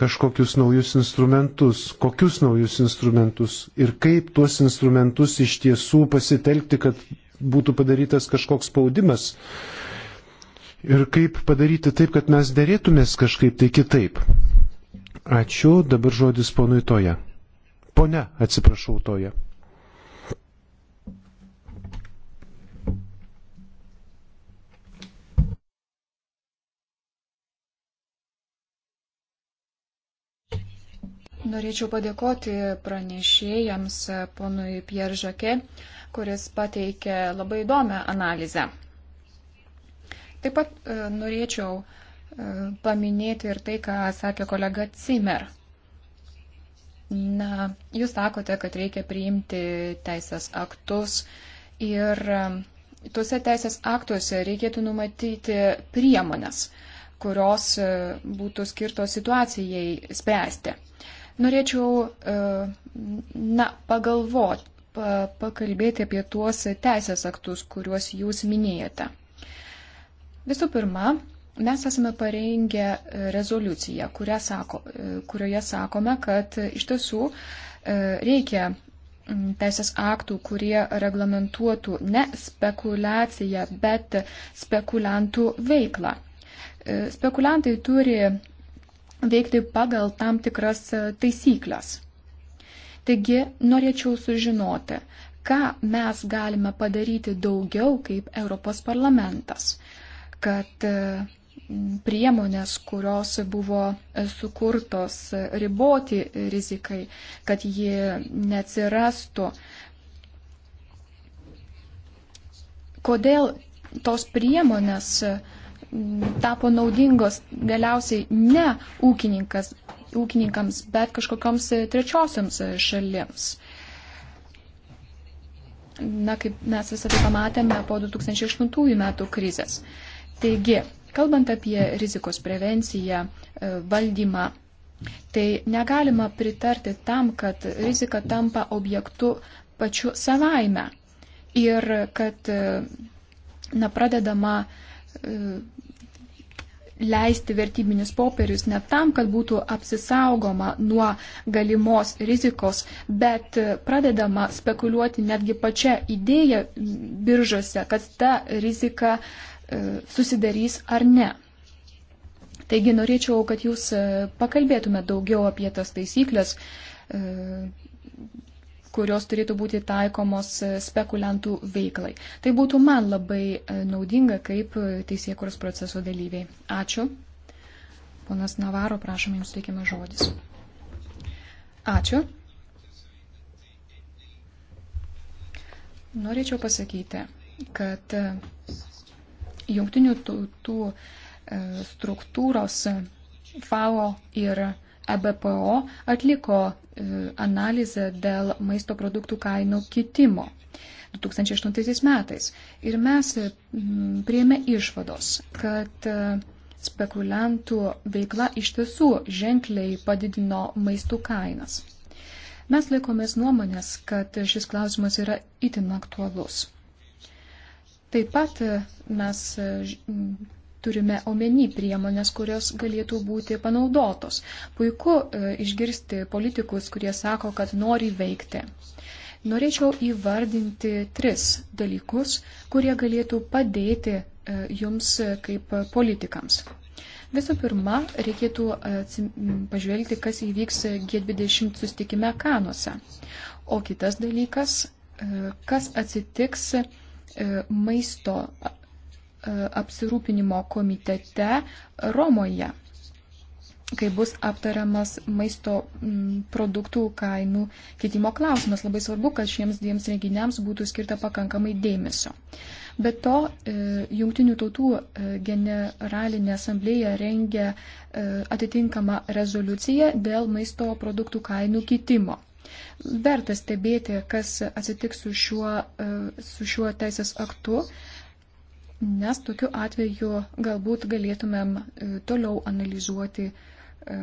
kažkokius naujus instrumentus, kokius naujus instrumentus ir kaip tuos instrumentus iš tiesų pasitelkti, kad būtų padarytas kažkoks spaudimas ir kaip padaryti taip, kad mes dėrėtumės kažkaip tai kitaip. Ačiū, dabar žodis ponui Toje. Pone, atsiprašau, Toje. Norėčiau padėkoti pranešėjams ponui Pierre Žake, kuris pateikė labai įdomią analizę. Taip pat e, norėčiau e, paminėti ir tai, ką sakė kolega Cimer. Na, jūs sakote, kad reikia priimti teisės aktus ir e, tuose teisės aktuose reikėtų numatyti priemonės, kurios būtų skirtos situacijai spręsti. Norėčiau e, na, pagalvoti, pa, pakalbėti apie tuos teisės aktus, kuriuos jūs minėjote. Visų pirma, mes esame parengę rezoliuciją, sako, e, kurioje sakome, kad iš tiesų e, reikia teisės aktų, kurie reglamentuotų ne spekulaciją, bet spekuliantų veiklą. Spekuliantai turi veikti pagal tam tikras e, taisyklės. Taigi norėčiau sužinoti, ką mes galime padaryti daugiau kaip Europos parlamentas, kad e, priemonės, kurios buvo e, sukurtos riboti rizikai, kad jie neatsirastų. Kodėl tos priemonės uh, tapo naudingos galiausiai ne ūkininkams, bet kažkokioms e, trečiosiams e, šalims. Na, kaip mes visą tai pamatėme po 2008 metų krizės. Taigi, kalbant apie rizikos prevenciją, e, valdymą, tai negalima pritarti tam, kad rizika tampa objektu pačiu savaime ir kad na, pradedama uh, E, leisti vertybinius popierius ne tam, kad būtų apsisaugoma nuo galimos rizikos, bet pradedama spekuliuoti netgi pačią idėją biržose, kad ta rizika e, susidarys ar ne. Taigi norėčiau, kad jūs e, pakalbėtume daugiau apie tas taisyklės, kurios turėtų būti taikomos spekuliantų veiklai. Tai būtų man labai e, naudinga kaip e, teisėkuros proceso dalyviai. Ačiū. Ponas Navaro, prašom, jums teikiamas žodis. Ačiū. Norėčiau pasakyti, kad e, jungtinių tautų struktūros FAO ir EBPO atliko e, analizę dėl maisto produktų kainų kitimo 2008 metais. Ir mes e, prieėmė išvados, kad e, spekuliantų veikla iš tiesų ženkliai padidino maistų kainas. Mes laikomės nuomonės, kad šis klausimas yra itin aktualus. Taip pat mes turime omeny priemonės, kurios galėtų būti panaudotos. Puiku e, išgirsti politikus, kurie sako, kad nori veikti. Norėčiau įvardinti tris dalykus, kurie galėtų padėti e, jums kaip politikams. Visų pirma, reikėtų e, pažvelgti, kas įvyks G20 sustikime Kanuose. O kitas dalykas, kas atsitiks maisto apsirūpinimo komitete Romoje, kai bus aptariamas maisto produktų kainų kitimo klausimas. Labai svarbu, kad šiems dviems renginiams būtų skirta pakankamai dėmesio. Be to, e, Junktinių tautų e, generalinė asamblėja rengia e, atitinkamą rezoliuciją dėl maisto produktų kainų kitimo. Verta stebėti, kas atsitiks su šiuo, su šiuo teisės aktu, nes tokiu atveju galbūt galėtumėm e, toliau analizuoti e,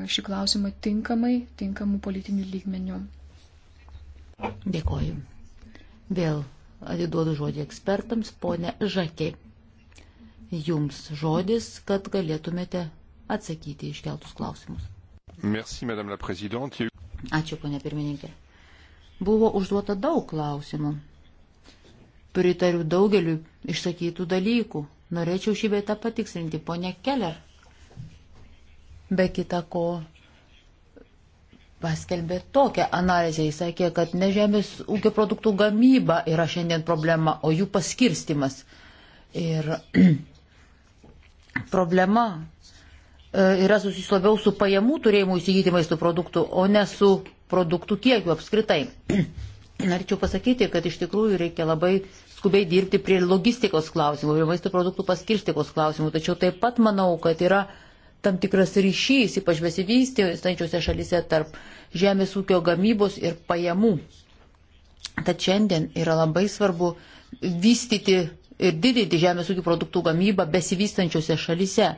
šį klausimą tinkamai, tinkamų politinių lygmenių. Dėkoju. Vėl atiduodu žodį ekspertams, ponė Žakė. Jums žodis, kad galėtumėte atsakyti iškeltus klausimus. Merci, Ačiū, ponė pirmininkė. Buvo užduota daug klausimų pritariu daugeliu išsakytų dalykų. Norėčiau šį vietą patikslinti, ponė Keller. Be kita ko, paskelbė tokią analizę. Jis sakė, kad ne žemės ūkio produktų gamyba yra šiandien problema, o jų paskirstimas. Ir *clears throat* problema e, yra susijusi labiau su pajamų turėjimu įsigyti maisto produktų, o ne su produktų kiekiu apskritai. *clears throat* Norėčiau pasakyti, kad iš tikrųjų reikia labai skubiai dirbti prie logistikos klausimų, prie maisto produktų paskirstikos klausimų, tačiau taip pat manau, kad yra tam tikras ryšys, ypač besivystystančiose šalise, tarp žemės ūkio gamybos ir pajamų. Tad šiandien yra labai svarbu vystyti ir didinti žemės ūkio produktų gamybą besivystančiose šalise.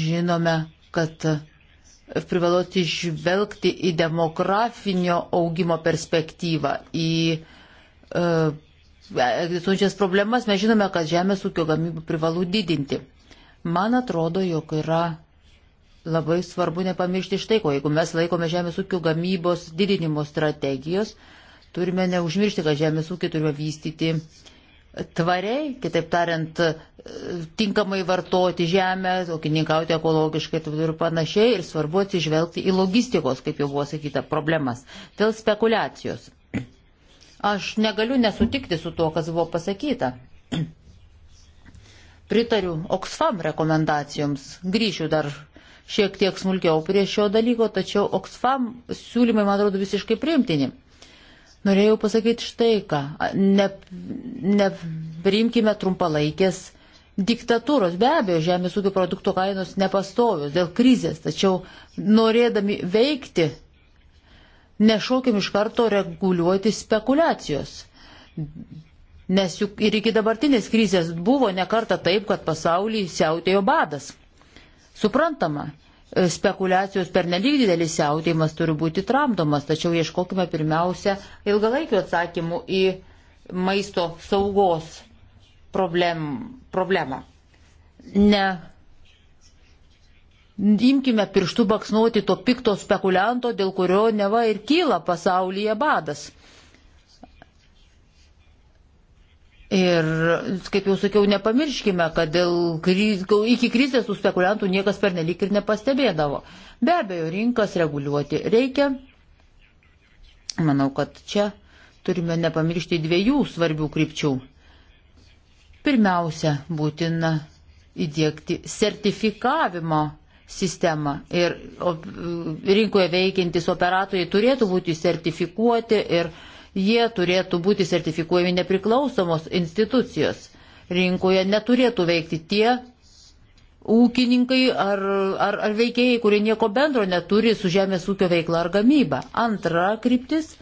Žinome, kad privalu atsižvelgti į demografinio augimo perspektyvą, į uh, egzistuojančias problemas. Mes žinome, kad žemės ūkio gamybą privalu didinti. Man atrodo, jog yra labai svarbu nepamiršti štai ko. Jeigu mes laikome žemės ūkio gamybos didinimo strategijos, turime neužmiršti, kad žemės ūkį turime vystyti uh, tvariai, kitaip tariant, tinkamai vartoti žemę, ūkininkauti ekologiškai ir panašiai, ir svarbu atsižvelgti į logistikos, kaip jau buvo sakyta, problemas dėl spekulacijos. Aš negaliu nesutikti su tuo, kas buvo pasakyta. Pritariu Oxfam rekomendacijoms, grįšiu dar šiek tiek smulkiau prie šio dalyko, tačiau Oxfam siūlymai, man atrodo, visiškai priimtini. Norėjau pasakyti štai ką. Neprimkime ne, trumpalaikės diktatūros. Be abejo, žemės ūkio produktų kainos nepastovios dėl krizės, tačiau norėdami veikti, nešokim iš karto reguliuoti spekulacijos. Nes juk ir iki dabartinės krizės buvo nekarta taip, kad pasaulį siautėjo badas. Suprantama, E, spekulacijos per nelik didelis siautėjimas turi būti tramdomas, tačiau ieškokime pirmiausia ilgalaikių atsakymų į maisto saugos problem, problemą. Ne imkime pirštų baksnuoti to pikto spekulianto, dėl kurio neva ir kyla pasaulyje badas. Ir, kaip jau sakiau, nepamirškime, kad dėl kriz, iki krizės tų spekuliantų niekas pernelyg ir nepastebėdavo. Be abejo, rinkas reguliuoti reikia. Manau, kad čia turime nepamiršti dviejų svarbių krypčių. Pirmiausia, būtina įdėkti sertifikavimo sistemą. Ir rinkoje veikiantis operatoriai turėtų būti sertifikuoti ir sertifikuoti jie turėtų būti sertifikuojami nepriklausomos institucijos. Rinkoje neturėtų veikti tie ūkininkai ar, ar, ar veikėjai, kurie nieko bendro neturi su žemės ūkio veikla ar gamyba. Antra kryptis.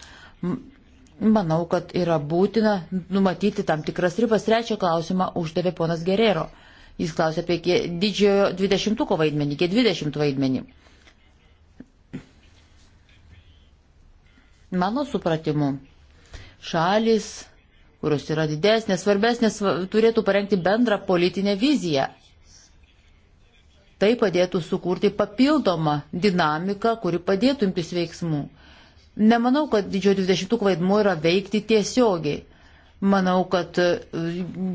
Manau, kad yra būtina numatyti tam tikras ribas. Trečią klausimą uždavė ponas Gerero. Jis klausė apie didžiojo dvidešimtuko vaidmenį, kiek dvidešimt vaidmenį. Mano supratimu, šalis, kurios yra didesnės, svarbesnės, turėtų parengti bendrą politinę viziją. Tai padėtų sukurti papildomą dinamiką, kuri padėtų imtis veiksmų. Nemanau, kad didžiojo 20 vaidmuo yra veikti tiesiogiai. Manau, kad e,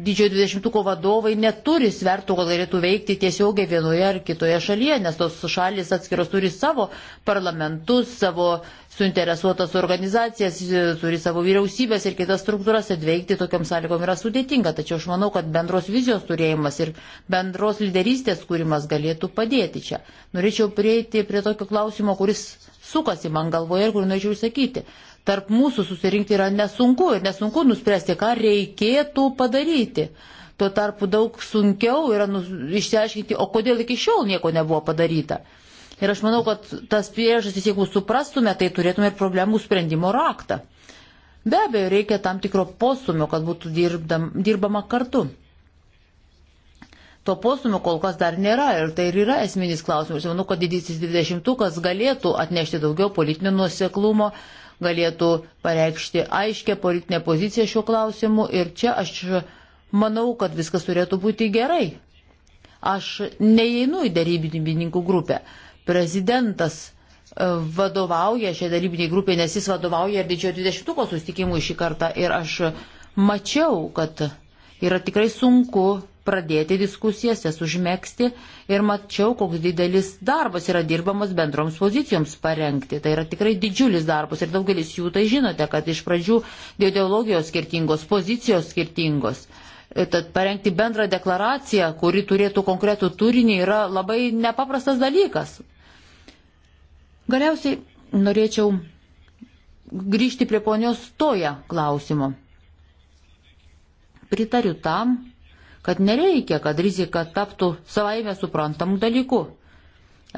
didžiojo dvidešimtuko vadovai neturi svertų, kad galėtų veikti tiesiogiai vienoje ar kitoje šalyje, nes tos šalis atskiros turi savo parlamentus, savo suinteresuotas organizacijas, e, turi savo vyriausybės ir kitas struktūras, ir veikti tokiam sąlygom yra sudėtinga. Tačiau aš manau, kad bendros vizijos turėjimas ir bendros lyderystės kūrimas galėtų padėti čia. Norėčiau prieiti prie tokio klausimo, kuris sukasi man galvoje ir kur norėčiau išsakyti tarp mūsų susirinkti yra nesunku ir nesunku nuspręsti, ką reikėtų padaryti. Tuo tarpu daug sunkiau yra nus, išsiaiškinti, o kodėl iki šiol nieko nebuvo padaryta. Ir aš manau, kad tas priežastis, jeigu suprastume, tai turėtume ir problemų sprendimo raktą. Be abejo, reikia tam tikro postumio, kad būtų dirbdam, dirbama kartu. To postumio kol kas dar nėra ir tai ir yra esminis klausimas. Manau, kad didysis 20-ukas galėtų atnešti daugiau politinio nuoseklumo, uh, galėtų pareikšti aiškę politinę poziciją šiuo klausimu ir čia aš manau, kad viskas turėtų būti gerai. Aš neįeinu į darybininkų grupę. Prezidentas e, vadovauja šiai darybiniai grupiai, nes jis vadovauja ir didžiojo 20-ko sustikimui šį kartą ir aš mačiau, kad yra tikrai sunku pradėti diskusijas, jas užmėgsti ir mačiau, koks didelis darbas yra dirbamas bendroms pozicijoms parengti. Tai yra tikrai didžiulis darbas ir daugelis jų tai žinote, kad iš pradžių ideologijos skirtingos, pozicijos skirtingos. Tad parengti bendrą deklaraciją, kuri turėtų konkretų turinį, yra labai nepaprastas dalykas. Galiausiai norėčiau grįžti prie ponios Toja klausimo. Pritariu tam, kad nereikia, kad rizika taptų savaime suprantamų dalykų.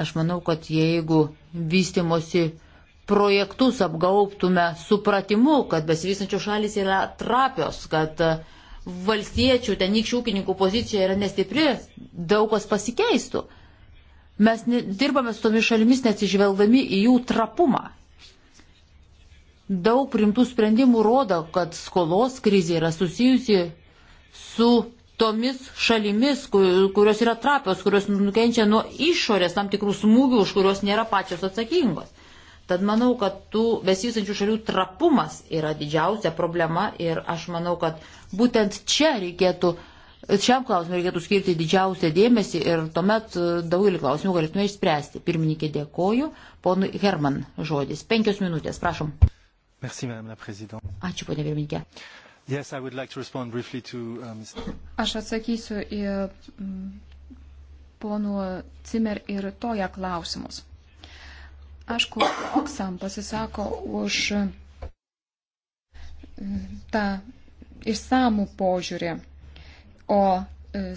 Aš manau, kad jeigu vystimosi projektus apgaubtume supratimu, kad besivystančios šalis yra trapios, kad e, valstiečių, tenykščių ūkininkų pozicija yra nestipri, daug kas pasikeistų. Mes dirbame su tomis šalimis neatsižvelgdami į jų trapumą. Daug primtų sprendimų rodo, kad skolos krizė yra susijusi su tomis šalimis, kurios yra trapios, kurios nukenčia nuo išorės tam tikrų smūgių, už kurios nėra pačios atsakingos. Tad manau, kad tų besivysančių šalių trapumas yra didžiausia problema ir aš manau, kad būtent čia reikėtų, šiam klausimui reikėtų skirti didžiausią dėmesį ir tuomet e, daugelį klausimų galėtume išspręsti. Pirmininkė dėkoju, ponui Herman žodis. Penkios minutės, prašom. Merci, Ačiū, ponė pirmininkė. Yes, I would like to respond briefly to um, Aš atsakysiu į mm, ponų Cimer ir Toja klausimus. Aišku, Oksam pasisako už mm, tą išsamų požiūrį, o e,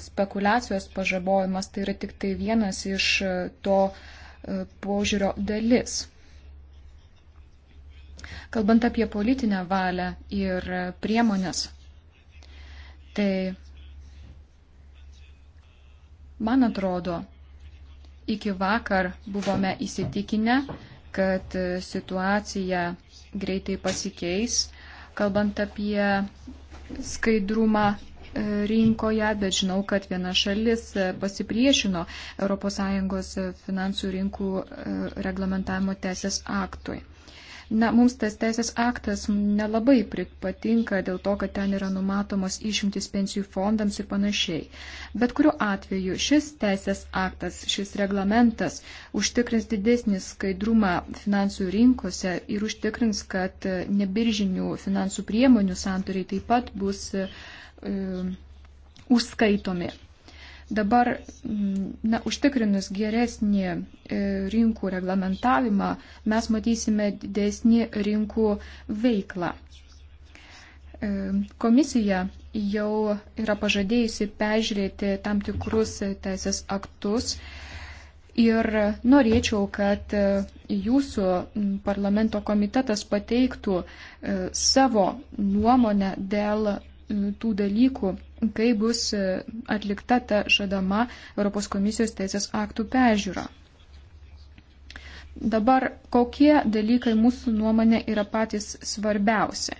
spekulacijos pažabojimas tai yra tik tai vienas iš e, to e, požiūrio dalis. Kalbant apie politinę valią ir priemonės, tai man atrodo, iki vakar buvome įsitikinę, kad situacija greitai pasikeis, kalbant apie skaidrumą e, rinkoje, bet žinau, kad viena šalis e, pasipriešino ES finansų rinkų e, reglamentavimo teisės aktui. Na, mums tas teisės aktas nelabai patinka dėl to, kad ten yra numatomos išimtis pensijų fondams ir panašiai. Bet kuriuo atveju šis teisės aktas, šis reglamentas užtikrins didesnį skaidrumą finansų rinkose ir užtikrins, kad nebiržinių finansų priemonių santoriai taip pat bus e, užskaitomi. Dabar, mm, na, užtikrinus geresnį e, rinkų reglamentavimą, mes matysime didesnį rinkų veiklą. E, komisija jau yra pažadėjusi peržiūrėti tam tikrus teisės aktus ir norėčiau, kad e, jūsų parlamento komitetas pateiktų savo nuomonę dėl tų dalykų, kai bus e, atlikta ta žadama Europos komisijos teisės aktų peržiūra. Dabar kokie dalykai mūsų nuomonė yra patys svarbiausi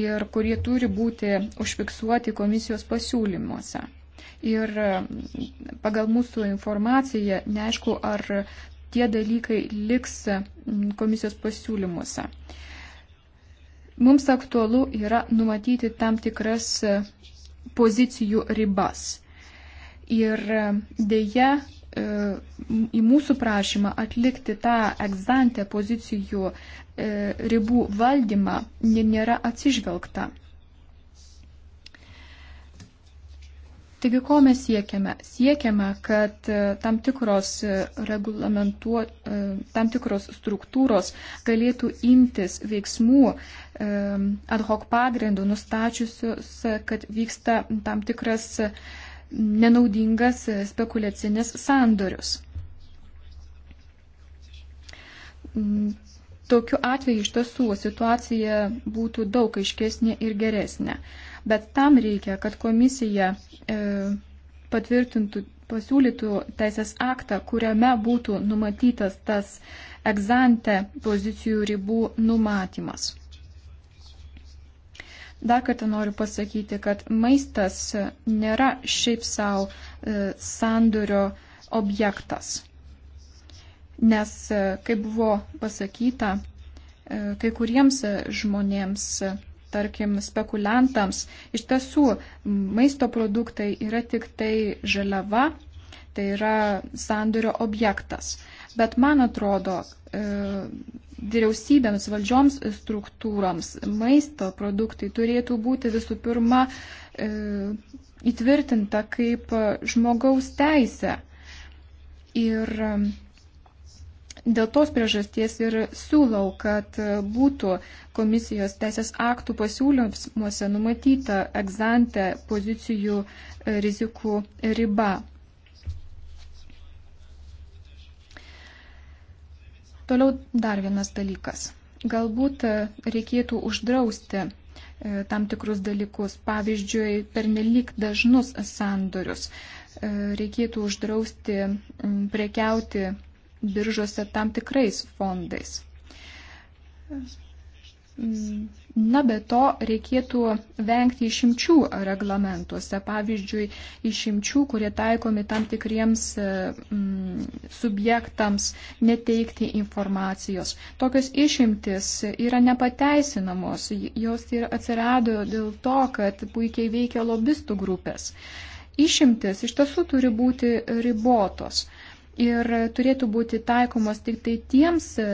ir kurie turi būti užfiksuoti komisijos pasiūlymuose. Ir e, pagal mūsų informaciją neaišku, ar tie dalykai liks komisijos pasiūlymuose. Mums aktualu yra numatyti tam tikras e, pozicijų ribas. Ir e, dėja, e, į mūsų prašymą atlikti tą egzantę pozicijų ribų valdymą nėra atsižvelgta. Taigi, ko mes siekiame? Siekiame, kad e, tam tikros, e, e, tam tikros struktūros galėtų imtis veiksmų ad hoc pagrindų, nustačiusius, kad vyksta tam tikras nenaudingas spekuliacinis sandorius. Mm, tokiu atveju iš tiesų situacija būtų daug aiškesnė ir geresnė. Bet tam reikia, kad komisija e, patvirtintų, pasiūlytų teisės aktą, kuriame būtų numatytas tas egzante pozicijų ribų numatymas. Dar kartą noriu pasakyti, kad maistas nėra šiaip savo e, sandurio objektas. Nes, e, kaip buvo pasakyta, e, kai kuriems žmonėms tarkim, spekuliantams. Iš tiesų, maisto produktai yra tik tai žaliava, tai yra sandurio objektas. Bet man atrodo, e, vyriausybėms, valdžioms struktūroms maisto produktai turėtų būti visų pirma e, įtvirtinta kaip žmogaus teisė. Ir Dėl tos priežasties ir siūlau, kad būtų komisijos teisės aktų pasiūlymuose numatyta egzante pozicijų e, rizikų riba. Toliau dar vienas dalykas. Galbūt e, reikėtų uždrausti e, tam tikrus dalykus, pavyzdžiui, pernelyg dažnus sandorius. Reikėtų uždrausti prekiauti biržose tam tikrais fondais. Na, be to reikėtų vengti išimčių reglamentuose, pavyzdžiui, išimčių, kurie taikomi tam tikriems mm, subjektams neteikti informacijos. Tokios išimtis yra nepateisinamos, jos ir atsirado dėl to, kad puikiai veikia lobistų grupės. Išimtis iš tiesų turi būti ribotos ir turėtų būti taikomos tik tai tiems e,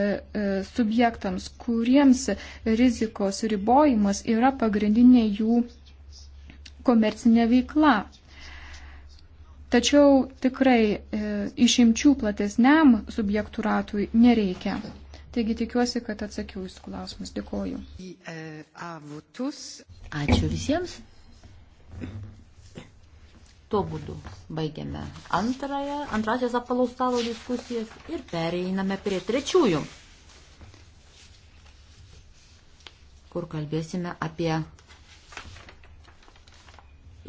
e, subjektams, kuriems rizikos ribojimas yra pagrindinė jų komercinė veikla. Tačiau tikrai e, išimčių platesniam subjektų ratui nereikia. Taigi tikiuosi, kad atsakiau jūsų klausimus. Dėkoju. Ačiū visiems. Tuo būdu baigiame antrąją, antrasias apalaus stalo diskusijas ir pereiname prie trečiųjų, kur kalbėsime apie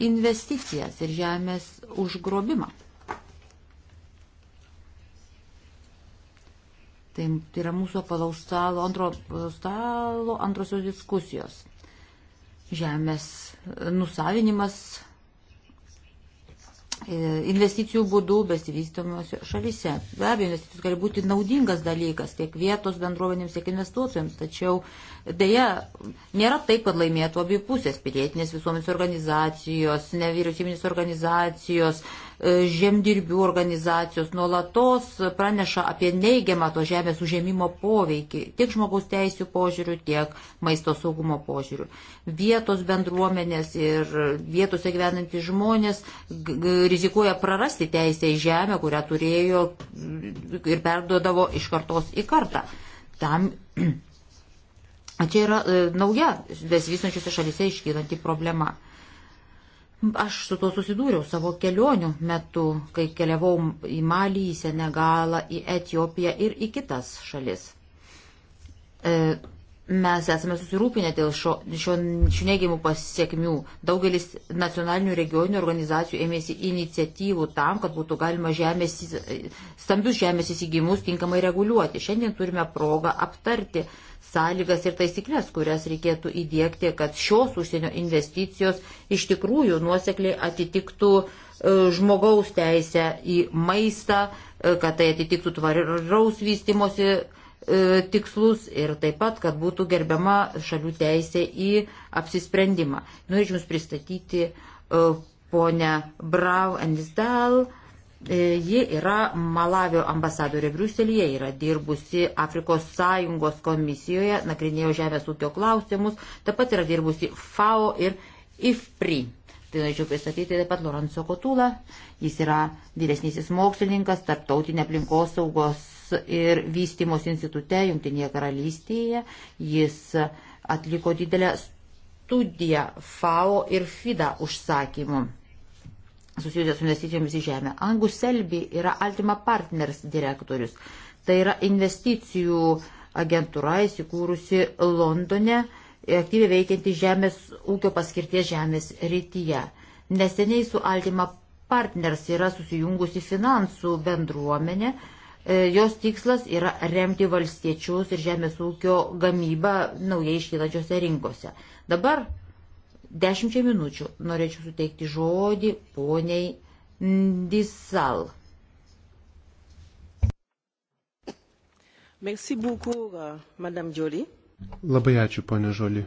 investicijas ir žemės užgrobimą. Tai, tai yra mūsų apalaus stalo, antro stalo antrosios diskusijos. Žemės e, nusavinimas E, investicijų būdų besivystomuose šalyse. Be abejo, investicijos gali būti naudingas dalykas tiek vietos bendruomenėms, tiek investuotojams, tačiau dėja nėra taip, kad laimėtų abi pusės - pilietinės visuomenės organizacijos, nevyriausybinės organizacijos, E, žemdirbių organizacijos nuolatos praneša apie neigiamą to žemės užėmimo poveikį tiek žmogaus teisų požiūrių, tiek maisto saugumo požiūrių. Vietos bendruomenės ir vietose gyvenantys žmonės rizikuoja prarasti teisę į žemę, kurią turėjo ir perduodavo iš kartos į kartą. Tam *clears throat* Čia yra e, nauja besivystančiose šalise iškylanti problema. Aš su tuo susidūriau savo kelionių metu, kai keliavau į Malį, į Senegalą, į Etiopiją ir į kitas šalis. E, mes esame susirūpinę dėl šio, šio, šių neigiamų pasiekmių. Daugelis nacionalinių regioninių organizacijų ėmėsi iniciatyvų tam, kad būtų galima žemės, stambius žemės įsigimus tinkamai reguliuoti. Šiandien turime progą aptarti sąlygas ir taisyklės, kurias reikėtų įdėkti, kad šios užsienio investicijos iš tikrųjų nuosekliai atitiktų e, žmogaus teisę į maistą, e, kad tai atitiktų tvaraus vystimosi e, tikslus ir taip pat, kad būtų gerbiama šalių teisė į apsisprendimą. Norėčiau Jums pristatyti ponę Brau Endisdal. Uh, E, ji yra Malavio ambasadorė Briuselėje, yra dirbusi Afrikos Sąjungos komisijoje, nagrinėjo žemės ūkio klausimus, taip pat yra dirbusi FAO ir IFPRI. Tai norėčiau pristatyti taip pat Lorenzo Kotulą. Jis yra vyresnysis mokslininkas tarptautinė aplinkos saugos ir vystimos institute Junktinėje karalystėje. Jis atliko didelę studiją FAO ir FIDA užsakymu susijusios su investicijomis į žemę. Angus Selby yra Altima Partners direktorius. Tai yra investicijų agentūra įsikūrusi Londone, aktyviai veikianti žemės ūkio paskirties žemės rytyje. Neseniai su Altima Partners yra susijungusi finansų bendruomenė. E, jos tikslas yra remti valstiečius ir žemės ūkio gamybą naujai iškylančiose rinkose. Dabar Dešimčiai minučių norėčiau suteikti žodį poniai Ndisal. Merci beaucoup, euh, Madame Jolie. Labai ačiū, ponė Žoli.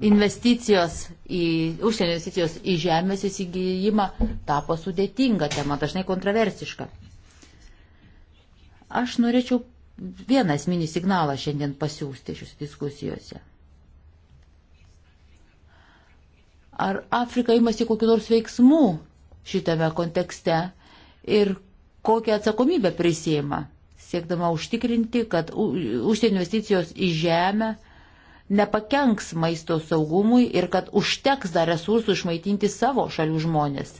Investicijos į užsienio investicijos į žemės įsigijimą tapo sudėtinga tema, dažnai kontroversiška. Aš norėčiau vieną esminį signalą šiandien pasiūsti šios diskusijose. Ar Afrika imasi kokiu nors veiksmu šitame kontekste ir kokią atsakomybę prisėma, siekdama užtikrinti, kad užsienio investicijos į žemę nepakenks maisto saugumui ir kad užteks dar resursų išmaitinti savo šalių žmonės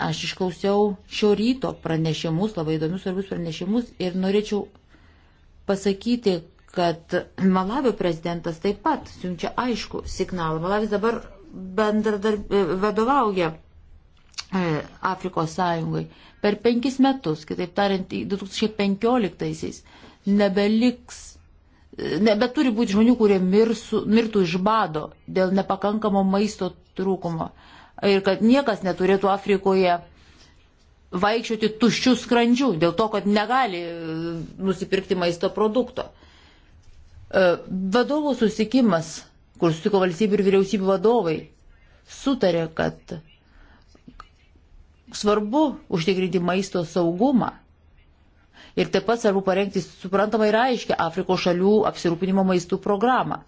Aš išklausiau šio ryto pranešimus, labai įdomius svarbius pranešimus ir norėčiau pasakyti, kad Malavio prezidentas taip pat siunčia aišku signalą. Malavis dabar vadovauja e, Afrikos sąjungai per penkis metus, kitaip tariant, 2015-aisiais nebeliks, e, nebeturi būti žmonių, kurie mirsų, mirtų iš bado dėl nepakankamo maisto trūkumo ir kad niekas neturėtų Afrikoje vaikščioti tuščių skrandžių dėl to, kad negali e, nusipirkti maisto produkto. E, vadovų susikimas, kur susitiko valstybių ir vyriausybių vadovai, sutarė, kad svarbu užtikrinti maisto saugumą. Ir taip pat svarbu parengti suprantamą ir aiškę Afrikos šalių apsirūpinimo maistų programą.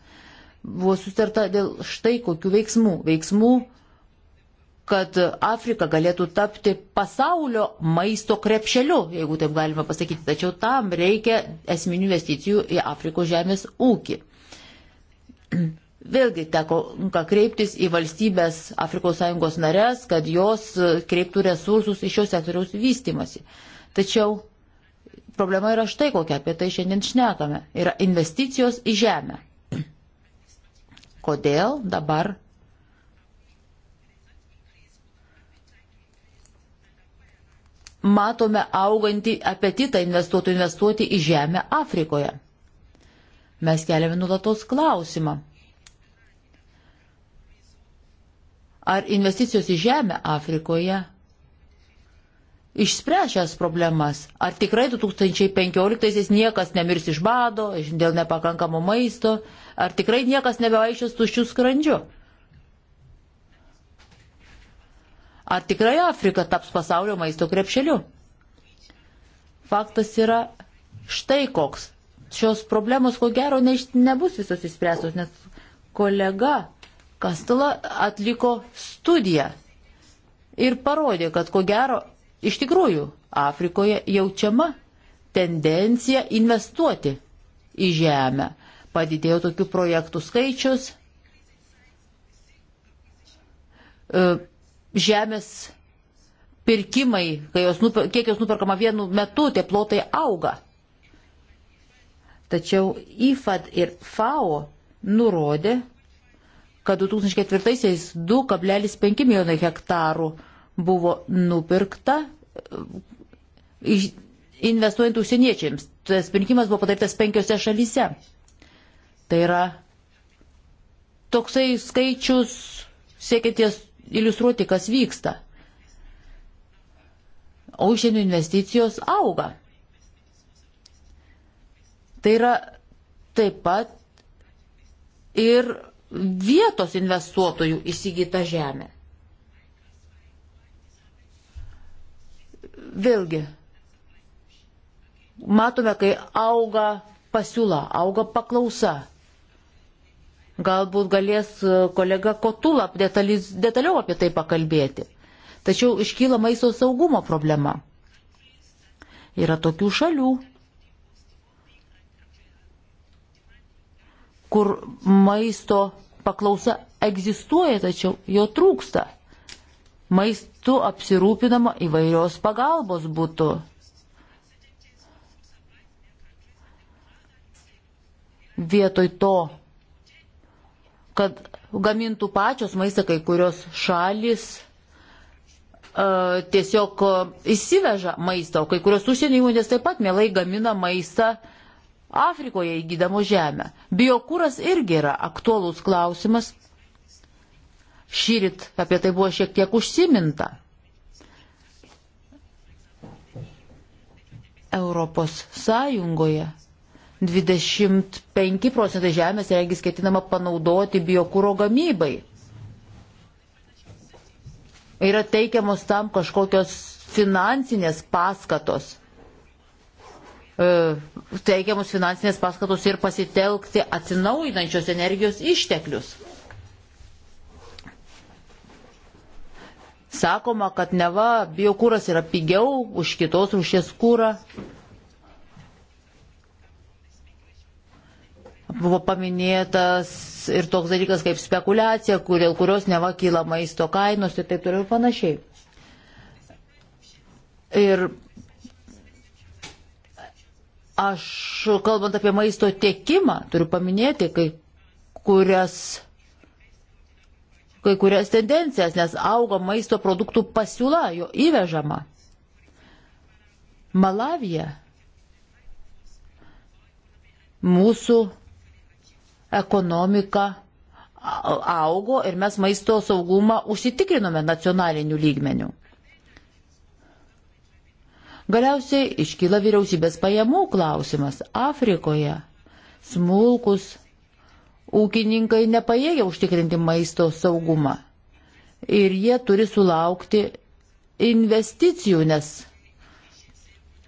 Buvo sustarta dėl štai kokių veiksmų. Veiksmų, kad Afrika galėtų tapti pasaulio maisto krepšeliu, jeigu taip galima pasakyti. Tačiau tam reikia esminių investicijų į Afrikos žemės ūkį. Vėlgi teko kreiptis į valstybės Afrikos Sąjungos narės, kad jos kreiptų resursus iš šios sektoriaus vystimasi. Tačiau problema yra štai kokia, apie tai šiandien šnekame. Yra investicijos į žemę. Kodėl dabar matome augantį apetitą investuotų investuoti į žemę Afrikoje. Mes keliame nulatos klausimą. Ar investicijos į žemę Afrikoje išspręs šias problemas? Ar tikrai 2015-aisiais niekas nemirs iš bado, dėl nepakankamo maisto? Ar tikrai niekas nebevaikščios tuščių skrandžių? Ar tikrai Afrika taps pasaulio maisto krepšeliu? Faktas yra štai koks. Šios problemos, ko gero, ne, nebus visos įspręstos, nes kolega Kastela atliko studiją ir parodė, kad ko gero, iš tikrųjų, Afrikoje jaučiama tendencija investuoti į žemę. Padidėjo tokių projektų skaičius. E, žemės pirkimai, jos nuper, kiek jos nuperkama vienu metu, tie plotai auga. Tačiau IFAD ir FAO nurodė, kad 2004-aisiais 2,5 milijonai hektarų buvo nupirkta e, investuojant užsieniečiams. Tas pirkimas buvo padarytas penkiose šalyse. Tai yra toksai skaičius siekiantis iliustruoti, kas vyksta. O užsienio investicijos auga. Tai yra taip pat ir vietos investuotojų įsigyta žemė. Vėlgi, matome, kai auga pasiūla, auga paklausa. Galbūt galės e, kolega Kotula detaliau apie tai pakalbėti. Tačiau iškyla maisto saugumo problema. Yra tokių šalių, kur maisto paklausa egzistuoja, tačiau jo trūksta. Maistu apsirūpinama įvairios pagalbos būtų. Vietoj to kad gamintų pačios maistą kai kurios šalis e, tiesiog e, įsiveža maistą, o kai kurios užsienio įmonės taip pat mielai gamina maistą Afrikoje įgydamo žemę. Biokūras irgi yra aktuolus klausimas. Šyrit apie tai buvo šiek tiek užsiminta. Europos Sąjungoje 25 procentai žemės regis ketinama panaudoti biokūro gamybai. Yra teikiamos tam kažkokios finansinės paskatos. E, teikiamos finansinės paskatos ir pasitelkti atsinaujinančios energijos išteklius. Sakoma, kad neva biokūras yra pigiau už kitos rušies kūrą. Buvo paminėtas ir toks dalykas kaip spekulacija, kur, dėl kurios neva kyla maisto kainos ir taip toliau ir panašiai. Ir aš, kalbant apie maisto tiekimą, turiu paminėti kai kurias kai kurias tendencijas, nes auga maisto produktų pasiūla, jo įvežama. Malavija mūsų ekonomika augo ir mes maisto saugumą užsitikrinome nacionaliniu lygmeniu. Galiausiai iškyla vyriausybės pajamų klausimas. Afrikoje smulkus ūkininkai nepajėgia užtikrinti maisto saugumą ir jie turi sulaukti investicijų, nes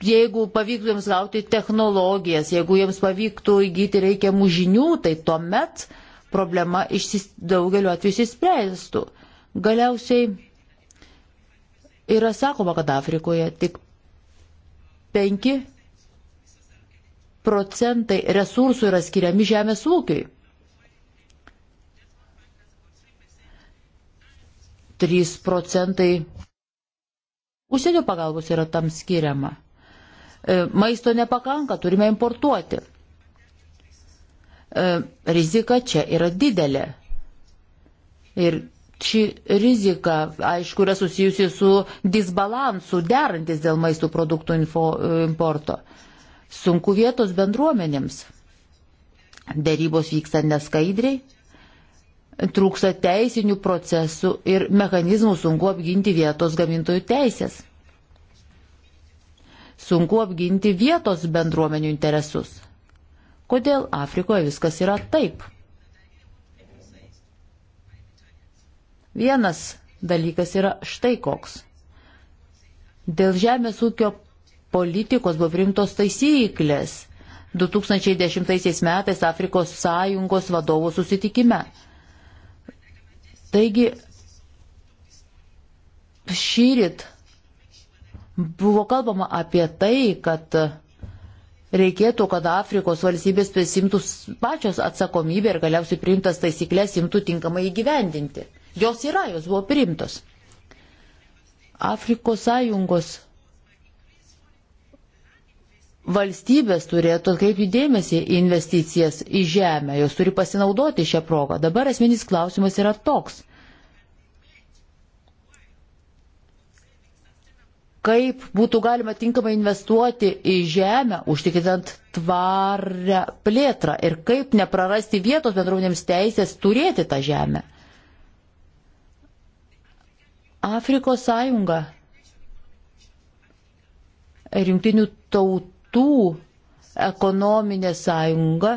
jeigu pavyktų jiems gauti technologijas, jeigu jiems pavyktų įgyti reikiamų žinių, tai tuomet problema išsis, daugeliu atveju įsispręstų. Galiausiai yra sakoma, kad Afrikoje tik 5 procentai resursų yra skiriami žemės ūkiui. 3 procentai užsienio pagalbos yra tam skiriama. E, maisto nepakanka, turime importuoti. E, rizika čia yra didelė. Ir ši rizika, aišku, yra susijusi su disbalansu, derantis dėl maisto produktų info, e, importo. Sunku vietos bendruomenėms. Dėrybos vyksta neskaidriai, trūksa teisinių procesų ir mechanizmų sunku apginti vietos gamintojų teisės sunku apginti vietos bendruomenių interesus. Kodėl Afrikoje viskas yra taip? Vienas dalykas yra štai koks. Dėl žemės ūkio politikos buvo primtos taisyklės 2010 metais Afrikos sąjungos vadovų susitikime. Taigi šyrit Buvo kalbama apie tai, kad reikėtų, kad Afrikos valstybės prisimtų pačios atsakomybę ir galiausiai priimtas taisyklės imtų tinkamai įgyvendinti. Jos yra, jos buvo priimtos. Afrikos sąjungos valstybės turėtų atkreipti dėmesį į investicijas į žemę, jos turi pasinaudoti šią progą. Dabar esminis klausimas yra toks. kaip būtų galima tinkamai investuoti į žemę, užtikrinant tvarę plėtrą ir kaip neprarasti vietos bendruomenėms teisės turėti tą žemę. Afrikos sąjunga ir jungtinių tautų ekonominė sąjunga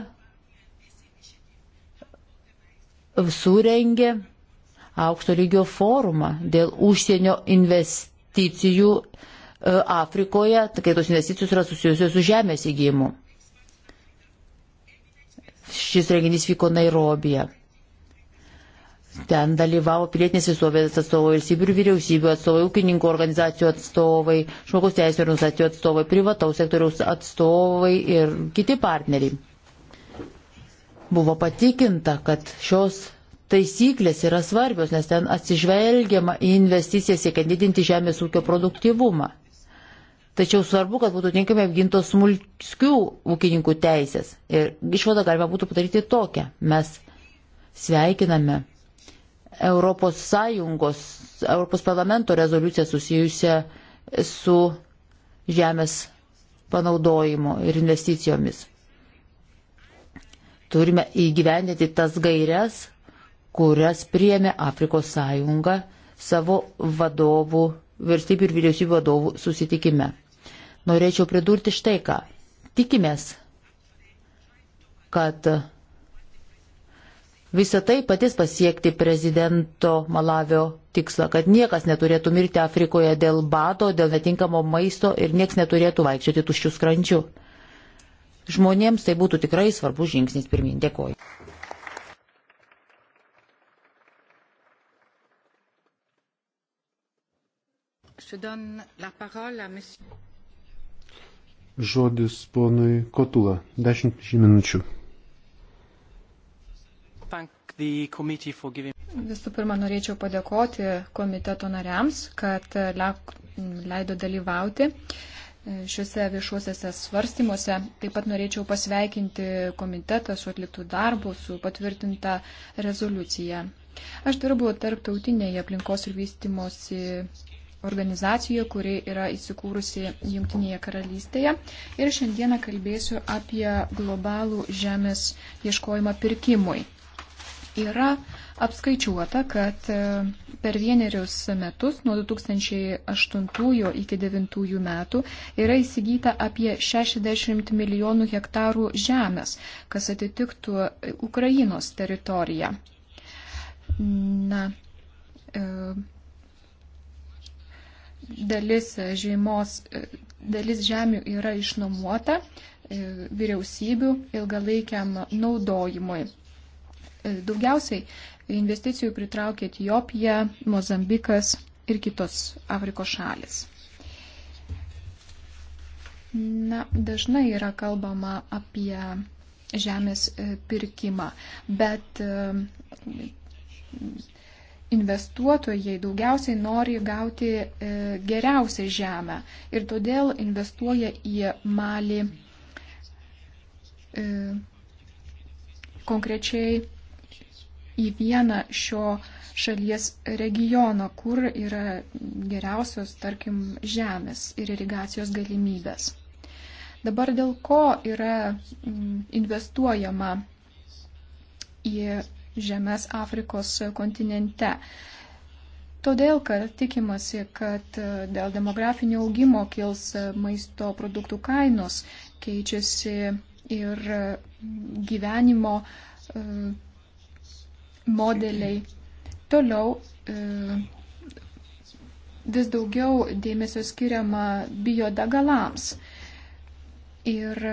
surengė aukšto lygio forumą dėl užsienio investicijų investicijų e, Afrikoje, kai tos investicijos yra susijusios su žemės įgymu. Šis renginys vyko Nairobija. Ten dalyvavo pilietinės visuomenės atstovai, valstybių ir vyriausybių atstovai, ūkininkų organizacijų atstovai, žmogaus teisų organizacijų atstovai, privataus sektoriaus atstovai ir kiti partneriai. Buvo patikinta, kad šios taisyklės yra svarbios, nes ten atsižvelgiama į investicijas siekiant didinti žemės ūkio produktyvumą. Tačiau svarbu, kad būtų tinkamai apgintos smulkių ūkininkų teisės. Ir išvadą galima būtų padaryti tokią. Mes sveikiname Europos Sąjungos, Europos parlamento rezoliuciją susijusią su žemės panaudojimu ir investicijomis. Turime įgyvendinti tas gairias, kurias priemė Afrikos sąjunga savo vadovų, valstybių ir vyriausybių vadovų susitikime. Norėčiau pridurti štai ką. Tikimės, kad visą tai patys pasiekti prezidento Malavio tikslą, kad niekas neturėtų mirti Afrikoje dėl bado, dėl netinkamo maisto ir niekas neturėtų vaikščioti tuščių skrančių. Žmonėms tai būtų tikrai svarbus žingsnis pirmin. Dėkoju. Žodis ponui Kotula, 10 minučių. Visų pirma, norėčiau padėkoti komiteto nariams, kad e, leido dalyvauti e, šiuose viešuosiuose svarstymuose. Taip pat norėčiau pasveikinti komitetą su atliktų darbų, su patvirtinta rezoliucija. Aš dirbu tarptautinėje aplinkos ir vystimosi organizacijoje, kuri yra įsikūrusi Junktinėje karalystėje. Ir šiandieną kalbėsiu apie globalų žemės ieškojimą pirkimui. Yra apskaičiuota, kad e, per vienerius metus, nuo 2008 iki 2009 metų, yra įsigyta apie 60 milijonų hektarų žemės, kas atitiktų e, Ukrainos teritoriją. Na, e, dalis e, žymos, e, dalis žemių yra išnuomuota e, vyriausybių ilgalaikiam naudojimui. Daugiausiai investicijų pritraukė Etijopija, Mozambikas ir kitos Afrikos šalis. Na, dažnai yra kalbama apie žemės pirkimą, bet investuotojai daugiausiai nori gauti e, geriausią žemę ir todėl investuoja į malį e, konkrečiai į vieną šio šalies regioną, kur yra geriausios, tarkim, žemės ir irigacijos galimybės. Dabar dėl ko yra investuojama į žemės Afrikos kontinente. Todėl, kad tikimasi, kad e, dėl demografinio augimo kils e, maisto produktų kainos, keičiasi ir e, gyvenimo modeliai. Toliau vis daugiau dėmesio skiriama biodegalams. Ir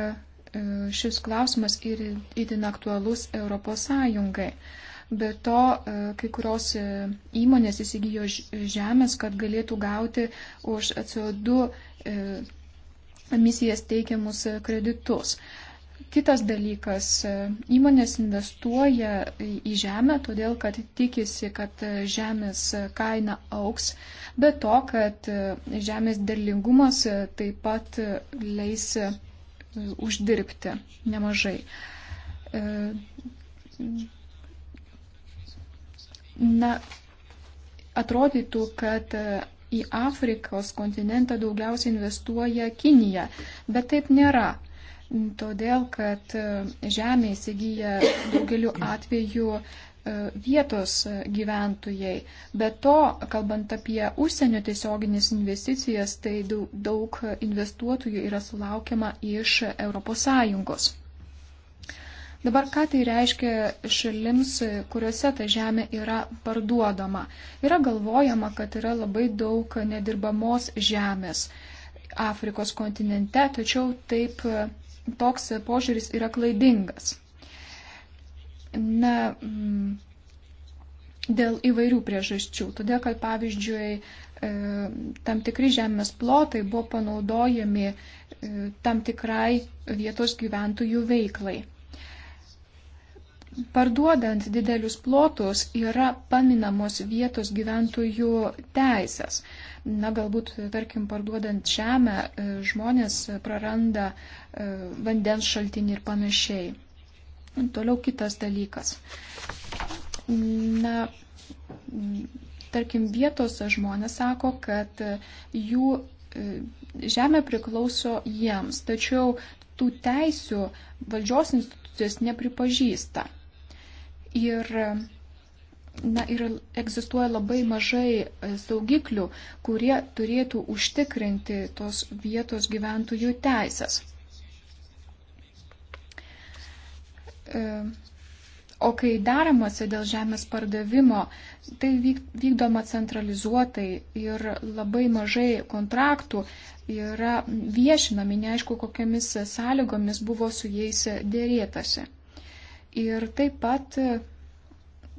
E, šis klausimas ir įtin aktualus Europos Sąjungai. Be to, e, kai kurios e, įmonės įsigijo žemės, kad galėtų gauti už CO2 emisijas teikiamus kreditus. Kitas dalykas, įmonės investuoja į žemę, todėl kad tikisi, kad žemės kaina auks, be to, kad žemės derlingumas taip pat leis uždirbti nemažai. E, na, atrodytų, kad e, į Afrikos kontinentą daugiausiai investuoja Kinija, bet taip nėra. Todėl, kad e, žemė įsigyja daugeliu atveju E, vietos gyventojai. Be to, kalbant apie užsienio tiesioginės investicijas, tai daug investuotojų yra sulaukiama iš ES. Dabar ką tai reiškia šalims, kuriuose ta žemė yra parduodama? Yra galvojama, kad yra labai daug nedirbamos žemės Afrikos kontinente, tačiau taip toks požiūris yra klaidingas. Na, mm, dėl įvairių priežasčių. Todėl, kad pavyzdžiui, e, tam tikri žemės plotai buvo panaudojami e, tam tikrai vietos gyventojų veiklai. Parduodant didelius plotus yra paminamos vietos gyventojų teisės. Na, galbūt, tarkim, parduodant žemę, e, žmonės praranda vandens šaltinį ir panašiai. Toliau kitas dalykas. Na, tarkim, vietos žmonės sako, kad jų e, žemė priklauso jiems, tačiau tų teisių valdžios institucijos nepripažįsta. Ir, na, ir egzistuoja labai mažai e, saugiklių, kurie turėtų užtikrinti tos vietos gyventojų teisės. E, o kai deramasi dėl žemės pardavimo, tai vykdoma centralizuotai ir labai mažai kontraktų yra viešinami, neaišku, kokiamis sąlygomis buvo su jais dėrėtasi. Ir taip pat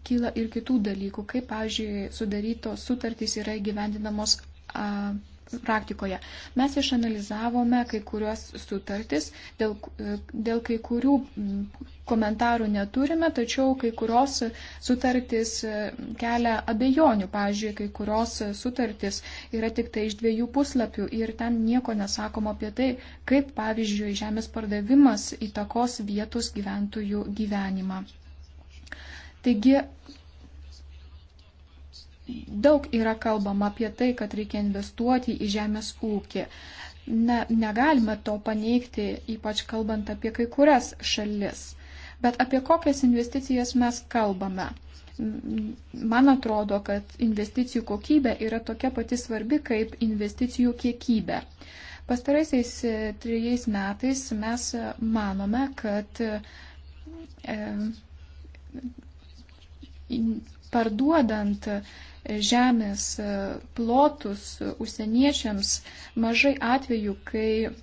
kyla ir kitų dalykų, kaip, pavyzdžiui, sudarytos sutartys yra įgyvendinamos praktikoje. Mes išanalizavome kai kurios sutartis, dėl, dėl kai kurių mm, komentarų neturime, tačiau kai kurios sutartis e, kelia abejonių. Pavyzdžiui, kai kurios sutartis yra tik tai iš dviejų puslapių ir ten nieko nesakoma apie tai, kaip, pavyzdžiui, žemės pardavimas įtakos vietos gyventojų gyvenimą. Taigi, daug yra kalbama apie tai, kad reikia investuoti į žemės ūkį. Ne, negalime to paneigti, ypač kalbant apie kai kurias šalis. Bet apie kokias investicijas mes kalbame? Man atrodo, kad investicijų kokybė yra tokia pati svarbi kaip investicijų kiekybė. Pastaraisiais e, trejais metais mes manome, kad e, parduodant žemės e, plotus užsieniečiams, mažai atvejų, kai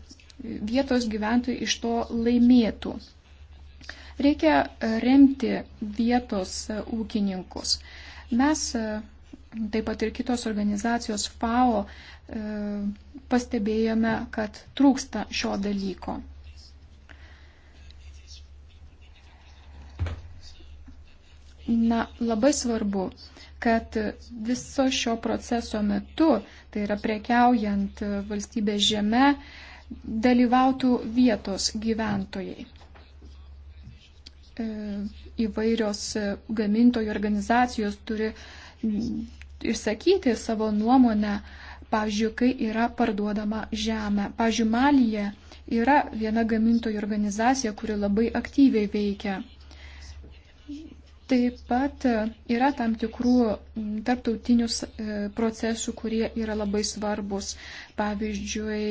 vietos gyventojai iš to laimėtų. Reikia remti vietos e, ūkininkus. Mes, e, taip pat ir kitos organizacijos FAO, pastebėjome, kad trūksta šio dalyko. Na, labai svarbu kad viso šio proceso metu, tai yra prekiaujant valstybės žeme, dalyvautų vietos gyventojai. E, įvairios gamintojų organizacijos turi išsakyti savo nuomonę, pavyzdžiui, kai yra parduodama žemė. Pavyzdžiui, Malyje yra viena gamintojų organizacija, kuri labai aktyviai veikia. Taip pat e, yra tam tikrų tarptautinių e, procesų, kurie yra labai svarbus. Pavyzdžiui,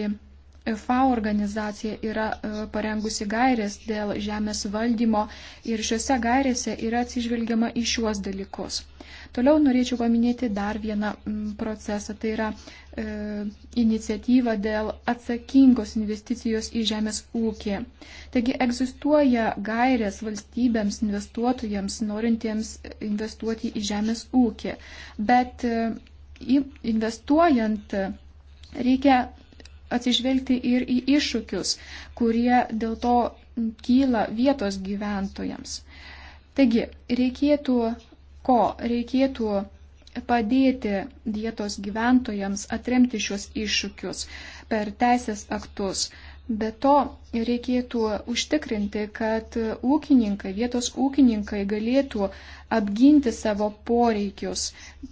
FAO organizacija yra e, parengusi gairės dėl žemės valdymo ir šiuose gairėse yra atsižvelgiama į šiuos dalykus. Toliau norėčiau paminėti dar vieną procesą, tai yra e, iniciatyva dėl atsakingos investicijos į žemės ūkį. Taigi egzistuoja gairės valstybėms, investuotojams, norintiems investuoti į žemės ūkį, bet e, investuojant reikia atsižvelgti ir į iššūkius, kurie dėl to kyla vietos gyventojams. Taigi, reikėtų ko? Reikėtų padėti vietos gyventojams atremti šios iššūkius per teisės aktus, Be to, reikėtų užtikrinti, kad ūkininkai, vietos ūkininkai galėtų apginti savo poreikius,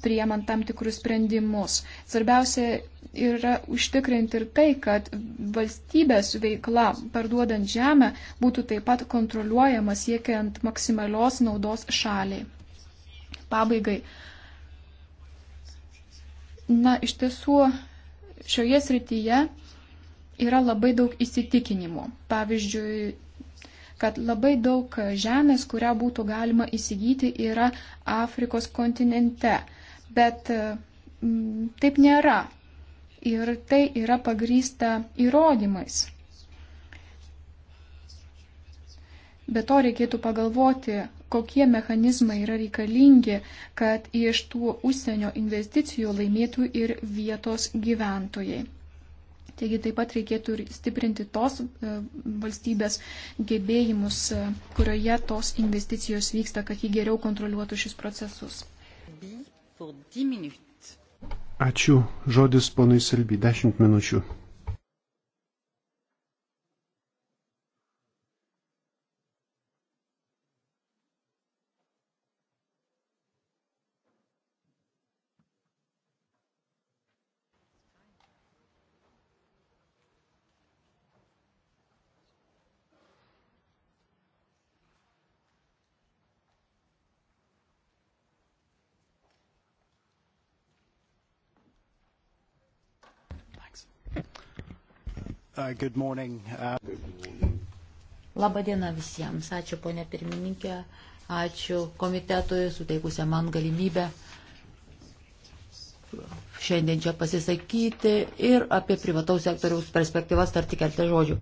priemant tam tikrus sprendimus. Svarbiausia yra užtikrinti ir tai, kad valstybės veikla parduodant žemę būtų taip pat kontroliuojama siekiant maksimalios naudos šaliai. Pabaigai. Na, iš tiesų, šioje srityje yra labai daug įsitikinimų. Pavyzdžiui, kad labai daug žemės, kurią būtų galima įsigyti, yra Afrikos kontinente. Bet m, mm, taip nėra. Ir tai yra pagrysta įrodymais. Be to reikėtų pagalvoti, kokie mechanizmai yra reikalingi, kad iš tų užsienio investicijų laimėtų ir vietos gyventojai. Taigi taip pat reikėtų ir stiprinti tos e, valstybės gebėjimus, e, kurioje tos investicijos vyksta, kad jį geriau kontroliuotų šis procesus. Ačiū. Žodis ponui Selby. Dešimt minučių. Uh, good morning. Uh... Labadiena visiems. Ačiū ponė pirmininkė. Ačiū komitetui suteikusią man galimybę šiandien čia pasisakyti ir apie privataus sektoriaus perspektyvas tarti keltą žodžių.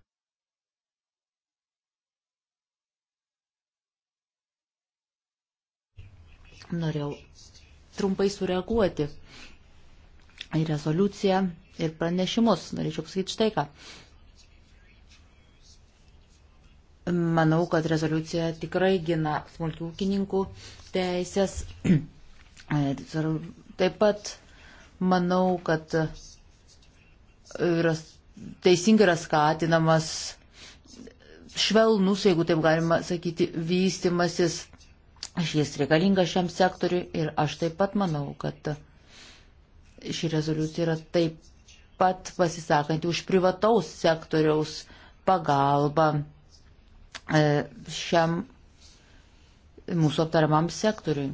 Norėjau trumpai sureaguoti į rezoliuciją ir pranešimus. Norėčiau pasakyti štai ką. Manau, kad rezoliucija tikrai gina smulkių ūkininkų teisės. *clears throat* Taip pat manau, kad yra, teisingai yra skatinamas švelnus, jeigu taip galima sakyti, vystimasis. Aš jis reikalingas šiam sektoriui ir aš taip pat manau, kad ši rezoliucija yra taip pat pasisakanti už privataus sektoriaus pagalbą E, šiam mūsų aptariamam sektoriui.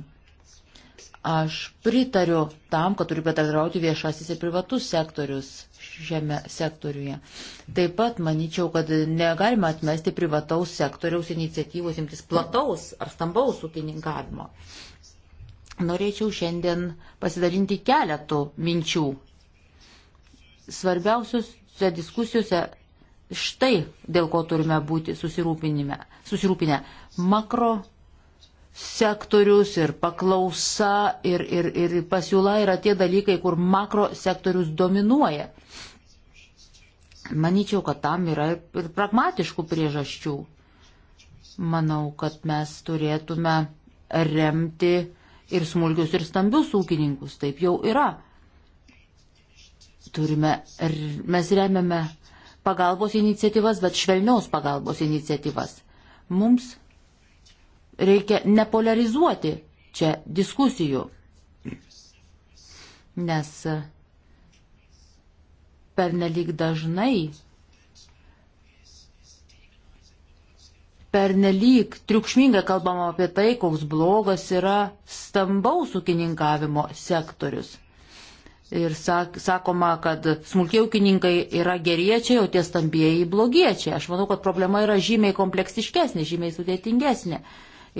Aš pritariu tam, kad turi bendradarbiauti viešasis ir privatus sektorius šiame sektoriuje. Taip pat manyčiau, kad negalima atmesti privataus sektoriaus iniciatyvos imtis plataus ar stambaus ūkininkavimo. Norėčiau šiandien pasidalinti keletų minčių. Svarbiausios diskusijose štai dėl ko turime būti susirūpinę. Makro sektorius ir paklausa ir, ir, ir pasiūla yra tie dalykai, kur makro sektorius dominuoja. Manyčiau, kad tam yra ir pragmatiškų priežasčių. Manau, kad mes turėtume remti ir smulkius, ir stambius ūkininkus. Taip jau yra. Turime, mes remiame pagalbos iniciatyvas, bet švelnios pagalbos iniciatyvas. Mums reikia nepolarizuoti čia diskusijų, nes pernelik dažnai, pernelik triukšmingai kalbama apie tai, koks blogas yra stambaus ūkininkavimo sektorius ir sak, sakoma, kad smulkiai ūkininkai yra geriečiai, o tie stambieji blogiečiai. Aš manau, kad problema yra žymiai kompleksiškesnė, žymiai sudėtingesnė.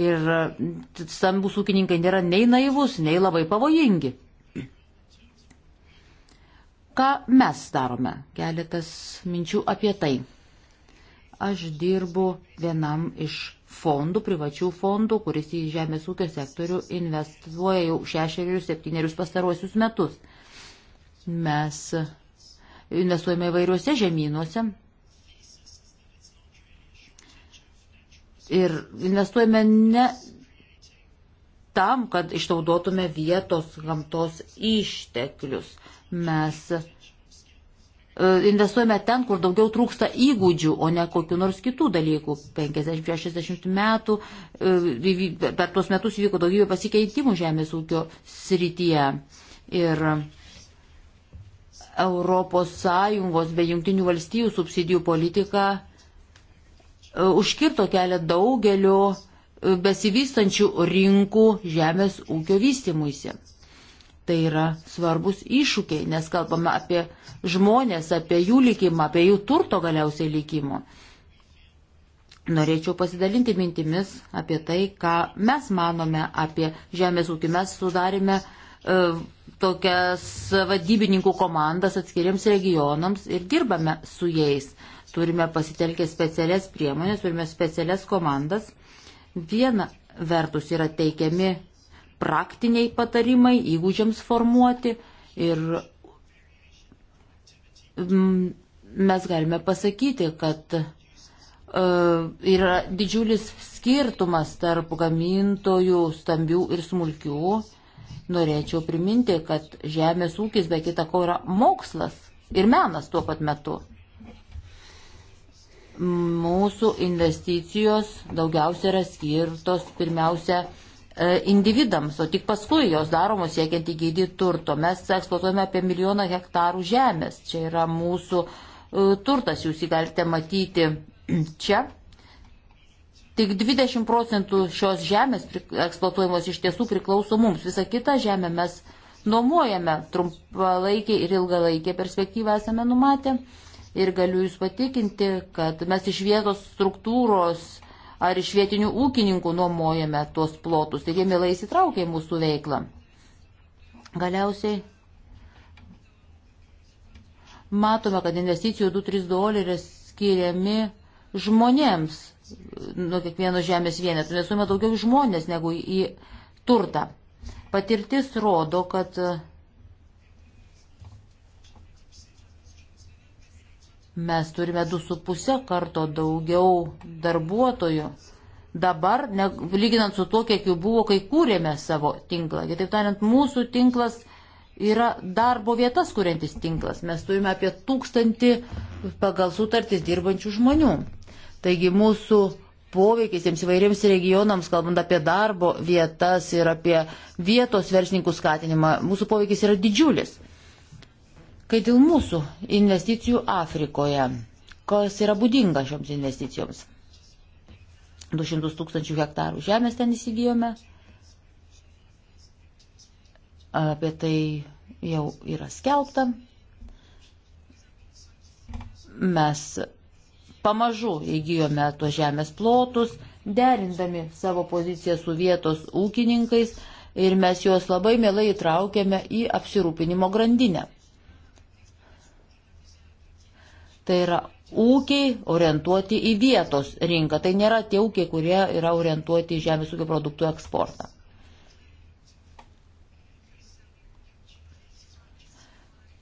Ir stambus ūkininkai nėra nei naivus, nei labai pavojingi. Ką mes darome? Keletas minčių apie tai. Aš dirbu vienam iš fondų, privačių fondų, kuris į žemės ūkio sektorių investuoja jau šešerius, septynerius pastaruosius metus. Mes investuojame įvairiuose žemynuose. Ir investuojame ne tam, kad išnaudotume vietos gamtos išteklius. Mes e, investuojame ten, kur daugiau trūksta įgūdžių, o ne kokiu nors kitų dalykų. 50-60 metų e, per tuos metus vyko daugybė pasikeitimų žemės ūkio srityje. Ir ES bei Junktinių valstybių subsidijų politika e, užkirto kelią daugeliu e, besivystančių rinkų žemės ūkio vystimuisi. Tai yra svarbus iššūkiai, nes kalbame apie žmonės, apie jų likimą, apie jų turto galiausiai likimą. Norėčiau pasidalinti mintimis apie tai, ką mes manome apie žemės ūkį. Mes sudarėme uh, E, tokias vadybininkų komandas atskiriams regionams ir dirbame su jais. Turime pasitelkę specialias priemonės, turime specialias komandas. Viena vertus yra teikiami praktiniai patarimai įgūdžiams formuoti ir mm, mes galime pasakyti, kad e, yra didžiulis skirtumas tarp gamintojų stambių ir smulkių Norėčiau priminti, kad žemės ūkis be kita ko yra mokslas ir menas tuo pat metu. Mūsų investicijos daugiausia yra skirtos pirmiausia e, individams, o tik paskui jos daromos siekiant įgydyti turto. Mes eksploatuojame apie milijoną hektarų žemės. Čia yra mūsų e, turtas, jūs jį galite matyti čia. Tik 20 procentų šios žemės eksploatuojamos iš tiesų priklauso mums. Visą kitą žemę mes nuomojame trumpalaikį ir ilgalaikį perspektyvą esame numatę. Ir galiu Jūs patikinti, kad mes iš vietos struktūros ar iš vietinių ūkininkų nuomojame tuos plotus. Ir jie mielai įsitraukia į mūsų veiklą. Galiausiai matome, kad investicijų 2-3 doleriai skiriami žmonėms nuo kiekvieno žemės vieneto, investuojama daugiau į žmonės negu į turtą. Patirtis rodo, kad mes turime 2,5 karto daugiau darbuotojų dabar, ne, lyginant su tuo, kiek jų buvo, kai kūrėme savo tinklą. Kitaip tariant, mūsų tinklas yra darbo vietas kuriantis tinklas. Mes turime apie tūkstantį pagal sutartis dirbančių žmonių. Taigi mūsų poveikis tiems įvairiems regionams, kalbant apie darbo vietas ir apie vietos verslininkų skatinimą, mūsų poveikis yra didžiulis. Kai dėl mūsų investicijų Afrikoje, kas yra būdinga šioms investicijoms? 200 tūkstančių hektarų žemės ten įsigijome. Apie tai jau yra skelbta. Mes pamažu įgyjome tos žemės plotus, derindami savo poziciją su vietos ūkininkais ir mes juos labai mielai įtraukėme į apsirūpinimo grandinę. Tai yra ūkiai orientuoti į vietos rinką. Tai nėra tie ūkiai, kurie yra orientuoti į žemės ūkio produktų eksportą.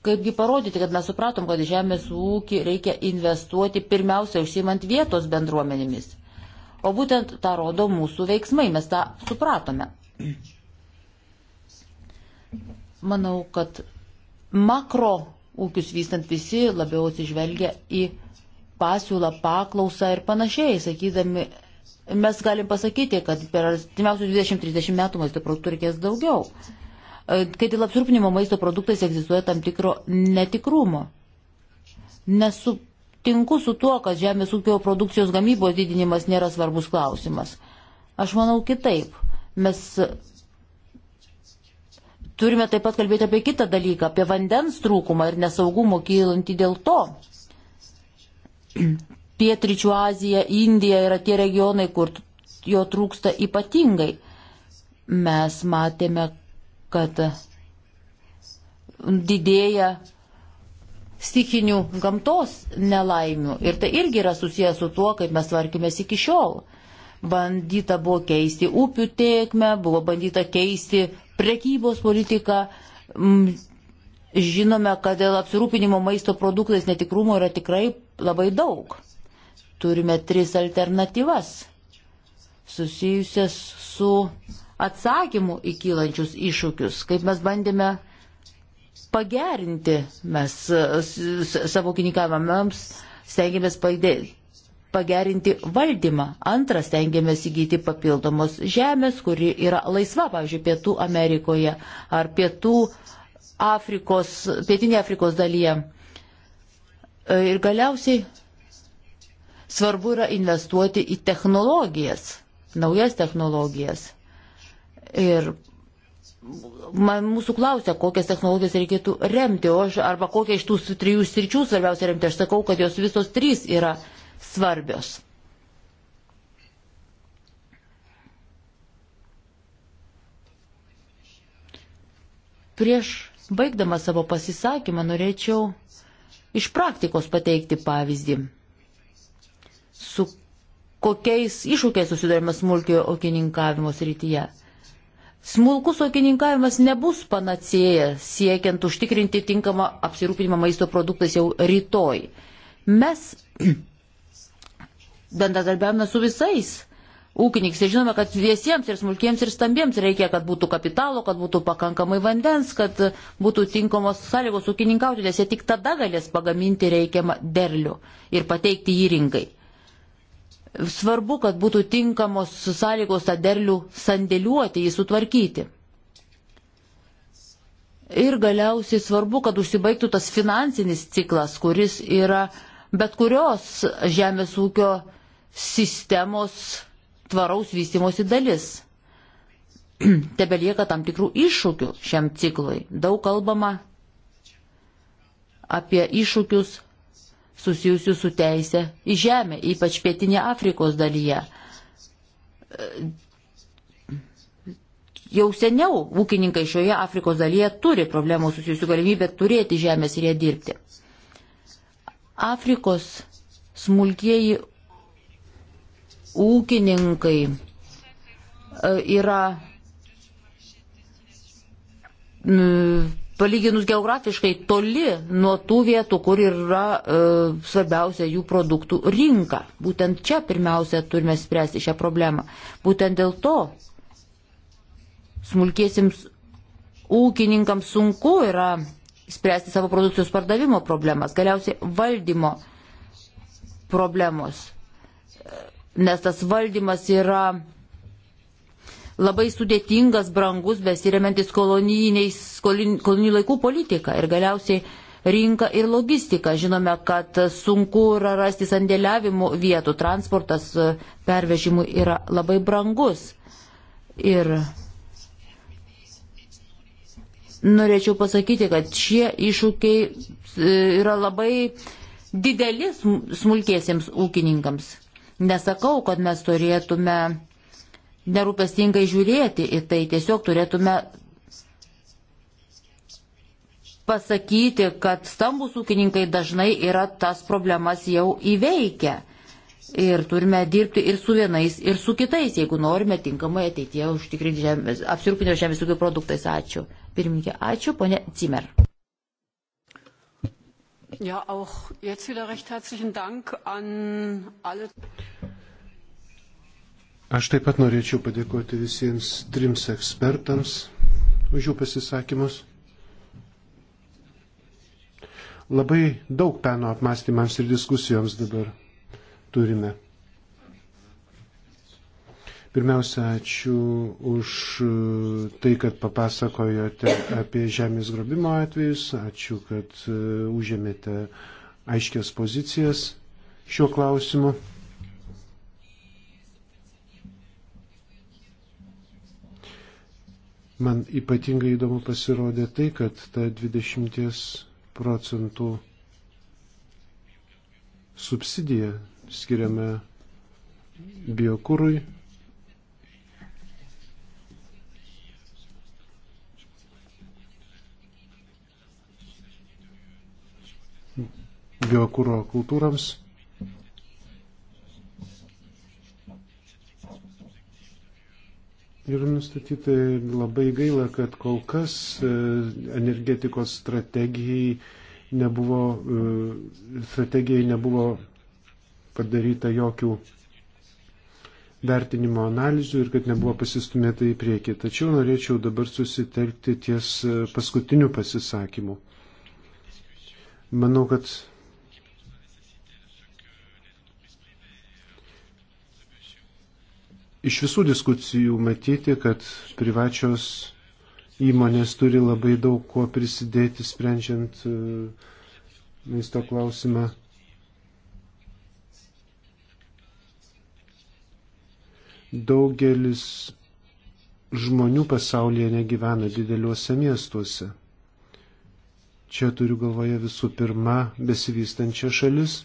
Kaipgi parodyti, kad mes supratom, kad žemės ūkį reikia investuoti pirmiausia užsimant vietos bendruomenėmis. O būtent tą rodo mūsų veiksmai, mes tą supratome. Manau, kad makro ūkius vystant visi labiau atsižvelgia į pasiūlą, paklausą ir panašiai, sakydami, mes galim pasakyti, kad per artimiausius 20-30 metų maisto produktų reikės daugiau kai dėl apsirūpinimo maisto produktais egzistuoja tam tikro netikrumo. Nesutinku su tuo, kad žemės ūkio produkcijos gamybos didinimas nėra svarbus klausimas. Aš manau kitaip. Mes turime taip pat kalbėti apie kitą dalyką, apie vandens trūkumą ir nesaugumo kylantį dėl to. *clears throat* Pietričių Azija, Indija yra tie regionai, kur jo trūksta ypatingai. Mes matėme, kad didėja stikinių gamtos nelaimių. Ir tai irgi yra susijęs su tuo, kaip mes tvarkėmės iki šiol. Bandyta buvo keisti upių tiekmę, buvo bandyta keisti prekybos politiką. Mm, žinome, kad dėl apsirūpinimo maisto produktais netikrumo yra tikrai labai daug. Turime tris alternatyvas susijusias su atsakymų į kylančius iššūkius, kaip mes bandėme pagerinti mes savo kininkavimą, mums stengiamės pagerinti valdymą. Antras, stengiamės įgyti papildomos žemės, kuri yra laisva, pavyzdžiui, Pietų Amerikoje ar Pietų Afrikos, Pietinė Afrikos dalyje. E, ir galiausiai svarbu yra investuoti į technologijas, naujas technologijas. Ir man mūsų klausia, kokias technologijas reikėtų remti, o aš arba kokią iš tų trijų sričių svarbiausia remti. Aš sakau, kad jos visos trys yra svarbios. Prieš baigdama savo pasisakymą norėčiau iš praktikos pateikti pavyzdį, su kokiais iššūkiais susidurime smulkiojo okininkavimo srityje Smulkus ūkininkavimas nebus panacėja siekiant užtikrinti tinkamą apsirūpinimą maisto produktais jau rytoj. Mes *clears throat* bendradarbiavame su visais ūkininkais ir žinome, kad visiems ir smulkiems ir stambiems reikia, kad būtų kapitalo, kad būtų pakankamai vandens, kad būtų tinkamos sąlygos ūkininkauti, nes jie tik tada galės pagaminti reikiamą derlių ir pateikti jį rinkai. Svarbu, kad būtų tinkamos sąlygos tą derlių sandėliuoti, jį sutvarkyti. Ir galiausiai svarbu, kad užsibaigtų tas finansinis ciklas, kuris yra bet kurios žemės ūkio sistemos tvaraus vystimosi dalis. *clears throat* Tebelieka tam tikrų iššūkių šiam ciklui. Daug kalbama apie iššūkius susijusių su teisė į žemę, ypač pietinė Afrikos dalyje. Jau seniau ūkininkai šioje Afrikos dalyje turi problemų susijusių galimybę turėti žemės ir ją dirbti. Afrikos smulkieji ūkininkai e, yra palyginus geografiškai toli nuo tų vietų, kur yra e, svarbiausia jų produktų rinka. Būtent čia pirmiausia turime spręsti šią problemą. Būtent dėl to smulkėsims ūkininkams sunku yra spręsti savo produkcijos pardavimo problemas, galiausiai valdymo problemos, nes tas valdymas yra labai sudėtingas, brangus, besiriamantis kolonijų laikų politiką ir galiausiai rinką ir logistiką. Žinome, kad sunku yra rasti sandėliavimo vietų, transportas e, pervežimui yra labai brangus. Ir norėčiau pasakyti, kad šie iššūkiai e, yra labai dideli smulkėsiems ūkininkams. Nesakau, kad mes turėtume nerūpestingai žiūrėti į tai. Tiesiog turėtume pasakyti, kad stambus ūkininkai dažnai yra tas problemas jau įveikę. Ir turime dirbti ir su vienais, ir su kitais, jeigu norime tinkamai ateitie užtikrinti žemės, apsirūpinti žemės ūkio produktais. Ačiū. Pirmininkė, ačiū, ponė Cimer. Ja, auch jetzt wieder recht herzlichen Dank an alle. Aš taip pat norėčiau padėkoti visiems trims ekspertams už jų pasisakymus. Labai daug peno apmąstymams ir diskusijoms dabar turime. Pirmiausia, ačiū už tai, kad papasakojote apie žemės grobimo atvejus, ačiū, kad e, užėmėte aiškias pozicijas šiuo klausimu. Man ypatingai įdomu pasirodė tai, kad ta 20 procentų subsidiją skiriame biokūrui. biokūro kultūrams Ir nustatyti labai gaila, kad kol kas e, energetikos strategijai nebuvo, e, strategijai nebuvo padaryta jokių vertinimo analizių ir kad nebuvo pasistumėta į priekį. Tačiau norėčiau dabar susitelkti ties e, paskutiniu pasisakymu. Manau, kad Iš visų diskusijų matyti, kad privačios įmonės turi labai daug kuo prisidėti sprendžiant e, maisto klausimą. Daugelis žmonių pasaulyje negyvena dideliuose miestuose. Čia turiu galvoje visų pirma besivystančią šalis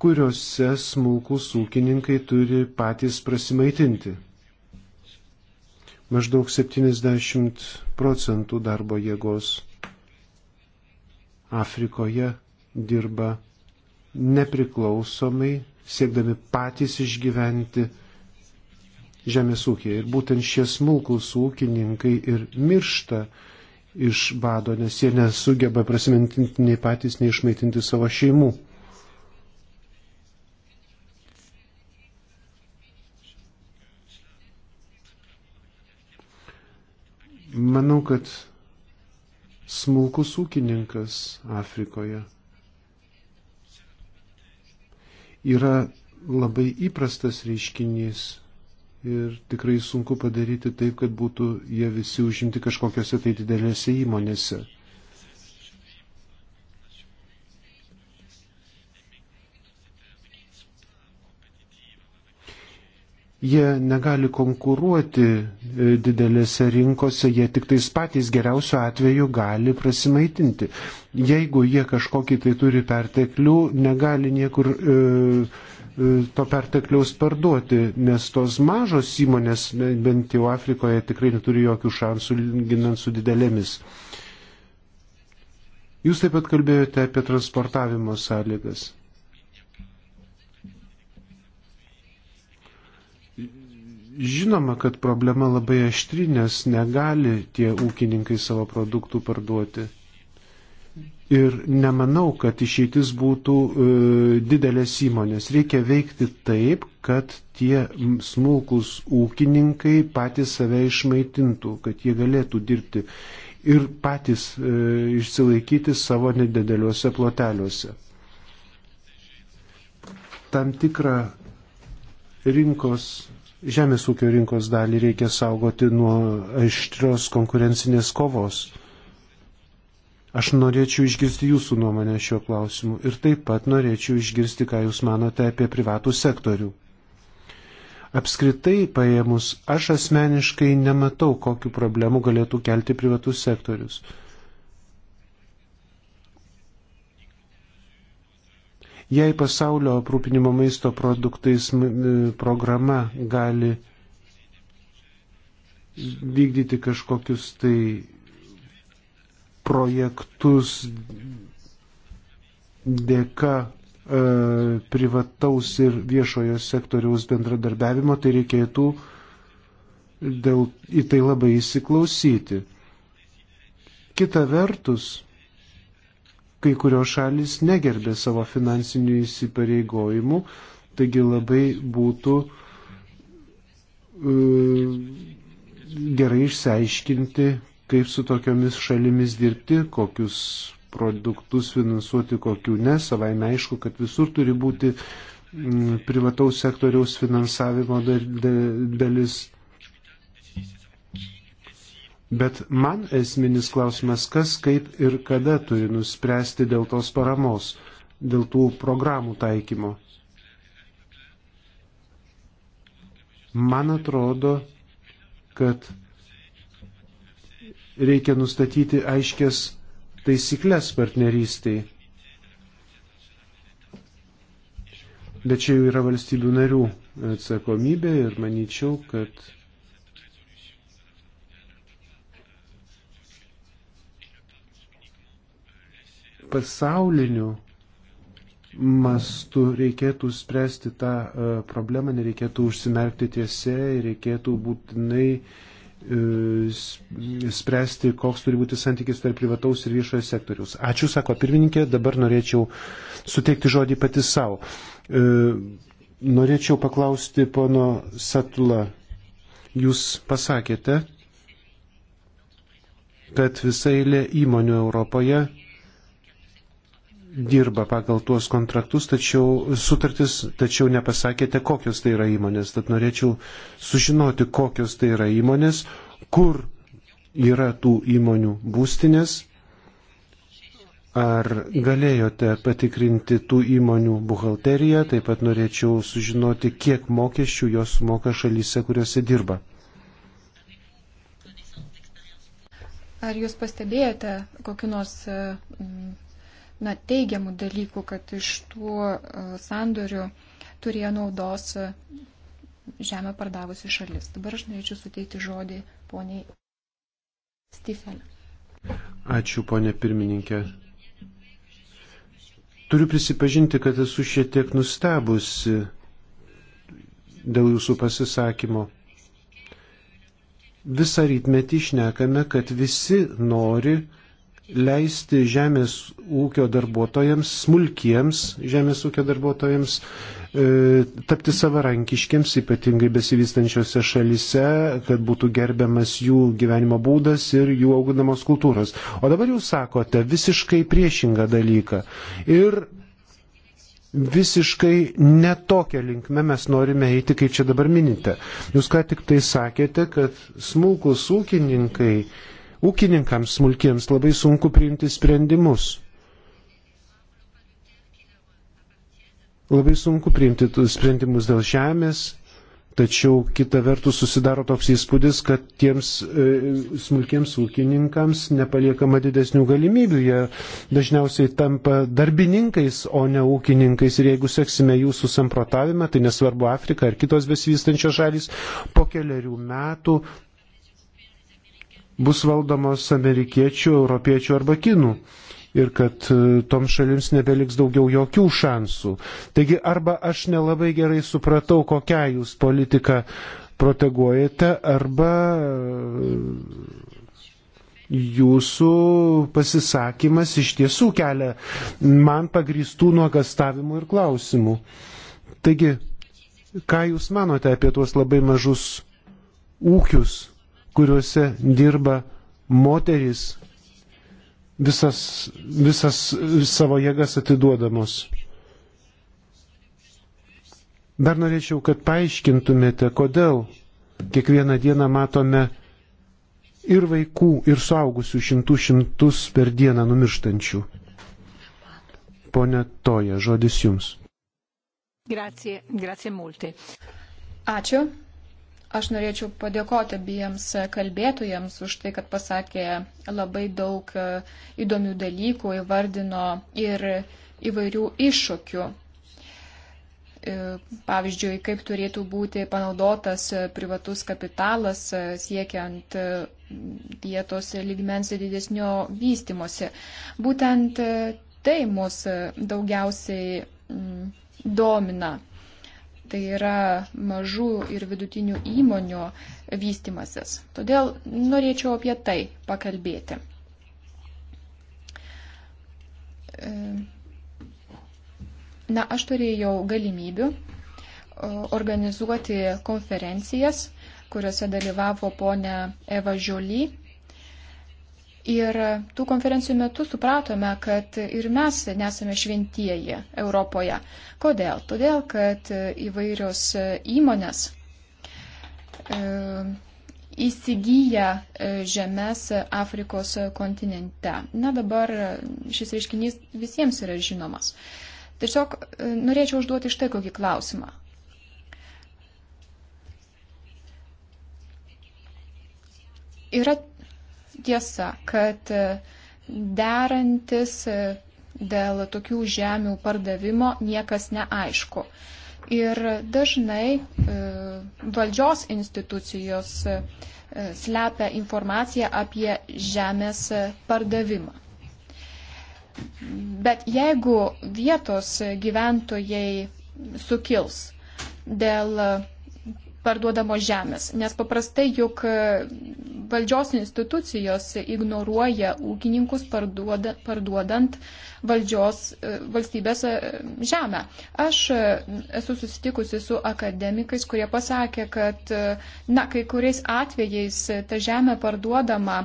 kuriuose smulkus ūkininkai turi patys prasimaitinti. Maždaug 70 procentų darbo jėgos Afrikoje dirba nepriklausomai, siekdami patys išgyventi žemės ūkiai. Ir būtent šie smulkus ūkininkai ir miršta iš bado, nes jie nesugeba prasimintinti nei patys, nei išmaitinti savo šeimų. Manau, kad smulkus ūkininkas Afrikoje yra labai įprastas reiškinys ir tikrai sunku padaryti taip, kad būtų jie visi užimti kažkokiose tai didelėse įmonėse. Jie negali konkuruoti e, didelėse rinkose, jie tik tais patys geriausiu atveju gali prasimaitinti. Jeigu jie kažkokį tai turi perteklių, negali niekur e, e to pertekliaus parduoti, nes tos mažos įmonės, bent jau Afrikoje, tikrai neturi jokių šansų ginant su didelėmis. Jūs taip pat kalbėjote apie transportavimo sąlygas. Žinoma, kad problema labai aštri, nes negali tie ūkininkai savo produktų parduoti. Ir nemanau, kad išeitis būtų e, didelės įmonės. Reikia veikti taip, kad tie smulkus ūkininkai patys save išmaitintų, kad jie galėtų dirbti ir patys e, išsilaikyti savo nedideliuose ploteliuose. Tam tikrą rinkos žemės ūkio rinkos dalį reikia saugoti nuo aštrios konkurencinės kovos. Aš norėčiau išgirsti jūsų nuomonę šiuo klausimu ir taip pat norėčiau išgirsti, ką jūs manote apie privatų sektorių. Apskritai paėmus, aš asmeniškai nematau, kokiu problemu galėtų kelti privatus sektorius. Jei pasaulio aprūpinimo maisto produktais programa gali vykdyti kažkokius tai projektus dėka e, privataus ir viešojo sektoriaus bendradarbiavimo, tai reikėtų dėl, į tai labai įsiklausyti. Kita vertus, kai kurios šalis negerbė savo finansinių įsipareigojimų, taigi labai būtų e, gerai išsiaiškinti, kaip su tokiomis šalimis dirbti, kokius produktus finansuoti, kokių ne. Savai aišku, kad visur turi būti privataus sektoriaus finansavimo dalis. Bet man esminis klausimas, kas kaip ir kada turi nuspręsti dėl tos paramos, dėl tų programų taikymo. Man atrodo, kad reikia nustatyti aiškės taisyklės partnerystiai. Bet čia jau yra valstybių narių atsakomybė ir manyčiau, kad pasauliniu mastu reikėtų spręsti tą e, problemą, nereikėtų užsimerkti tiesė, reikėtų būtinai e, spręsti, koks turi būti santykis tarp privataus ir viešojo sektoriaus. Ačiū, sako pirmininkė, dabar norėčiau suteikti žodį pati savo. E, norėčiau paklausti pono Satula, jūs pasakėte, kad visa eilė įmonių Europoje dirba pagal tuos kontraktus, tačiau sutartis, tačiau nepasakėte, kokios tai yra įmonės. Tad norėčiau sužinoti, kokios tai yra įmonės, kur yra tų įmonių būstinės. Ar galėjote patikrinti tų įmonių buhalteriją, taip pat norėčiau sužinoti, kiek mokesčių jos moka šalyse, kuriuose dirba. Ar jūs pastebėjote kokiu nors na, teigiamų dalykų, kad iš tų e, sandorių turėjo naudos e, žemę pardavusi šalis. Dabar aš norėčiau suteikti žodį poniai Stifelė. Ačiū, ponė pirmininkė. Turiu prisipažinti, kad esu šiek tiek nustebusi dėl jūsų pasisakymo. Visą rytmetį išnekame, kad visi nori, leisti žemės ūkio darbuotojams, smulkiems žemės ūkio darbuotojams e, tapti savarankiškiams, ypatingai besivystančiose šalise, kad būtų gerbiamas jų gyvenimo būdas ir jų auginamos kultūros. O dabar jūs sakote visiškai priešingą dalyką. Ir visiškai netokią linkmę mes norime eiti, kaip čia dabar minite. Jūs ką tik tai sakėte, kad smulkus ūkininkai Ūkininkams smulkiems labai sunku priimti sprendimus. Labai sunku priimti sprendimus dėl žemės, tačiau kita vertus susidaro toks įspūdis, kad tiems e, smulkiems ūkininkams nepaliekama didesnių galimybių. Jie dažniausiai tampa darbininkais, o ne ūkininkais. Ir jeigu seksime jūsų samprotavimą, tai nesvarbu Afrika ar kitos besivystančios šalys, po keliarių metų bus valdomos amerikiečių, europiečių arba kinų. Ir kad e, tom šalims nebeliks daugiau jokių šansų. Taigi arba aš nelabai gerai supratau, kokią jūs politiką proteguojate, arba e, jūsų pasisakymas iš tiesų kelia man pagristų nuogastavimų ir klausimų. Taigi, ką Jūs manote apie tuos labai mažus ūkius, kuriuose dirba moterys visas, visas savo jėgas atiduodamos. Dar norėčiau, kad paaiškintumėte, kodėl kiekvieną dieną matome ir vaikų, ir suaugusių šimtų šimtus per dieną numirštančių. Pone Toja, žodis jums. Grazie, grazie molte. Ačiū. Aš norėčiau padėkoti abiems kalbėtojams už tai, kad pasakė labai daug e, įdomių dalykų, įvardino ir įvairių iššūkių. E, pavyzdžiui, kaip turėtų būti panaudotas privatus kapitalas e, siekiant vietos lygmens didesnio vystimosi. Būtent tai mus daugiausiai mm, domina tai yra mažų ir vidutinių įmonių vystimasis. Todėl norėčiau apie tai pakalbėti. E, na, aš turėjau galimybių e, organizuoti konferencijas, kuriuose dalyvavo ponia Eva Žioly Ir tų konferencijų metu supratome, kad ir mes nesame šventieji Europoje. Kodėl? Todėl, kad įvairios įmonės e, įsigyja e, žemės Afrikos kontinente. Na dabar šis reiškinys visiems yra žinomas. Tiesiog e, norėčiau užduoti štai kokį klausimą. Yra tiesa, kad e, derantis e, dėl tokių žemių pardavimo niekas neaišku. Ir dažnai e, valdžios institucijos slepia informaciją apie žemės pardavimą. Bet jeigu vietos gyventojai sukils dėl parduodamos žemės, nes paprastai juk e, valdžios institucijos ignoruoja ūkininkus parduoda, parduodant valdžios e, valstybės e, žemę. Aš esu susitikusi su akademikais, kurie pasakė, kad na, kai kuriais atvejais ta žemė parduodama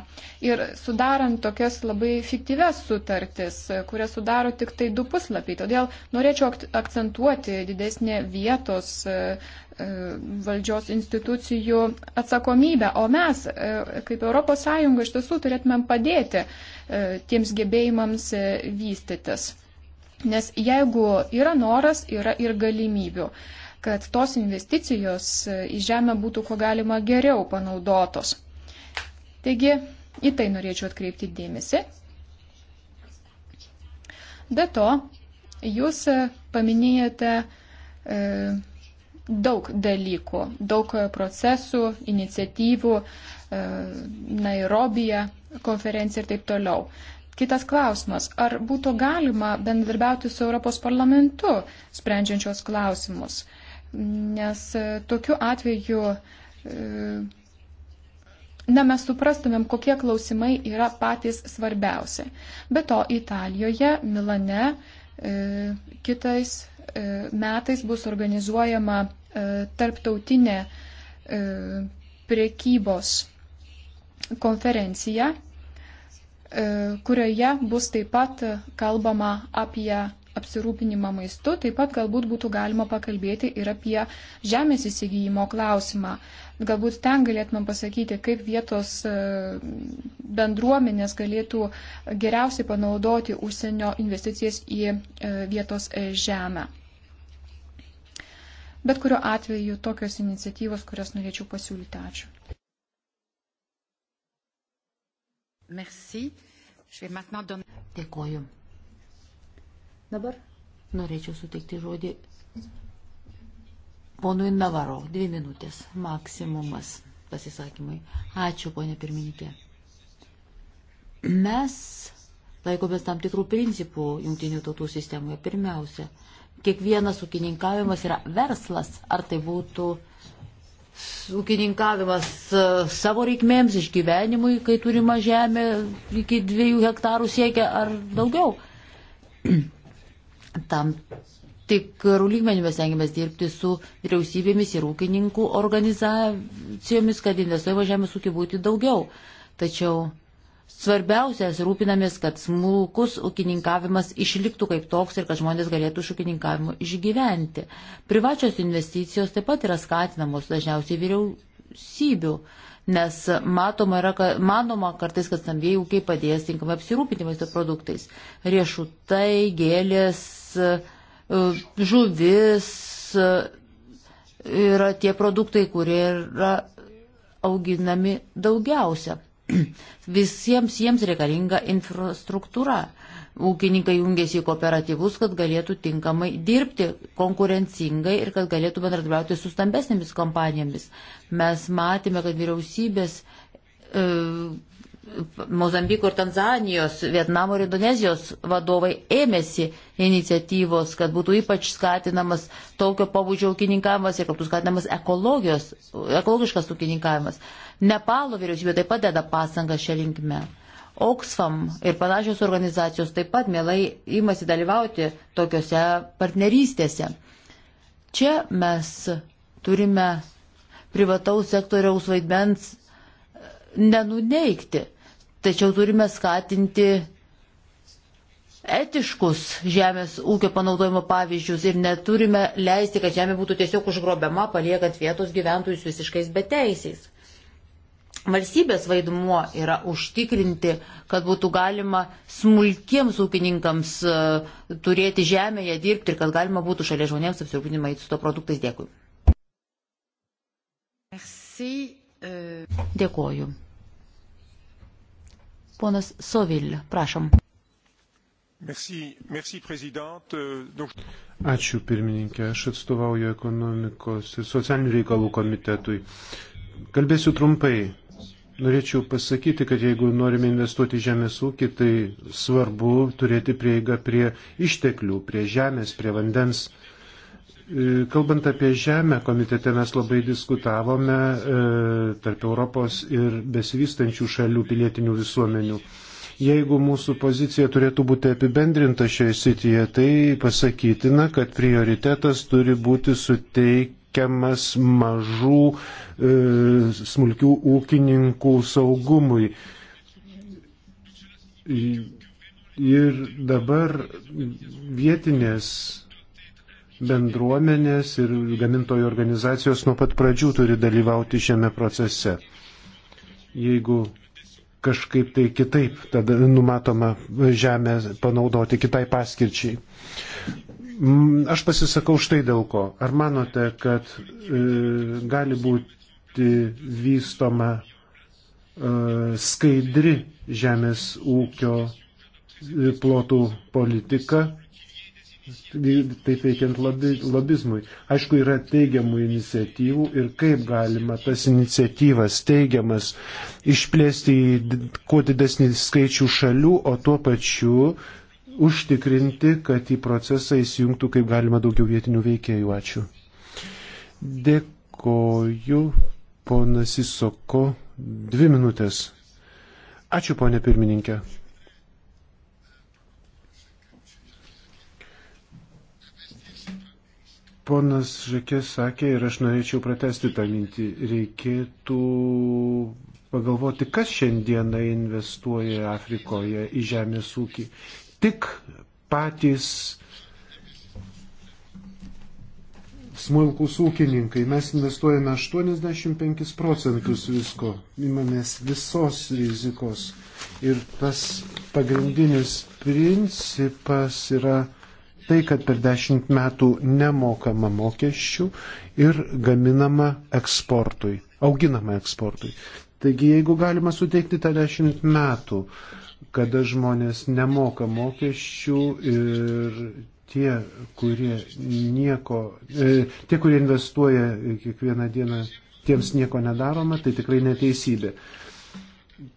ir sudarant tokias labai fiktyves sutartis, kurias sudaro tik tai du puslapiai. Todėl norėčiau akcentuoti didesnį vietos E, valdžios institucijų atsakomybę, o mes e, kaip ES iš tiesų turėtumėm padėti e, tiems gebėjimams vystytis. Nes jeigu yra noras, yra ir galimybių, kad tos investicijos į žemę būtų kuo galima geriau panaudotos. Taigi, į tai norėčiau atkreipti dėmesį. Be to, jūs paminėjote e, daug dalykų, daug e, procesų, iniciatyvų, e, Nairobija, konferencija ir taip toliau. Kitas klausimas, ar būtų galima bendradarbiauti su Europos parlamentu sprendžiančios klausimus? Nes e, tokiu atveju, na, mes suprastumėm, kokie klausimai yra patys svarbiausi. Be to, Italijoje, Milane, kitais E, metais bus organizuojama e, tarptautinė e, priekybos konferencija, kurioje bus taip pat kalbama apie apsirūpinimą maistu, taip pat galbūt būtų galima pakalbėti ir apie žemės įsigijimo klausimą. Galbūt ten galėtumėm pasakyti, kaip vietos bendruomenės galėtų geriausiai panaudoti užsienio investicijas į vietos žemę. Bet kuriuo atveju tokios iniciatyvos, kurias norėčiau pasiūlyti. Ačiū. Merci. Dėkoju. Dabar norėčiau suteikti žodį ponui Navaro. Dvi minutės maksimumas pasisakymai. Ačiū, ponė pirmininkė. Mes laikomės tam tikrų principų jungtinių tautų sistemoje. Pirmiausia, kiekvienas ūkininkavimas yra verslas, ar tai būtų ūkininkavimas e, savo reikmėms, išgyvenimui, kai turima žemė iki dviejų hektarų siekia ar daugiau. *clears throat* Tam tikrų lygmenių mes tengiamės dirbti su vyriausybėmis ir ūkininkų organizacijomis, kad investuojama žemės ūkį būti daugiau. Tačiau Svarbiausias rūpinamės, kad smulkus ūkininkavimas išliktų kaip toks ir kad žmonės galėtų iš ūkininkavimo išgyventi. Privačios investicijos taip pat yra skatinamos dažniausiai vyriausybių, nes matoma yra, manoma kartais, kad stambėjai ūkiai padės tinkamai apsirūpinti maisto produktais. Riešutai, gėlės, e, žuvis e, yra tie produktai, kurie yra auginami daugiausia. *clears throat* Visiems jiems reikalinga infrastruktūra. Ūkininkai jungiasi į kooperatyvus, kad galėtų tinkamai dirbti konkurencingai ir kad galėtų bendradarbiauti su stambesnėmis kompanijomis. Mes matėme, kad vyriausybės e, Mozambiko ir Tanzanijos, Vietnamo ir Indonezijos vadovai ėmėsi iniciatyvos, kad būtų ypač skatinamas tokio pabudžio ūkininkavimas ir kad būtų skatinamas ekologiškas ūkininkavimas. Nepalo vyriausybė taip pat deda pasangą šią linkmę. Oxfam ir panašios organizacijos taip pat mielai imasi dalyvauti tokiuose partnerystėse. Čia mes turime privataus sektoriaus vaidmens nenuneikti. Tačiau turime skatinti etiškus žemės ūkio panaudojimo pavyzdžius ir neturime leisti, kad žemė būtų tiesiog užgrobiama, paliekant vietos gyventojus visiškais beteisiais. Valstybės vaidmuo yra užtikrinti, kad būtų galima smulkiems ūkininkams e, turėti žemėje dirbti ir kad galima būtų šalia žmonėms apsirūpinti maisto produktais. Dėkui. Merci. Euh. Dėkoju. Ponas Sovil, prašom. Merci, merci, Ačiū pirmininkė, aš atstovauju ekonomikos ir socialinių reikalų komitetui. Kalbėsiu trumpai. Norėčiau pasakyti, kad jeigu norime investuoti į žemės ūkį, tai svarbu turėti prieigą prie išteklių, prie žemės, prie vandens. E, kalbant apie žemę, komitete mes labai diskutavome e, tarp Europos ir besivystančių šalių pilietinių visuomenių. Jeigu mūsų pozicija turėtų būti apibendrinta šioje sityje, tai pasakytina, kad prioritetas turi būti suteikiamas mažų e, smulkių ūkininkų saugumui. Ir dabar vietinės bendruomenės ir gamintojų organizacijos nuo pat pradžių turi dalyvauti šiame procese. Jeigu kažkaip tai kitaip tada numatoma žemę panaudoti kitai paskirčiai. Mm, aš pasisakau štai dėl ko. Ar manote, kad e, gali būti vystoma e, skaidri žemės ūkio e, plotų politika taip veikiant lobi, lobizmui. Aišku, yra teigiamų iniciatyvų ir kaip galima tas iniciatyvas teigiamas išplėsti į kuo didesnį skaičių šalių, o tuo pačiu užtikrinti, kad į procesą įsijungtų kaip galima daugiau vietinių veikėjų. Ačiū. Dėkoju, ponas Isoko. Dvi minutės. Ačiū, ponė pirmininkė. Ponas Žakės sakė ir aš norėčiau pratesti tą mintį. Reikėtų pagalvoti, kas šiandieną investuoja Afrikoje į žemės ūkį. Tik patys smulkus ūkininkai. Mes investuojame 85 procentus visko, imamės visos rizikos. Ir tas pagrindinis principas yra tai, kad per dešimt metų nemokama mokesčių ir gaminama eksportui, auginama eksportui. Taigi, jeigu galima suteikti tą dešimt metų, kada žmonės nemoka mokesčių ir tie, kurie nieko, e, tie, kurie investuoja kiekvieną dieną, tiems nieko nedaroma, tai tikrai neteisybė.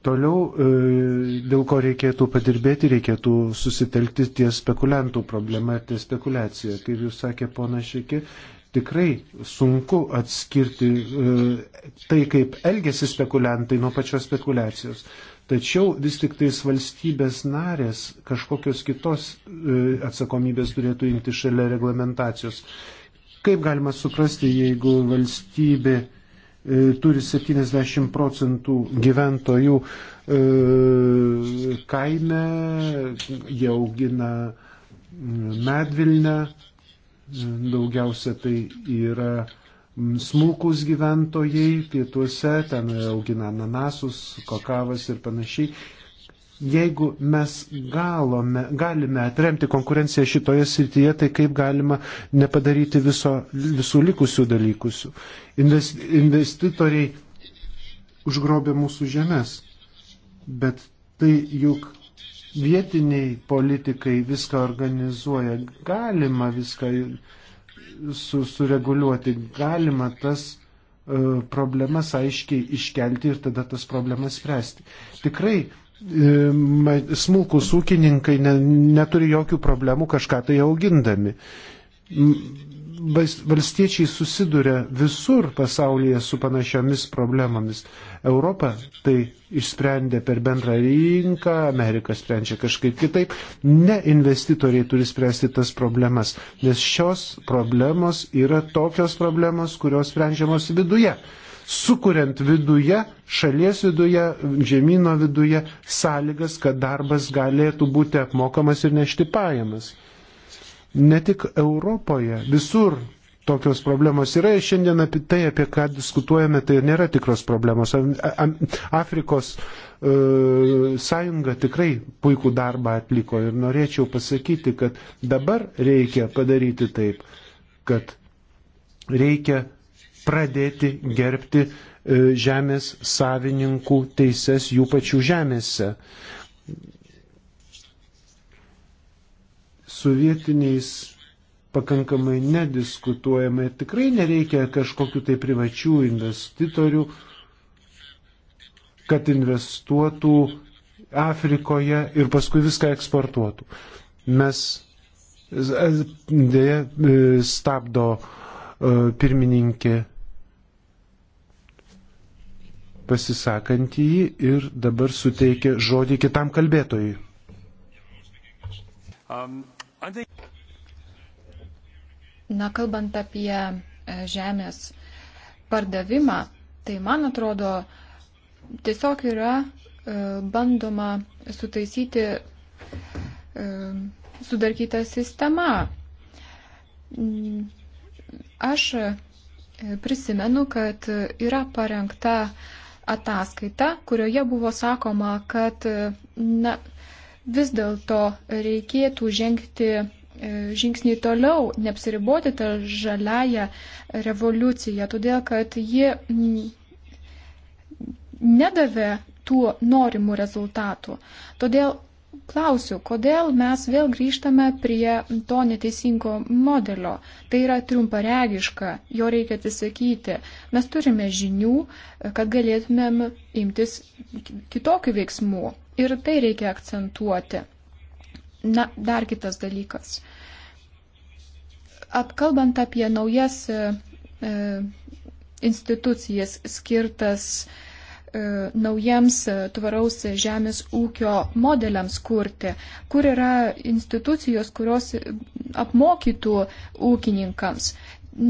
Toliau, e, dėl ko reikėtų padirbėti, reikėtų susitelkti ties spekuliantų problema ir ties spekulacija. Kaip jūs sakė pona Šeki, tikrai sunku atskirti e, tai, kaip elgesi spekuliantai nuo pačios spekulacijos. Tačiau vis tik tais valstybės narės kažkokios kitos e, atsakomybės turėtų imti šalia reglamentacijos. Kaip galima suprasti, jeigu valstybė E, turi 70 procentų gyventojų e, kaime, jie augina medvilnę, e, daugiausia tai yra smulkus gyventojai pietuose, ten augina nanasus, kokavas ir panašiai. Jeigu mes galome, galime atremti konkurenciją šitoje srityje, tai kaip galima nepadaryti viso, visų likusių dalykus. Invest, investitoriai užgrobė mūsų žemės, bet tai juk vietiniai politikai viską organizuoja, galima viską su, sureguliuoti, galima tas e, problemas aiškiai iškelti ir tada tas problemas spręsti. Tikrai E, smulkus ūkininkai ne, neturi jokių problemų kažką tai augindami. Valstiečiai susiduria visur pasaulyje su panašiomis problemomis. Europa tai išsprendė per bendrą rinką, Amerika sprendžia kažkaip kitaip. Ne investitoriai turi spręsti tas problemas, nes šios problemos yra tokios problemos, kurios sprendžiamos viduje sukuriant viduje, šalies viduje, žemynų viduje sąlygas, kad darbas galėtų būti apmokamas ir nešti pajamas. Ne tik Europoje, visur tokios problemos yra ir šiandien apie tai, apie ką diskutuojame, tai nėra tikros problemos. Afrikos e, sąjunga tikrai puikų darbą atliko ir norėčiau pasakyti, kad dabar reikia padaryti taip, kad reikia pradėti gerbti e, žemės savininkų teises jų pačių žemėse. Su vietiniais pakankamai nediskutuojama ir tikrai nereikia kažkokiu tai privačių investitorių, kad investuotų Afrikoje ir paskui viską eksportuotų. Mes dėja e, stabdo uh, E, pirmininkė pasisakantį jį ir dabar suteikia žodį kitam kalbėtojui. Um, Na, kalbant apie e, žemės pardavimą, tai man atrodo, tiesiog yra e, bandoma sutaisyti sudarkytą sistemą Aš e, prisimenu, kad yra parengta ataskaita, kurioje buvo sakoma, kad e, na, vis dėlto reikėtų žengti e, žingsnį toliau, neapsiriboti tą žaliąją revoliuciją, todėl kad ji mm, nedavė tų norimų rezultatų. Todėl klausiu, kodėl mes vėl grįžtame prie to neteisingo modelio. Tai yra triumparegiška, jo reikia atsisakyti. Mes turime žinių, kad galėtumėm imtis kitokių veiksmų. Ir tai reikia akcentuoti. Na, dar kitas dalykas. Apkalbant apie naujas e, e institucijas skirtas e, E, naujiems e, tvaraus žemės ūkio modeliams kurti, kur yra institucijos, kurios apmokytų ūkininkams.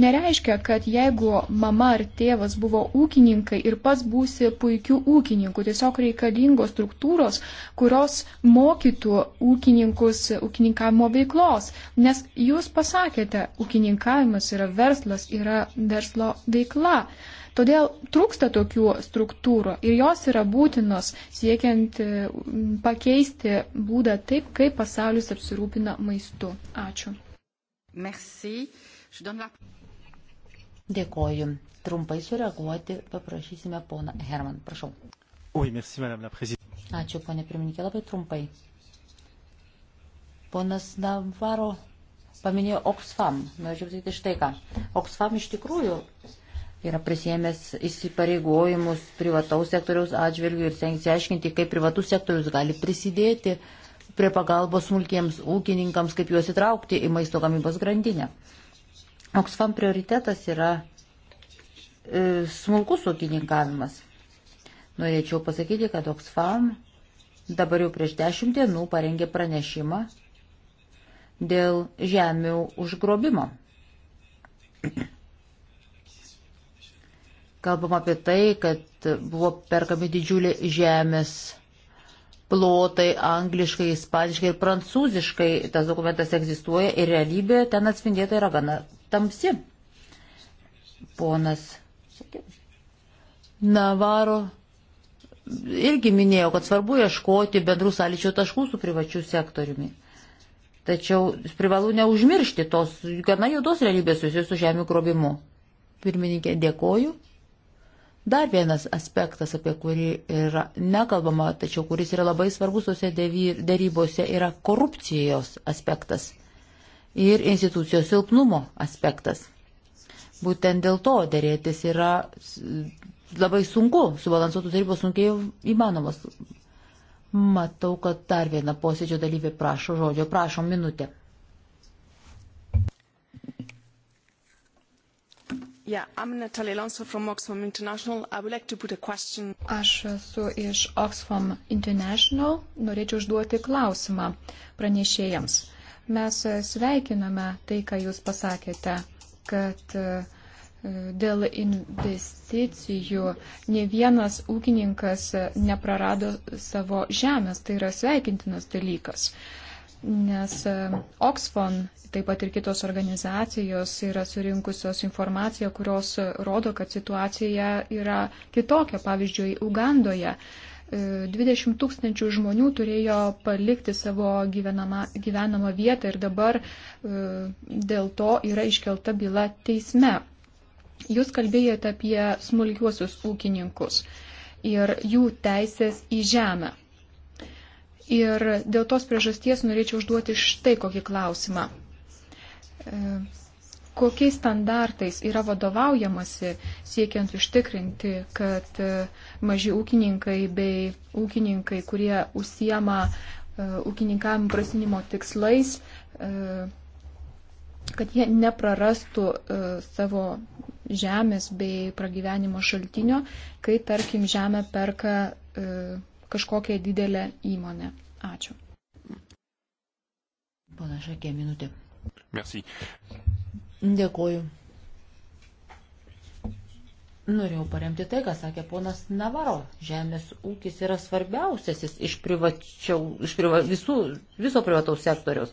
Nereiškia, kad jeigu mama ar tėvas buvo ūkininkai ir pats būsi puikių ūkininkų, tiesiog reikalingos struktūros, kurios mokytų ūkininkus ūkininkavimo veiklos, nes jūs pasakėte, ūkininkavimas yra verslas, yra verslo veikla. Uh, Todėl trūksta tokių struktūrų ir jos yra būtinos siekiant e, pakeisti būdą taip, kaip pasaulis apsirūpina maistu. Ačiū. Merci. La... Dėkoju. Trumpai sureaguoti paprašysime poną Herman. Prašau. Oui, merci, Ačiū, ponė pirmininkė, labai trumpai. Ponas Navaro paminėjo Oxfam. Norėčiau sakyti štai ką. Oxfam iš tikrųjų yra prisėmęs įsipareigojimus privataus sektoriaus atžvilgių ir stengiasi aiškinti, kaip privatus sektorius gali prisidėti prie pagalbos smulkiems ūkininkams, kaip juos įtraukti į maisto gamybos grandinę. Oxfam prioritetas yra e, smulkus ūkininkavimas. Norėčiau pasakyti, kad Oxfam dabar jau prieš dešimt dienų parengė pranešimą dėl žemių užgrobimo. Kalbam apie tai, kad buvo perkami didžiuliai žemės plotai angliškai, ispaniškai ir prancūziškai. Tas dokumentas egzistuoja ir realybė ten atspindėta yra gana tamsi. Ponas Navaro irgi minėjo, kad svarbu ieškoti bendrų sąlyčio taškų su privačiu sektoriumi. Tačiau privalu neužmiršti tos gana juodos realybės susijusios su žemių grobimu. Pirmininkė, dėkoju. Dar vienas aspektas, apie kurį yra nekalbama, tačiau kuris yra labai svarbus tose dėrybose, yra korupcijos aspektas ir institucijos silpnumo aspektas. Būtent dėl to dėrėtis yra labai sunku, subalansuotų tarybos sunkiai įmanomas. Matau, kad dar viena posėdžio dalyvė prašo žodžio, prašom minutę. Yeah, I'm Natalia Alonso from Oxfam International. I would like to put a question. Aš esu iš Oxfam International. Norėčiau užduoti klausimą pranešėjams. Mes sveikiname tai, ką Jūs pasakėte, kad e, dėl investicijų ne vienas ūkininkas neprarado savo žemės. Tai yra sveikintinas dalykas. Uh, nes e, Oxfam, taip pat ir kitos organizacijos yra surinkusios informaciją, kurios e, rodo, kad situacija yra kitokia. Pavyzdžiui, Ugandoje 20 e, tūkstančių žmonių turėjo palikti savo gyvenamą, gyvenamą vietą ir dabar dėl to yra iškelta byla teisme. Jūs kalbėjote apie smulkiuosius ūkininkus ir jų teisės į žemę. Ir dėl tos priežasties norėčiau užduoti štai kokį klausimą. E, kokiais standartais yra vadovaujamasi siekiant užtikrinti, kad e, maži ūkininkai bei ūkininkai, kurie užsiema e, ūkininkavimo prasinimo tikslais, kad jie neprarastų savo žemės bei pragyvenimo šaltinio, kai, tarkim, žemę perka kažkokią didelę įmonę. Ačiū. Pana Žakė, minutė. Merci. Dėkuoju. Norėjau paremti tai, ką sakė ponas Navaro. Žemės ūkis yra svarbiausiasis iš, privačiau, iš priva, visų, viso privataus sektoriaus.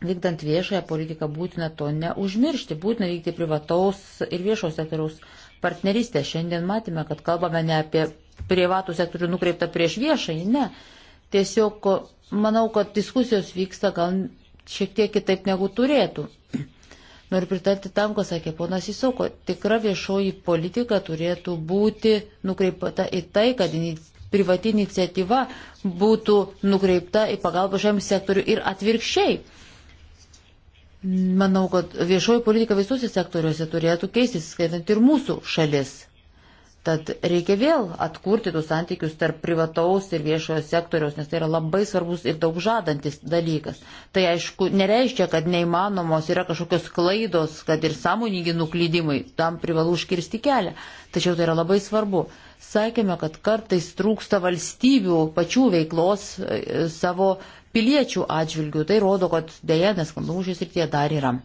Vykdant viešąją politiką būtina to neužmiršti, būtina vykti privataus ir viešo sektoriaus partnerystę. Šiandien matėme, kad kalbame ne apie privatų sektorių nukreipta prieš viešąjį, ne. Tiesiog manau, kad diskusijos vyksta gal šiek tiek kitaip negu turėtų. Noriu pritarti tam, ką sakė ponas Įsauko. Tikra viešoji politika turėtų būti nukreipta į tai, kad privati iniciatyva būtų nukreipta į pagalbą šiam sektoriu ir atvirkščiai. Manau, kad viešoji politika visuose sektoriuose turėtų keistis, skaitant ir mūsų šalis. Tad reikia vėl atkurti tus santykius tarp privataus ir viešojo sektoriaus, nes tai yra labai svarbus ir daug žadantis dalykas. Tai aišku, nereiškia, kad neįmanomos yra kažkokios klaidos, kad ir sąmoningi nuklydimai, tam privalu užkirsti kelią. Tačiau tai yra labai svarbu. Sakėme, kad kartais trūksta valstybių pačių veiklos e, savo piliečių atžvilgių. Tai rodo, kad dėja nesklandumų šis ir tie dar yra.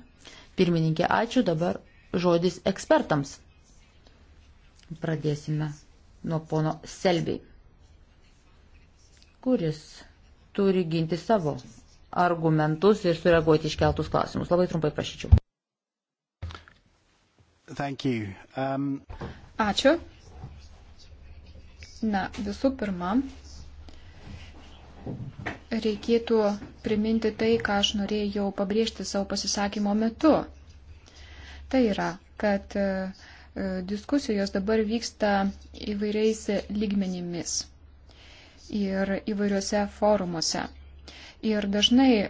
Pirmininkė, ačiū dabar žodis ekspertams. Pradėsime nuo pono Selbiai, kuris turi ginti savo argumentus ir sureaguoti iškeltus klausimus. Labai trumpai prašyčiau. Um... Ačiū. Na, visų pirma, reikėtų priminti tai, ką aš norėjau pabrėžti savo pasisakymo metu. Tai yra, kad uh, diskusijos dabar vyksta įvairiais lygmenimis ir įvairiuose forumuose. Ir dažnai e,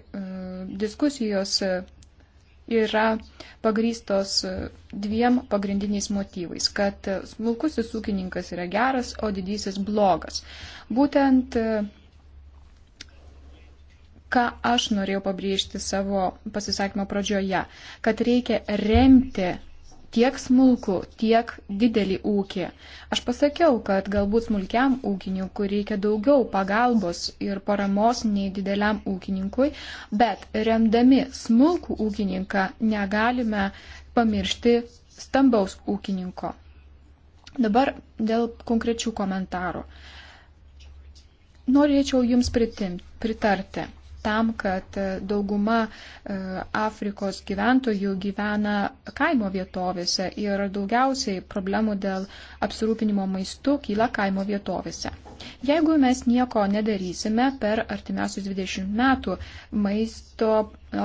diskusijos yra pagrystos dviem pagrindiniais motyvais, kad smulkusis ūkininkas yra geras, o didysis blogas. Būtent e, ką aš norėjau pabrėžti savo pasisakymo pradžioje, kad reikia remti tiek smulkų, tiek didelį ūkį. Aš pasakiau, kad galbūt smulkiam ūkininkui reikia daugiau pagalbos ir paramos nei dideliam ūkininkui, bet remdami smulkų ūkininką negalime pamiršti stambaus ūkininko. Dabar dėl konkrečių komentarų. Norėčiau Jums pritim, pritarti tam, kad e, dauguma e, Afrikos gyventojų gyvena kaimo vietovėse ir daugiausiai problemų dėl apsirūpinimo maistu kyla kaimo vietovėse. Jeigu mes nieko nedarysime per artimiausius 20 metų, maisto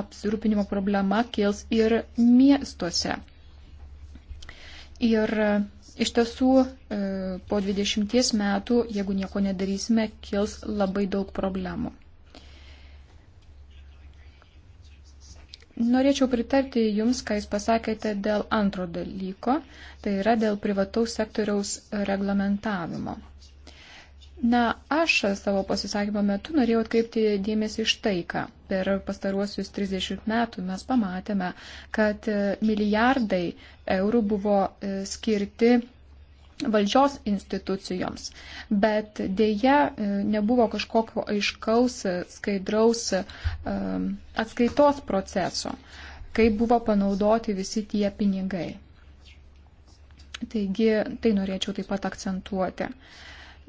apsirūpinimo problema kils ir miestuose. Ir e, iš tiesų po 20 metų, jeigu nieko nedarysime, kils labai daug problemų. Norėčiau pritarti Jums, ką Jūs pasakėte dėl antro dalyko, tai yra dėl privataus sektoriaus reglamentavimo. Na, aš savo pasisakymo metu norėjau atkreipti dėmesį iš tai, ką per pastaruosius 30 metų mes pamatėme, kad milijardai eurų buvo e, skirti valdžios institucijoms. Bet dėja e, nebuvo kažkokio aiškaus, e, skaidraus e, atskaitos proceso, kaip buvo panaudoti visi tie pinigai. Taigi tai norėčiau taip pat akcentuoti.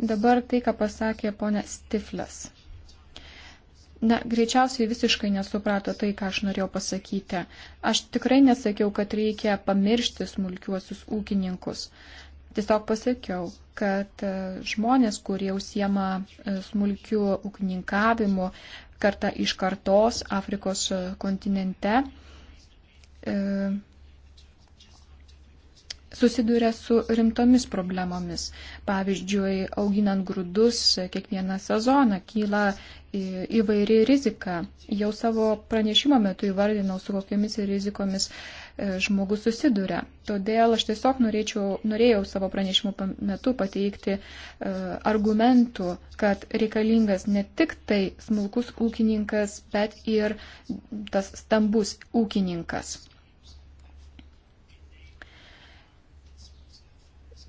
Dabar tai, ką pasakė ponė Stifles. Na, greičiausiai visiškai nesuprato tai, ką aš norėjau pasakyti. Aš tikrai nesakiau, kad reikia pamiršti smulkiuosius ūkininkus. Uh, Tiesiog pasakiau, kad e, žmonės, kurie užsiema e, smulkių ūkininkavimu kartą iš kartos Afrikos e, kontinente, susiduria su rimtomis problemomis. Pavyzdžiui, auginant grūdus kiekvieną sezoną kyla įvairi rizika. Jau savo pranešimo metu įvardinau, su kokiamis rizikomis E, žmogus susiduria. Todėl aš tiesiog norėčiau, norėjau savo pranešimų metu pateikti e, argumentų, kad reikalingas ne tik tai smulkus ūkininkas, bet ir tas stambus ūkininkas.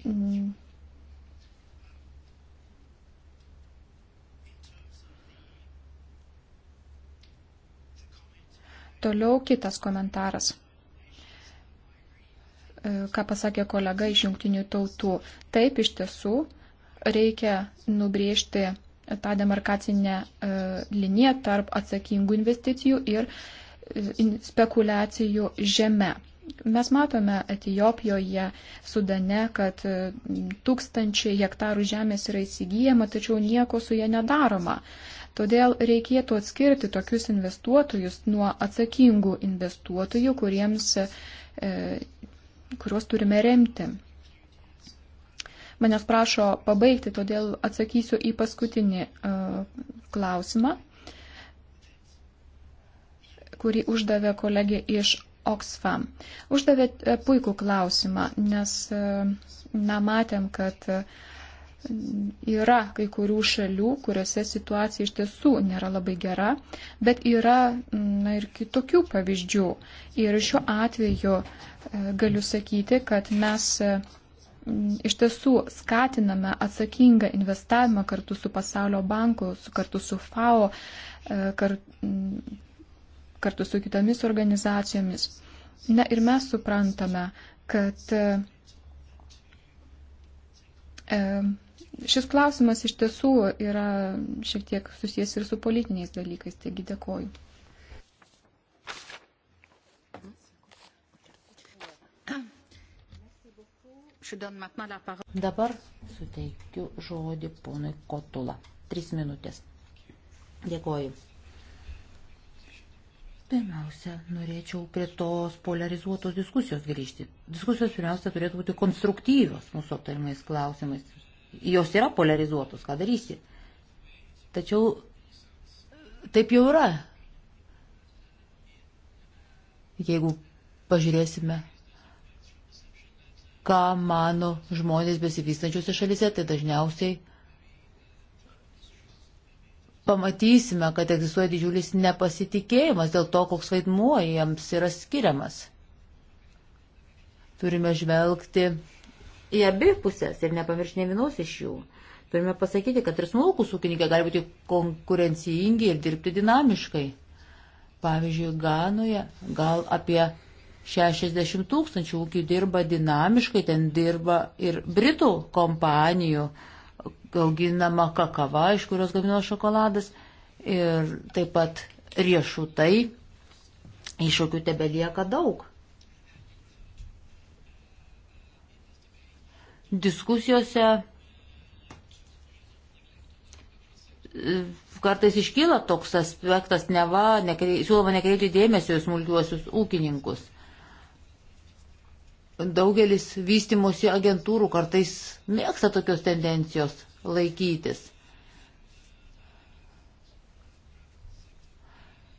Mm. Toliau kitas komentaras ką pasakė kolega iš jungtinių tautų. Taip, iš tiesų, reikia nubriežti tą demarkacinę e, liniją tarp atsakingų investicijų ir e, spekulacijų žeme. Mes matome Etijopijoje, Sudane, kad e, tūkstančiai hektarų žemės yra įsigijama, tačiau nieko su jie nedaroma. Todėl reikėtų atskirti tokius investuotojus nuo atsakingų investuotojų, kuriems e, kuriuos turime remti. Manęs prašo pabaigti, todėl atsakysiu į paskutinį uh, klausimą, kurį uždavė kolegė iš Oxfam. Uždavė e, puikų klausimą, nes uh, na, matėm, kad uh, Yra kai kurių šalių, kuriuose situacija iš tiesų nėra labai gera, bet yra na, ir kitokių pavyzdžių. Ir šiuo atveju e, galiu sakyti, kad mes e, iš tiesų skatiname atsakingą investavimą kartu su Pasaulio banku, su, kartu su FAO, e, kartu, kartu su kitomis organizacijomis. Na ir mes suprantame, kad Šis klausimas iš tiesų yra šiek tiek susijęs ir su politiniais dalykais, taigi dėkoju. Dabar suteikiu žodį ponui Kotula. Tris minutės. Dėkoju. Pirmiausia, norėčiau prie tos polarizuotos diskusijos grįžti. Diskusijos pirmiausia turėtų būti konstruktyvios mūsų aptarimais klausimais jos yra polarizuotos, ką darysi. Tačiau taip jau yra. Jeigu pažiūrėsime, ką mano žmonės besivystančiose šalise, tai dažniausiai pamatysime, kad egzistuoja didžiulis nepasitikėjimas dėl to, koks vaidmuo jiems yra skiriamas. Turime žvelgti į abi pusės ir nepamiršti ne vienos iš jų. Turime pasakyti, kad ir smulkus ūkininkai gali būti konkurencingi ir dirbti dinamiškai. Pavyzdžiui, Ganoje gal apie 60 tūkstančių ūkių dirba dinamiškai, ten dirba ir Britų kompanijų, auginama kakava, iš kurios gaminamas šokoladas ir taip pat riešutai, iššūkių tebe lieka daug. diskusijose kartais iškyla toks aspektas, neva, nekrei, siūloma nekreipti dėmesio į smulkiuosius ūkininkus. Daugelis vystimosi agentūrų kartais mėgsta tokios tendencijos laikytis.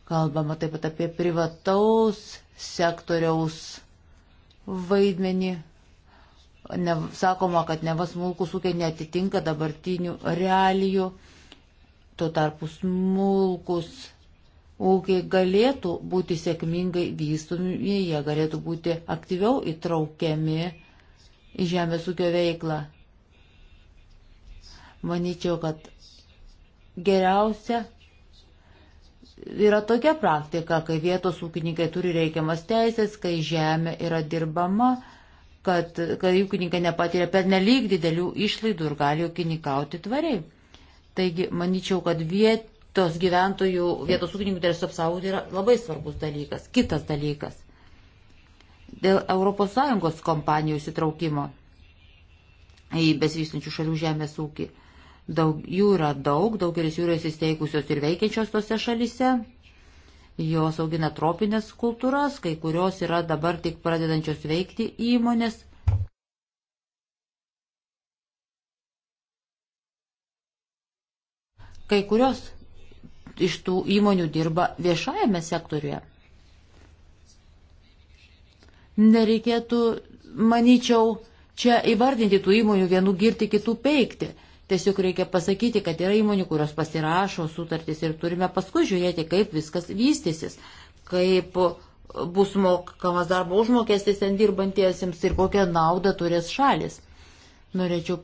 Kalbama taip pat apie privataus sektoriaus vaidmenį ne, sakoma, kad neva smulkus ūkiai netitinka dabartinių realijų, tuo tarpu smulkus ūkiai galėtų būti sėkmingai vystomi, jie galėtų būti aktyviau įtraukiami į žemės ūkio veiklą. Manyčiau, kad geriausia yra tokia praktika, kai vietos ūkininkai turi reikiamas teisės, kai žemė yra dirbama kad, kad ūkininkai nepatiria per nelik didelių išlaidų ir gali ūkininkauti tvariai. Taigi, manyčiau, kad vietos gyventojų, vietos ūkininkų interesų apsaugoti yra labai svarbus dalykas. Kitas dalykas. Dėl ES kompanijų įsitraukimo į besivystančių šalių žemės ūkį. Daug, jų yra daug, daugelis jų yra įsisteigusios ir veikiančios tose šalise. Jos augina tropinės kultūras, kai kurios yra dabar tik pradedančios veikti įmonės. Kai kurios iš tų įmonių dirba viešajame sektoriuje. Nereikėtų, manyčiau, čia įvardinti tų įmonių vienų girti, kitų peikti. Tiesiog reikia pasakyti, kad yra įmonių, kurios pasirašo sutartis ir turime paskui žiūrėti, kaip viskas vystysis, kaip bus mokamas darbo užmokestis ten dirbantiesiems ir kokią naudą turės šalis. Norėčiau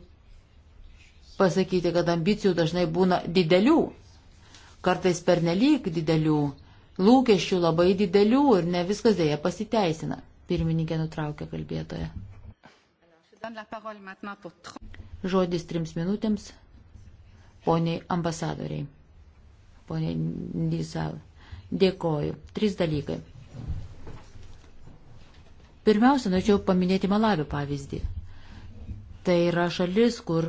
pasakyti, kad ambicijų dažnai būna didelių, kartais pernelyg didelių, lūkesčių labai didelių ir ne viskas dėja pasiteisina. Pirmininkė nutraukė kalbėtoje. Žodis trims minutėms poniai ambasadoriai. Poniai Nizal. Dėkoju. Trys dalykai. Pirmiausia, norėčiau paminėti Malavio pavyzdį. Tai yra šalis, kur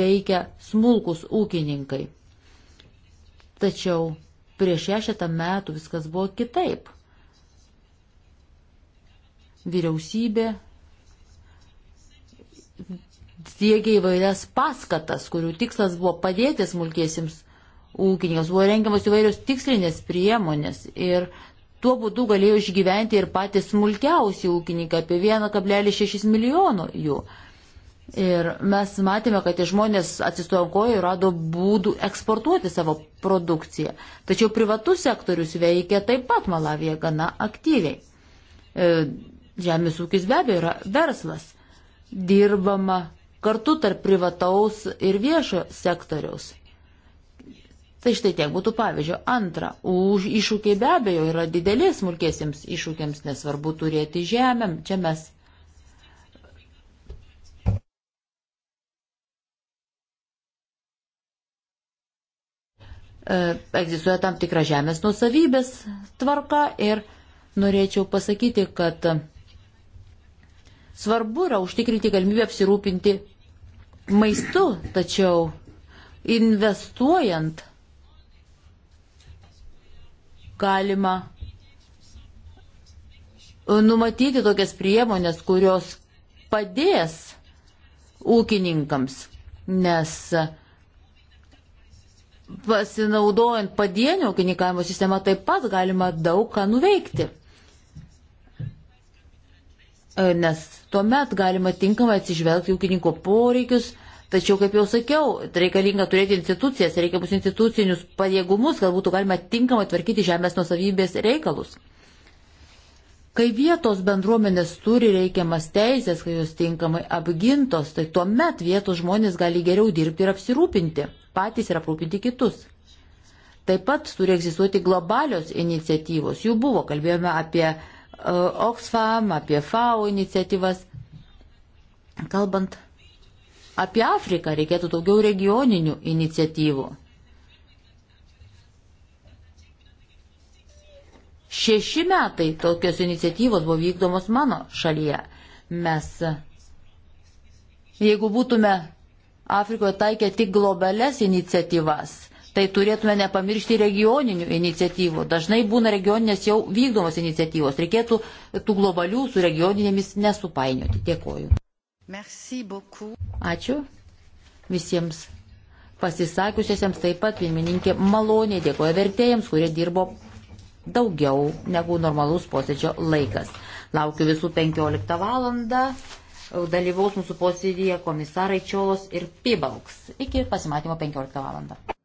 veikia smulkus ūkininkai. Tačiau prieš šešetą metų viskas buvo kitaip. Vyriausybė diegia įvairias paskatas, kurių tikslas buvo padėti smulkėsiams ūkininkams. Buvo rengiamos įvairios tikslinės priemonės ir tuo būdu galėjo išgyventi ir patys smulkiausi ūkininkai, apie 1,6 milijonų jų. Ir mes matėme, kad tie žmonės atsistojankojo ir rado būdų eksportuoti savo produkciją. Tačiau privatus sektorius veikia taip pat Malavija gana aktyviai. E, žemės ūkis be abejo yra verslas. Dirbama kartu tarp privataus ir viešo sektoriaus. Tai štai tiek būtų pavyzdžio. Antra, už iššūkiai be abejo yra dideli smulkėsiams iššūkiams, nesvarbu turėti žemėm. Čia mes. E, egzistuoja tam tikra žemės nusavybės tvarka ir norėčiau pasakyti, kad Svarbu yra užtikrinti galimybę apsirūpinti maistu, tačiau investuojant galima e, numatyti tokias priemonės, kurios padės ūkininkams, nes pasinaudojant padienio ūkininkavimo sistemą taip pat galima daug ką nuveikti. E, nes tuomet galima tinkamai atsižvelgti ūkininko poreikius, tačiau, kaip jau sakiau, reikalinga turėti institucijas, reikiamus institucinius pajėgumus, kad būtų galima tinkamai tvarkyti žemės nusavybės reikalus. Kai vietos bendruomenės turi reikiamas teisės, kai jos tinkamai apgintos, tai tuomet vietos žmonės gali geriau dirbti ir apsirūpinti, patys ir aprūpinti kitus. Taip pat turi egzistuoti globalios iniciatyvos. Jų buvo, kalbėjome apie Oxfam, apie FAO iniciatyvas. Kalbant apie Afriką, reikėtų daugiau regioninių iniciatyvų. Šeši metai tokios iniciatyvos buvo vykdomos mano šalyje. Mes, jeigu būtume Afrikoje taikę tik globales iniciatyvas, tai turėtume nepamiršti regioninių iniciatyvų. Dažnai būna regioninės jau vykdomos iniciatyvos. Reikėtų tų globalių su regioninėmis nesupainioti. Dėkoju. Ačiū visiems pasisakiusiesiems taip pat pirmininkė maloniai dėkoja vertėjams, kurie dirbo daugiau negu normalus posėdžio laikas. Laukiu visų 15 valandą. Dalyvaus mūsų posėdėje komisarai Čiolos ir Pibalks. Iki pasimatymo 15 valandą.